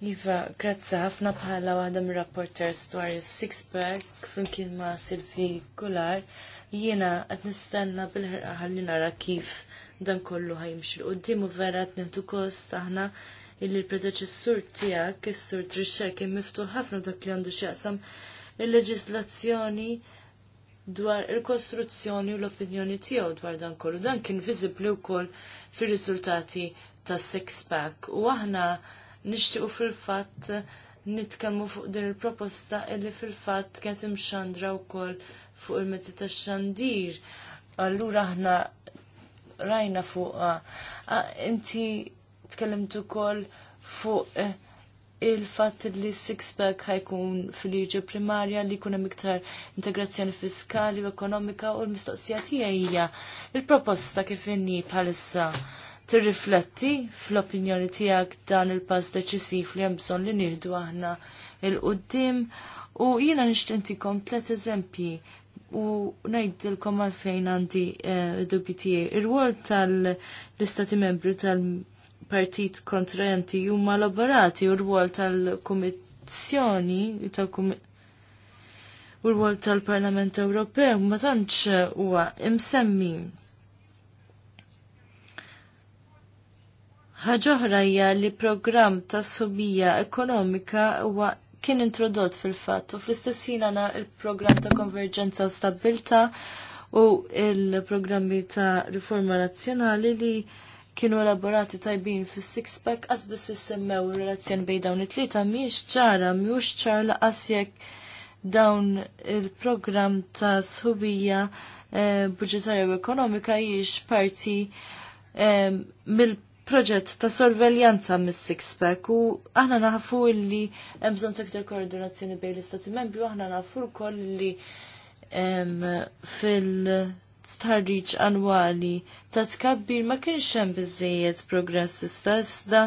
Iva, grazza ħafna bħala waħda mir rapporters dwar is-six-pack flimkien ma' Silvi Kular. jiena qed nistenna bil-ħerqa ħalli nara kif dan kollu ħajmx l-qoddim u vera qed nieħdu kost aħna illi l-predeċessur tiegħek, is-sur Trixxek, kien miftuħ ħafna dak li għandu x'jaqsam il-leġislazzjoni dwar il-kostruzzjoni u l-opinjoni tiegħu dwar dan kollu. Dan kien viżibbli wkoll fir-riżultati tas six pack u aħna nixtiequ fil-fatt nitkellmu fuq din il-proposta illi fil-fatt kienet imxandra wkoll fuq il-mezzi tax-xandir. Allura aħna rajna fuq inti tkellimt ukoll fuq eh, il-fatt li six-pack ħajkun fil-liġi primarja li jkun hemm iktar integrazzjoni fiskali u ekonomika u l-mistoqsija tiegħi hija il-proposta kif inni bħalissa tirrifletti fl-opinjoni tiegħek dan il-pass deċisiv li hemm bżonn li nieħdu aħna il-qudiem u jiena nixtentikom tliet eżempji u ngħidilkom għalfejn għandi eh, dubi tijie. ir wol tal-istati membru tal-partit kontrajenti huma elaborati u r-rwol tal-kummissjoni tal u l-wol tal-Parlament Ewropew ma tantx eh, huwa imsemmi Ħaġa oħra hija li programm ta' subija ekonomika huwa kien introdott fil-fatt u fl-istess għana il-programm ta' konverġenza u stabilta u il-programmi ta' riforma nazzjonali li kienu elaborati tajbin fis six pack għasbis jissemmew relazzjon bej dawn it-tlieta miex ċara, miex ċar laqas jekk dawn il-programm ta' sħubija eh, budgetarja u ekonomika jiex parti eh, mill proġett ta' sorveljanza mis sixpack u aħna nafu li hemm bżonn koordinazzjoni bejn l-istati membri u aħna nafu wkoll li fil starriċ annwali ta' tkabbir ma kienx hemm biżejjed progress istess da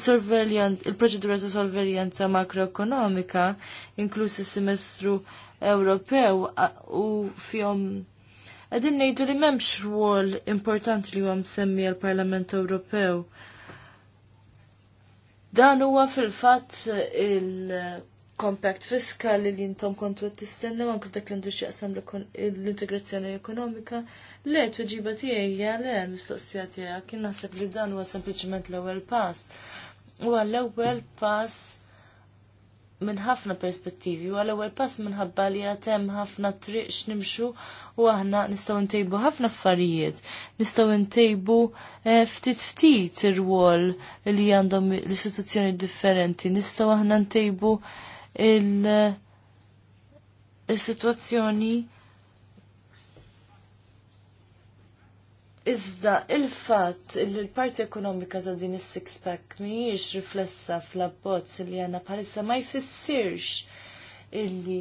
il-proċedura ta' sorveljanza makroekonomika inklusi semestru Ewropew u fihom Għedin nejdu li memx rwol importanti li huwa msemmi għal-Parlament Ewropew. Dan huwa fil-fatt il-compact fiskali li jintom kontu t-istennu anke f'dak li għandu xieqsam l-integrazzjoni ekonomika. Le, t-weġiba tiegħi għal mistoqsija tiegħek, kien naħseb li dan huwa sempliċement l-ewwel pass. Huwa l-ewwel pass minn ħafna perspettivi u għal-ewwel pass minħabba li għad hemm ħafna triq x'nimxu u aħna nistgħu ntejbu ħafna affarijiet. Nistgħu ntejbu eh, ftit ftit ir-rwol li għandhom l-istituzzjoni differenti, nistgħu aħna ntejbu eh, il-sitwazzjoni Iżda il-fatt li l-parti ekonomika ta' din is-six pack mhijiex riflessa fl-abbozz li għandna bħalissa ma jfissirx illi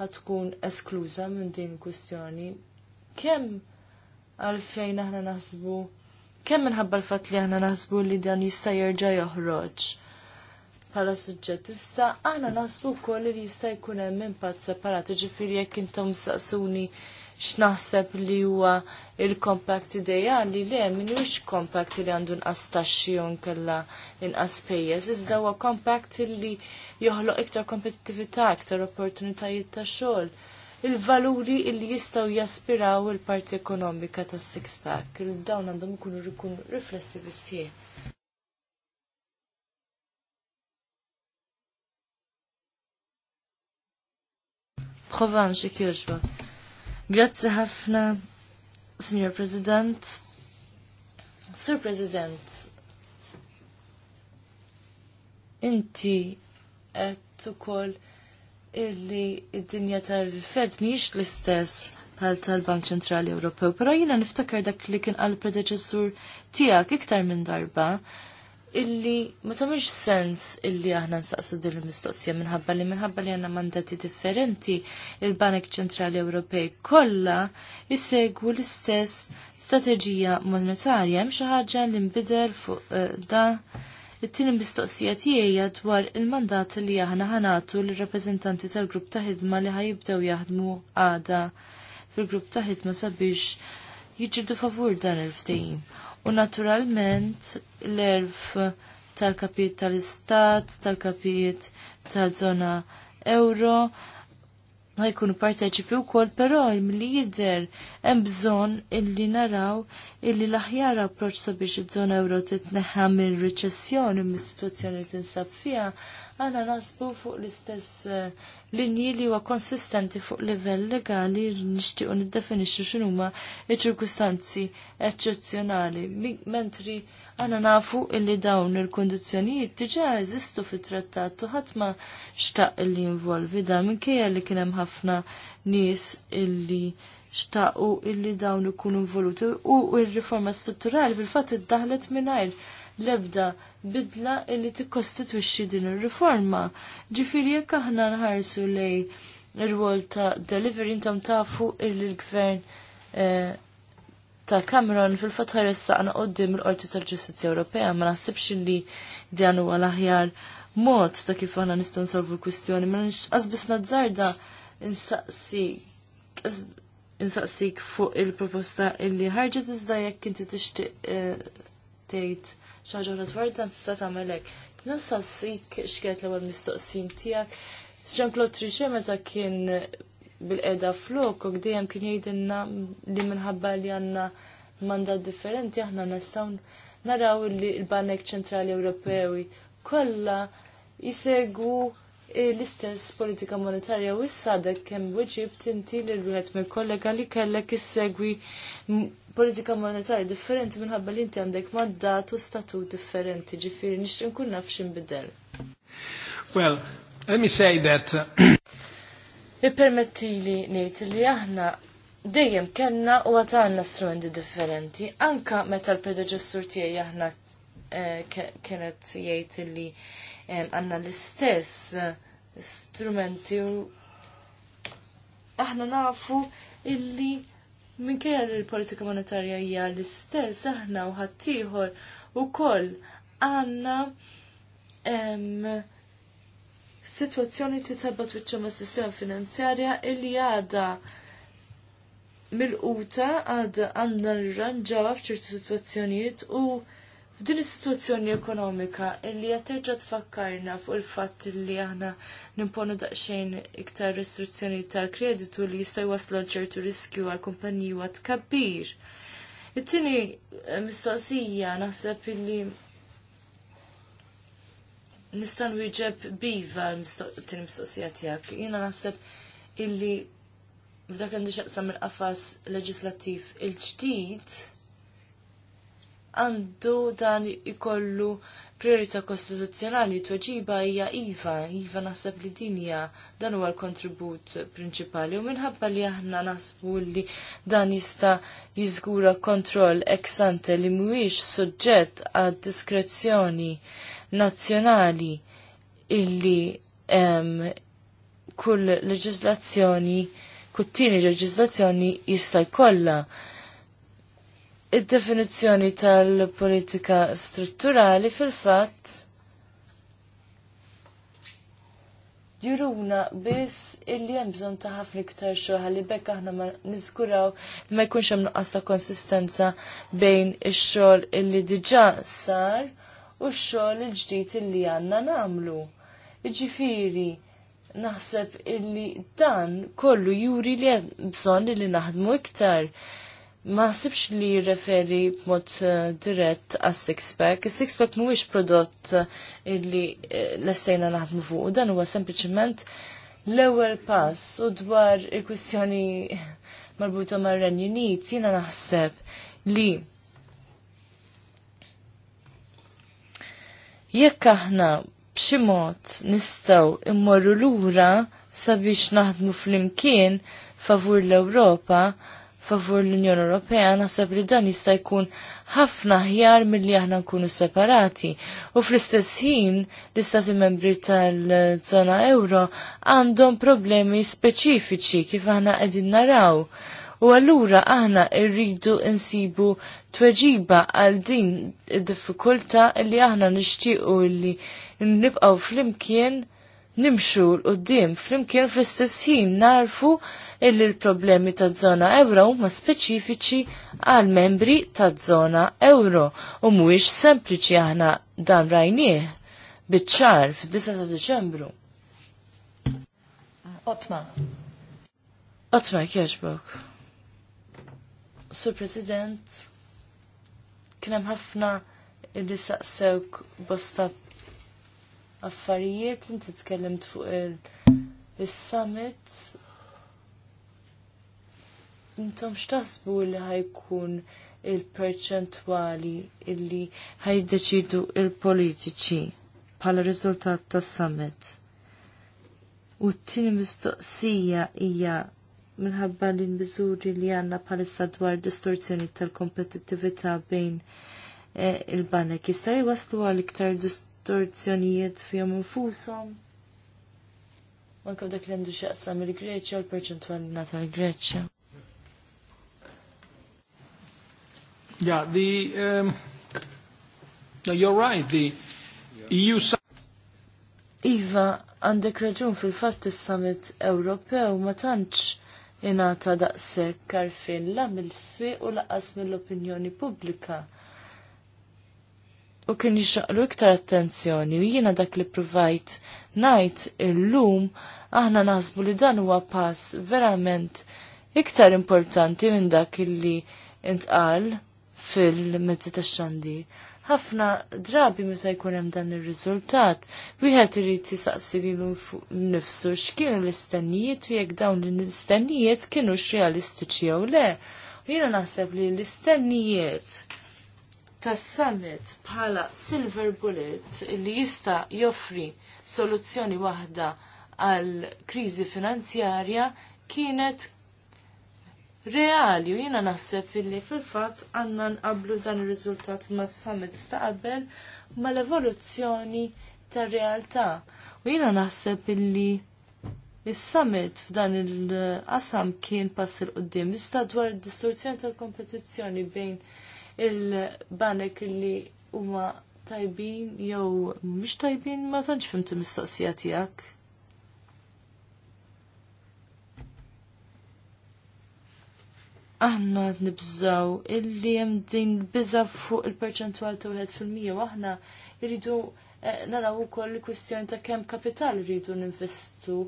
ħatkun eskluża minn din il-kwistjoni. Kemm għalfejn aħna naħsbu kemm minħabba l-fatt li aħna naħsbu li dan jista' jerġa' joħroġ bħala suġġett. Iżda aħna naħsbu wkoll li jista' jkun hemm impatt separat, ġifieri jekk intom saqsuni x'naħseb li huwa il-compact ideali li hemm mhuwiex compact li għandu nqas taxxi u nkella inqas pejjeż, iżda huwa compact li joħloq iktar kompetittività, iktar opportunitajiet ta' xogħol il-valuri li jistaw jaspiraw il-parti ekonomika tas six pack il-dawn għandhom ikunu rikunu riflessi bissie. Provan xie Grazzi ħafna, Signor President. Sur President, inti qed ukoll illi id-dinja tal-Fed mhijiex l-istess bħal tal-Bank Ċentrali Ewropew, però jiena niftakar dak li kien għal predeċessur tiegħek iktar minn darba illi ma tamix sens illi aħna nsaqsu din il-mistoqsija minħabba li minħabba li għanna mandati differenti il-Banek Ċentrali Ewropej kollha jissegwu l-istess strateġija monetarja hemm xi ħaġa li nbidel fuq eh, da it-tieni mistoqsija tiegħi dwar il-mandat li aħna ħanatu l-rappreżentanti tal-grupp ta' ħidma li ħajibdew jaħdmu għada fil-grupp ta' ħidma sabiex jiġġieldu favur dan il-ftehim. U naturalment l-erf tal-kapijiet tal-istat, tal-kapijiet tal-zona euro, jkunu parteċipi u kol, pero li jider hemm bżon illi naraw illi l-aħjar sabiex iż-żona euro titneħħa minn riċessjoni mis-situazzjoni tinsab fiha, għana nasbu fuq l-istess eh, linji li huwa konsistenti fuq livell legali nixtiequ niddefinixxu x'inhuma ċ-ċirkustanzi eċċezzjonali. Mentri għana nafu illi dawn il-kondizzjonijiet diġà eżistu fit-trattat u ħadd ma xtaq illi involvi da minkejja li kien hemm ħafna nies illi xtaqu illi dawn ikunu involuti u r-riforma strutturali fil-fatt iddaħlet mingħajr l-ebda bidla illi tikkostitwixxi din ir-riforma. Ġifieri jekk aħna nħarsu lej ir-rwol ta' delivery intom tafu illi l-gvern eh, ta' Cameron fil-fatt għana qoddim l-Qorti tal-Ġustizzja Ewropea ma naħsibx li dan huwa l-aħjar mod ta' kif aħna nistgħu nsolvu l-kwistjoni, ma nix qasbis nazzarda insaqsik insaqsik fuq il-proposta illi ħarġet iżda jekk inti tixtieq eh, tgħid xaġa dwar dan tista' tagħmel hekk. Nista' ssik l-ewwel mistoqsin tiegħek. Jean-Claude meta kien bil-qeda flok u dejjem kien jgħidilna li minħabba li għandna mandat differenti aħna nistgħu naraw li l-Banek Ċentrali Ewropewi kollha jisegu eh, l-istess politika monetarja u s-sadek kemm wieġib tinti l wieħed mill kollega li kellek issegwi politika monetarja differenti minħabba li inti għandek mandat u statut differenti, ġifiri nix nkun naf bidel. Well, let me say that uh, Ipermetti li ngħid li aħna dejjem kellna u għatanna strumenti differenti, anka meta l-predeċessur tiegħi aħna eh, kienet jgħid li eh, għandna l-istess eh, strumenti u aħna nafu illi minkejja li l-politika monetarja hija l-istess aħna u ħaddieħor ukoll għandna situazzjoni li tabbat wiċċa ma' sistema finanzjarja illi għada mil-quta għada għandna nirranġawa f'ċertu situazzjonijiet u F'din is-sitwazzjoni ekonomika illi qed terġa' tfakkarna fuq il-fatt li aħna nimponu daqsxejn iktar restrizzjoni tal-kreditu li jista' jwaslu ċertu riskju għal kumpaniji wa tkabbir. It-tieni eh, mistoqsija naħseb illi nista' nwieġeb biva l-tieni mistoqsija tiegħek. Jiena naħseb illi f'dak l-indixaqsam il-qafas għandi il-qafas leġislattiv il-ġdid il ġdid għandu dan ikollu priorità kostituzzjonali tweġiba hija iva, iva naħseb li dinja dan huwa l-kontribut prinċipali u minħabba li aħna nasbu li dan jista' jiżgura kontroll ex ante li mhuwiex suġġett għad diskrezzjoni nazzjonali illi kull leġiżlazzjoni kull tieni jista' jkollha id-definizzjoni tal-politika strutturali fil-fatt juruna biss illi hemm bżonn ta' ħafna iktar xogħol li bekk aħna ma niżguraw li ma jkunx hemm nuqqas ta' konsistenza bejn ix-xogħol illi diġà sar u x-xogħol il-ġdid illi għandna nagħmlu. Jiġifieri naħseb illi dan kollu juri li bżonn li naħdmu iktar ma sibx li referi b'mod eh, dirett a six-pack. Six-pack mhuwiex prodott eh, illi eh, l estajna naħdmu fuq, dan huwa sempliċement l-ewwel pass u dwar il-kwistjoni marbuta mar renju Unit jiena naħseb li jekk aħna b'xi mod nistgħu immorru lura sabiex naħdmu flimkien favur l-Ewropa, favur l-Unjoni Ewropea naħseb li dan jista' jkun ħafna ħjar milli aħna nkunu separati. U fl-istess ħin l-istati membri tal-żona euro għandhom problemi speċifiċi kif aħna qegħdin naraw. U allura aħna rridu insibu tweġiba għal din id-diffikulta li aħna nixtiequ li nibqgħu flimkien nimxu l-qoddim flimkien fl-istess ħin narfu illi l-problemi ta' zona euro ma speċifiċi għal membri ta' zona euro u mhuwiex sempliċi aħna dan rajnieh biċ-ċar fid-9 ta' Deċembru. Otma. Uh, Otma kieġbok. Sur President, kien hemm ħafna li saqsewk bosta affarijiet, inti tkellimt fuq il-summit. Intom x'taħsbu li ħajkun il-perċentwali illi ħajdeċidu il-politiċi pala riżultat tas-summit. U t-tini mistoqsija hija minħabba li miżuri li għanna bħalissa dwar distorzjoni tal-kompetittività bejn eh, il-banek jista' jwaslu għal iktar distorzjoni torzjonijiet fihom infushom. Manka dak li għandu x'jaqsam il-Greċja u l-perċentwali nata l-Greċja. Yeah, the um, no, you're right. The EU Iva, għandek raġun fil-fatt is-summit Ewropew ma tantx ingħata daqshekk karfin la mill-swieq u laqas mill-opinjoni pubblika u kien jixaqlu iktar attenzjoni u jiena dak li provajt najt illum aħna naħsbu li dan huwa pass verament iktar importanti minn dak li intqal fil-mezzi tax-xandir ħafna drabi meta jkun hemm dan ir-riżultat, wieħed irid jisaqsi lilu nnifsu x'kienu l-istennijiet u jekk dawn l-istennijiet kienu realistiċi jew le. U jiena naħseb li l-istennijiet tas-summit bħala silver bullet li jista joffri soluzzjoni waħda għal kriżi finanzjarja kienet reali u jiena naħseb illi fil-fatt għandna nqablu dan ir-riżultat mas-summit ta' qabel mal-evoluzzjoni tar-realtà. U jiena naħseb illi Is-summit f'dan il-qasam kien pass il qoddim iżda dwar id-distorzjoni tal-kompetizzjoni bejn il-banek li huma tajbin jew mhux tajbin ma tantx fimti mistoqsija tiegħek. aħna nibżaw illi hemm din biża fuq il-perċentwal ta' wieħed fil-mija u aħna rridu eh, naraw ukoll il-kwistjoni ta' kemm kapital rridu ninvestu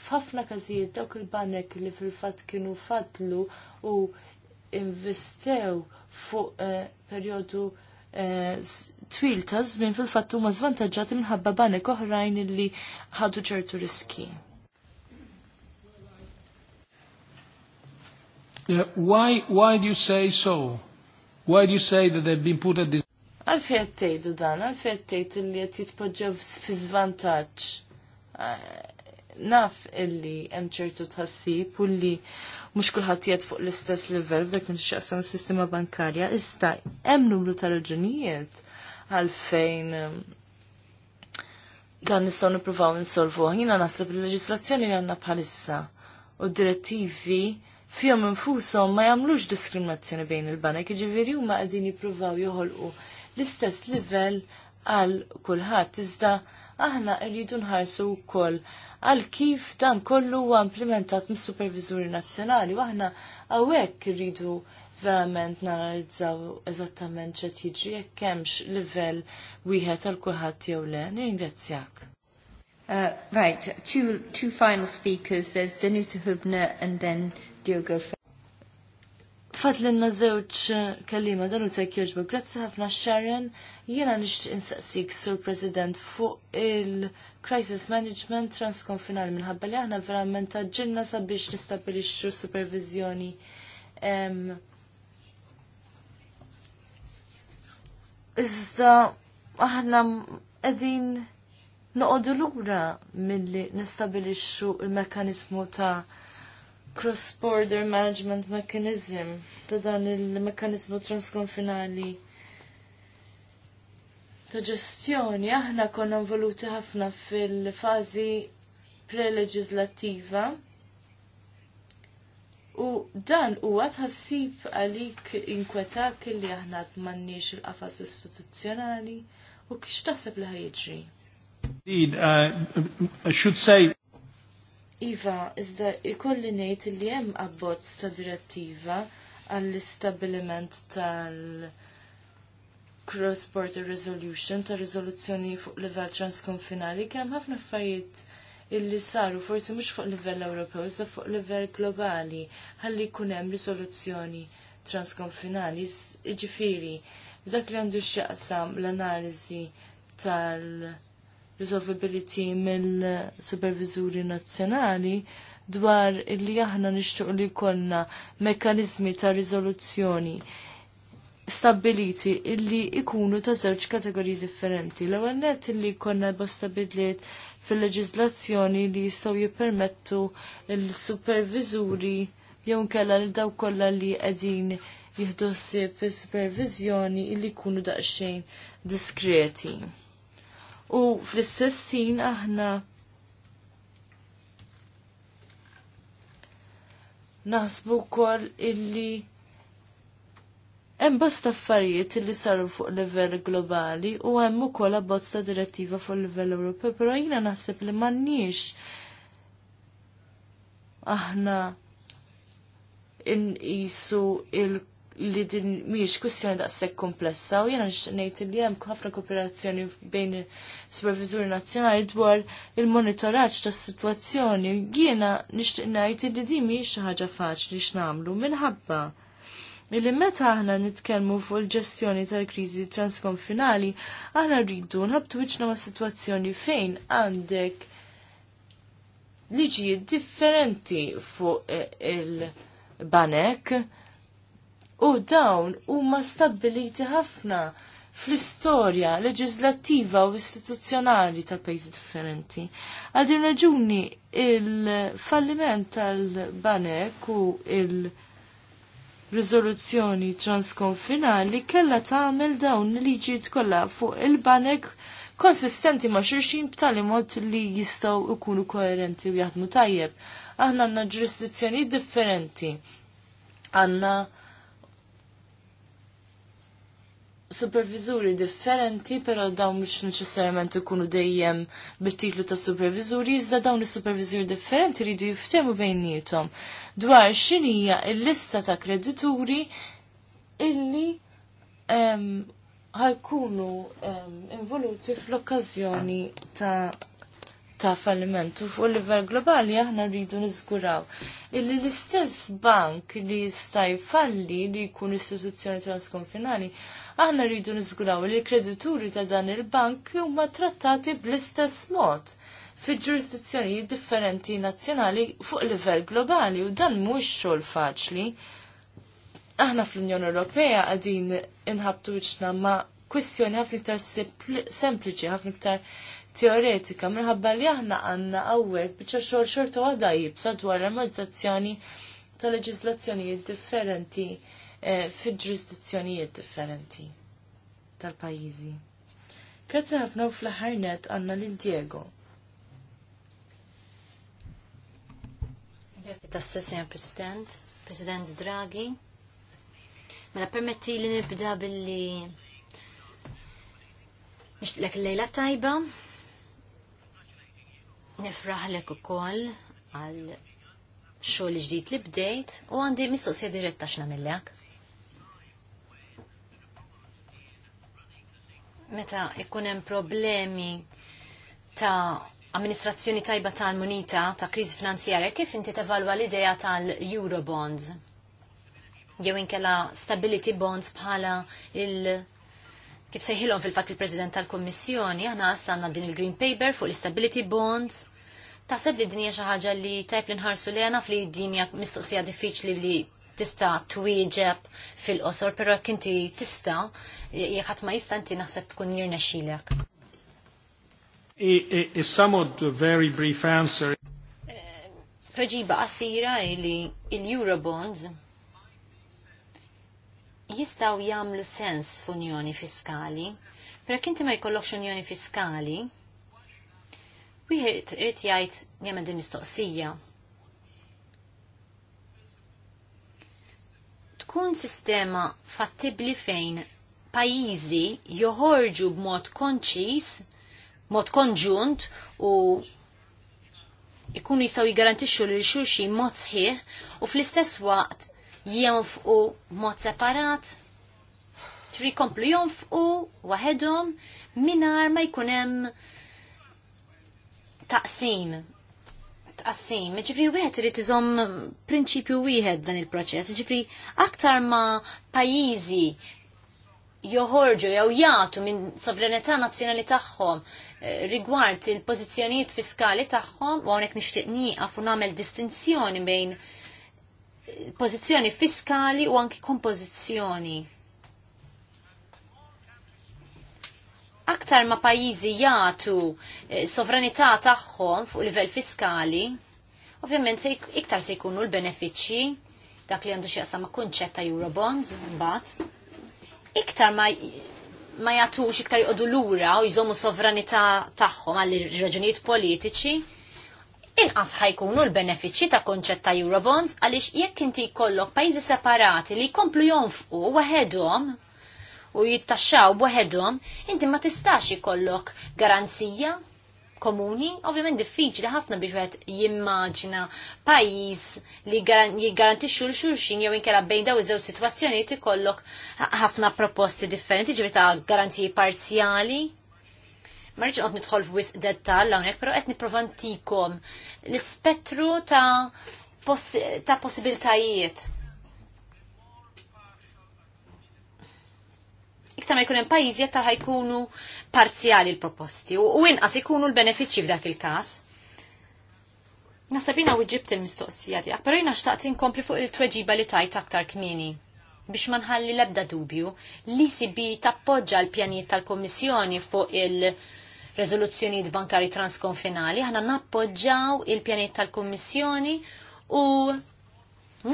f'ħafna każijiet dawk il-banek li fil-fatt kienu fadlu u investew fuq eh, periodu eh, twil ta' zmin fil fattu ma' zvantagġati minħabba banek oħrajn illi ħadu ċertu riski. why, why do you say so? Why do you say that they've been put at this... Għalfej għattejdu dan, għalfej għattejt illi għat jitpoġġew fi zvantaġġ. Ah, naf illi hemm ċertu tħassib u li mhux kulħadd jiet fuq l-istess livell f'dak li xaqsam is-sistema bankarja, iżda hemm numru ta' raġunijiet għalfejn um, dan nistgħu nippruvaw insolvu. Jiena naħseb il-leġislazzjoni li għandna bħalissa u d-direttivi fihom infushom ma jagħmlux diskriminazzjoni bejn il-banek, jiġifieri huma qegħdin jippruvaw joħolqu l-istess livell għal kulħadd iżda aħna rridu nħarsu wkoll għal kif dan kollu huwa implementat mis-Supervizuri Nazzjonali u aħna hawnhekk irridu verament nanalizzaw eżattament ċet jiġri jekk kemx livell wieħed għal kulħadd jew le. Nirringrazzjak. Uh, right, two, two final speakers, there's Danuta Hubner and then Diogo Fer. Fadlinna zewċ eh, kalima dan u tek joġbu. Grazzi ħafna Sharon, jena nix insaqsik sur President fuq il-Crisis Management transkonfinali minħabba li aħna verament taġġilna sabiex nistabilixxu supervizjoni Iżda aħna qegħdin noqogħdu lura milli nistabilixxu il-mekkaniżmu ta' cross-border management mechanism ta' dan il-mekanizmu transkonfinali ta' ġestjoni aħna konna involuti ħafna fil-fazi preleġislattiva u dan huwa tħassib għalik inkwetak li aħna m'għandniex il-qafas istituzzjonali u kiex taħseb li ħajġri. Indeed, uh, I should say Iva, iżda ikolli ngħid li hemm abbozz ta' direttiva għall-istabiliment tal- Cross Border Resolution ta' riżoluzzjoni fuq livell transkonfinali kemm ħafna affarijiet illi saru forsi mhux fuq livell Ewropew iżda fuq livell globali ħalli jkun hemm riżoluzzjoni transkonfinali jiġifieri dak li għandu x'jaqsam l-analiżi tal- resolvability mill-supervizuri nazzjonali dwar illi aħna nixtuq li konna mekanizmi ta' rizoluzzjoni stabiliti illi ikunu ta' żewġ kategoriji differenti. L-ewwel nett illi konna bosta bidliet fil-leġiżlazzjoni li jistgħu jippermettu l-supervizuri jew nkella l daw kollha li qegħdin jieħdu ħsieb is-supervizjoni illi jkunu daqsxejn diskreti u fl-istess sin aħna naħsbu wkoll illi hemm bosta affarijiet illi saru fuq livell globali u hemm ukoll abbozza direttiva fuq livell Ewropew, però jiena naħseb li m'għandniex aħna inqisu il- li din mhijiex kwestjoni daqshekk komplessa u jiena ngħid li hemm ħafna kooperazzjoni bejn supervizuri nazzjonali dwar il-monitoraġġ tas-sitwazzjoni. Jiena nixtieq ngħid li din mhijiex xi ħaġa faċli x'nagħmlu minħabba li meta aħna nitkellmu fuq il-ġestjoni tal-kriżi transkonfinali, aħna rridu nħabtu wiċċna ma' sitwazzjoni fejn għandek liġijiet differenti fuq il-banek U dawn huma stabiliti ħafna fl-istorja leġislattiva u istituzzjonali tal pajjiżi differenti. Għal din raġuni il-falliment tal-banek u il-rizoluzzjoni transkonfinali kella tagħmel dawn liġijiet kollha fuq il-banek konsistenti ma' xirxin b'tali mod li jistgħu jkunu koerenti u jaħdmu tajjeb. Aħna għandna ġurisdizzjoni differenti. Għandna supervizuri differenti, pero dawn mhux neċessarjament ikunu dejjem bit-titlu ta' supervizuri, iżda dawn is-supervizuri differenti ridu jiftemu jiftemu bejnietom dwar x'inija l-lista ta' kredituri illi ħajkunu involuti fl-okkażjoni ta' ta' fallimentu u fuq livell globali aħna rridu niżguraw illi l-istess bank li jista' jfalli li jkun istituzzjoni transkonfinali aħna rridu niżguraw li l-kredituri ta' dan il-bank huma trattati bl-istess mod fi ġurisdizzjonijiet differenti nazzjonali fuq livell globali u dan mhux xogħol faċli. Aħna fl-Unjoni Ewropea qegħdin inħabtu wiċċna ma' kwistjoni ħafna iktar sempliċi, ħafna iktar teoretika minħabba li aħna għandna hawnhekk biċċa xogħol xorta għadajib dwar l-armonizzazzjoni ta' leġislazzjonijiet differenti Eh, fil-ġurisdizzjonijiet differenti tal-pajizi. Grazzi ħafna u fl-aħħar net għandna lil Diego. Grazzi tas-sessja President, President Draghi. Mela permetti li nibda billi nixtlek lejla tajba. Nifraħlek ukoll għal xogħol ġdid li bdejt u għandi mistoqsija diretta x'namillek. meta ikun hemm problemi ta' amministrazzjoni tajba tal-munita ta' kriżi finanzjarja, kif inti tevalwa l-idea tal-Eurobonds? Jew inkella stability bonds bħala il- kif seħilon fil-fatt il-President tal-Kommissjoni, aħna għandna din il-Green Paper fuq l-Stability Bonds. Taħseb li din hija xi ħaġa li tajb li nħarsu li għana fli din hija mistoqsija diffiċli li tista twieġeb fil-qosor, pero kinti inti tista, jekk ma jista' inti naħseb tkun jirna xilek. Is somewhat very brief answer. Eh, Proġiba qasira li il-Eurobonds jistaw jagħmlu sens f'unjoni fiskali, pero kinti ma jkollokx unjoni fiskali, wieħed irid jgħid jagħmel din mistoqsija jkun sistema fattibli fejn pajizi joħorġu b'mod konċis, mod konġunt u ikunu jistaw jgarantixxu lil xulxin mod sħiħ u fl-istess waqt jenfqu mod separat tri jkomplu jonfqu waħedhom mingħajr ma jkun hemm taqsim tqassim, ġifri wieħed irid iżomm prinċipju wieħed dan il-proċess, ġifri aktar ma pajjiżi joħorġu jew jagħtu minn sovranità nazzjonali tagħhom eh, rigward il-pożizzjonijiet fiskali tagħhom u hawnhekk nixtieq nieqaf u nagħmel distinzjoni bejn pożizzjoni fiskali u anki kompożizzjoni. aktar ma pajjiżi jagħtu eh, sovranità tagħhom fuq livell fiskali, ovvjament iktar se jkunu l-benefiċċji dak li għandu xieqsa ma kunċett ta' Eurobonds, mbagħad. Iktar ma ma jatux iktar jqodu lura u jżommu sovranità tagħhom għall raġunijiet politiċi, inqas ħajkunu l-benefiċċji ta' kunċett ta' Eurobonds għaliex jekk inti jkollok pajjiżi separati li jkomplu jonfqu waħedhom u jittaxxaw b'waħedhom, inti ma tistax ikollok garanzija komuni, ovvjament diffiċli ħafna biex wieħed jimmaġina pajjiż li jiggarantixxu l xulxin jew inkella bejn daw iż żewġ sitwazzjonijiet ikollok ħafna proposti differenti, ġifi ta' garanziji parzjali. Ma rridx qed nidħol f'wisq dettall hawnhekk, però qed nipprovantikom l-ispettru ta' ta' possibiltajiet iktar ma jkun hemm pajjiżi aktar ħajkunu parzjali l-proposti u inqas ikunu l-benefiċċji f'dak il-każ. Nasabina u ġibt il-mistoqsija tiegħek, però jiena xtaqt inkompli fuq il-tweġiba li tajt aktar kmieni biex ma nħalli l-ebda dubju li sibi tappoġġa l-pjanijiet tal-Kommissjoni fuq il- rezoluzzjoni bankari transkonfinali, ħana nappoġġaw il pjanijiet tal-Kommissjoni u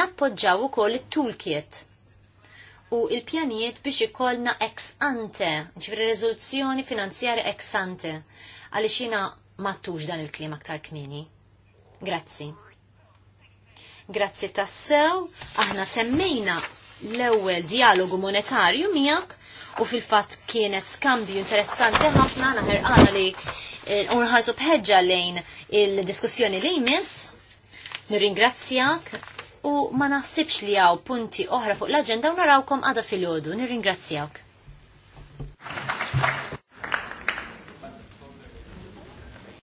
nappoġġaw ukoll it-toolkit u il-pjanijiet biex ikollna ex ante, ġifri rezoluzzjoni finanzjari ex ante, għaliex jiena mattux dan il klima aktar kmini. Grazzi. Grazzi tassew, aħna temmejna l-ewwel dialogu monetarju miegħek u fil-fatt kienet skambju interessanti ħafna naħer għana li eh, unħarsu bħedġa lejn il-diskussjoni li jmiss. Nirringrazzjak u ma naħsibx li għaw punti oħra fuq l-agenda u narawkom għada fil-ħodu. Nirringrazzjawk.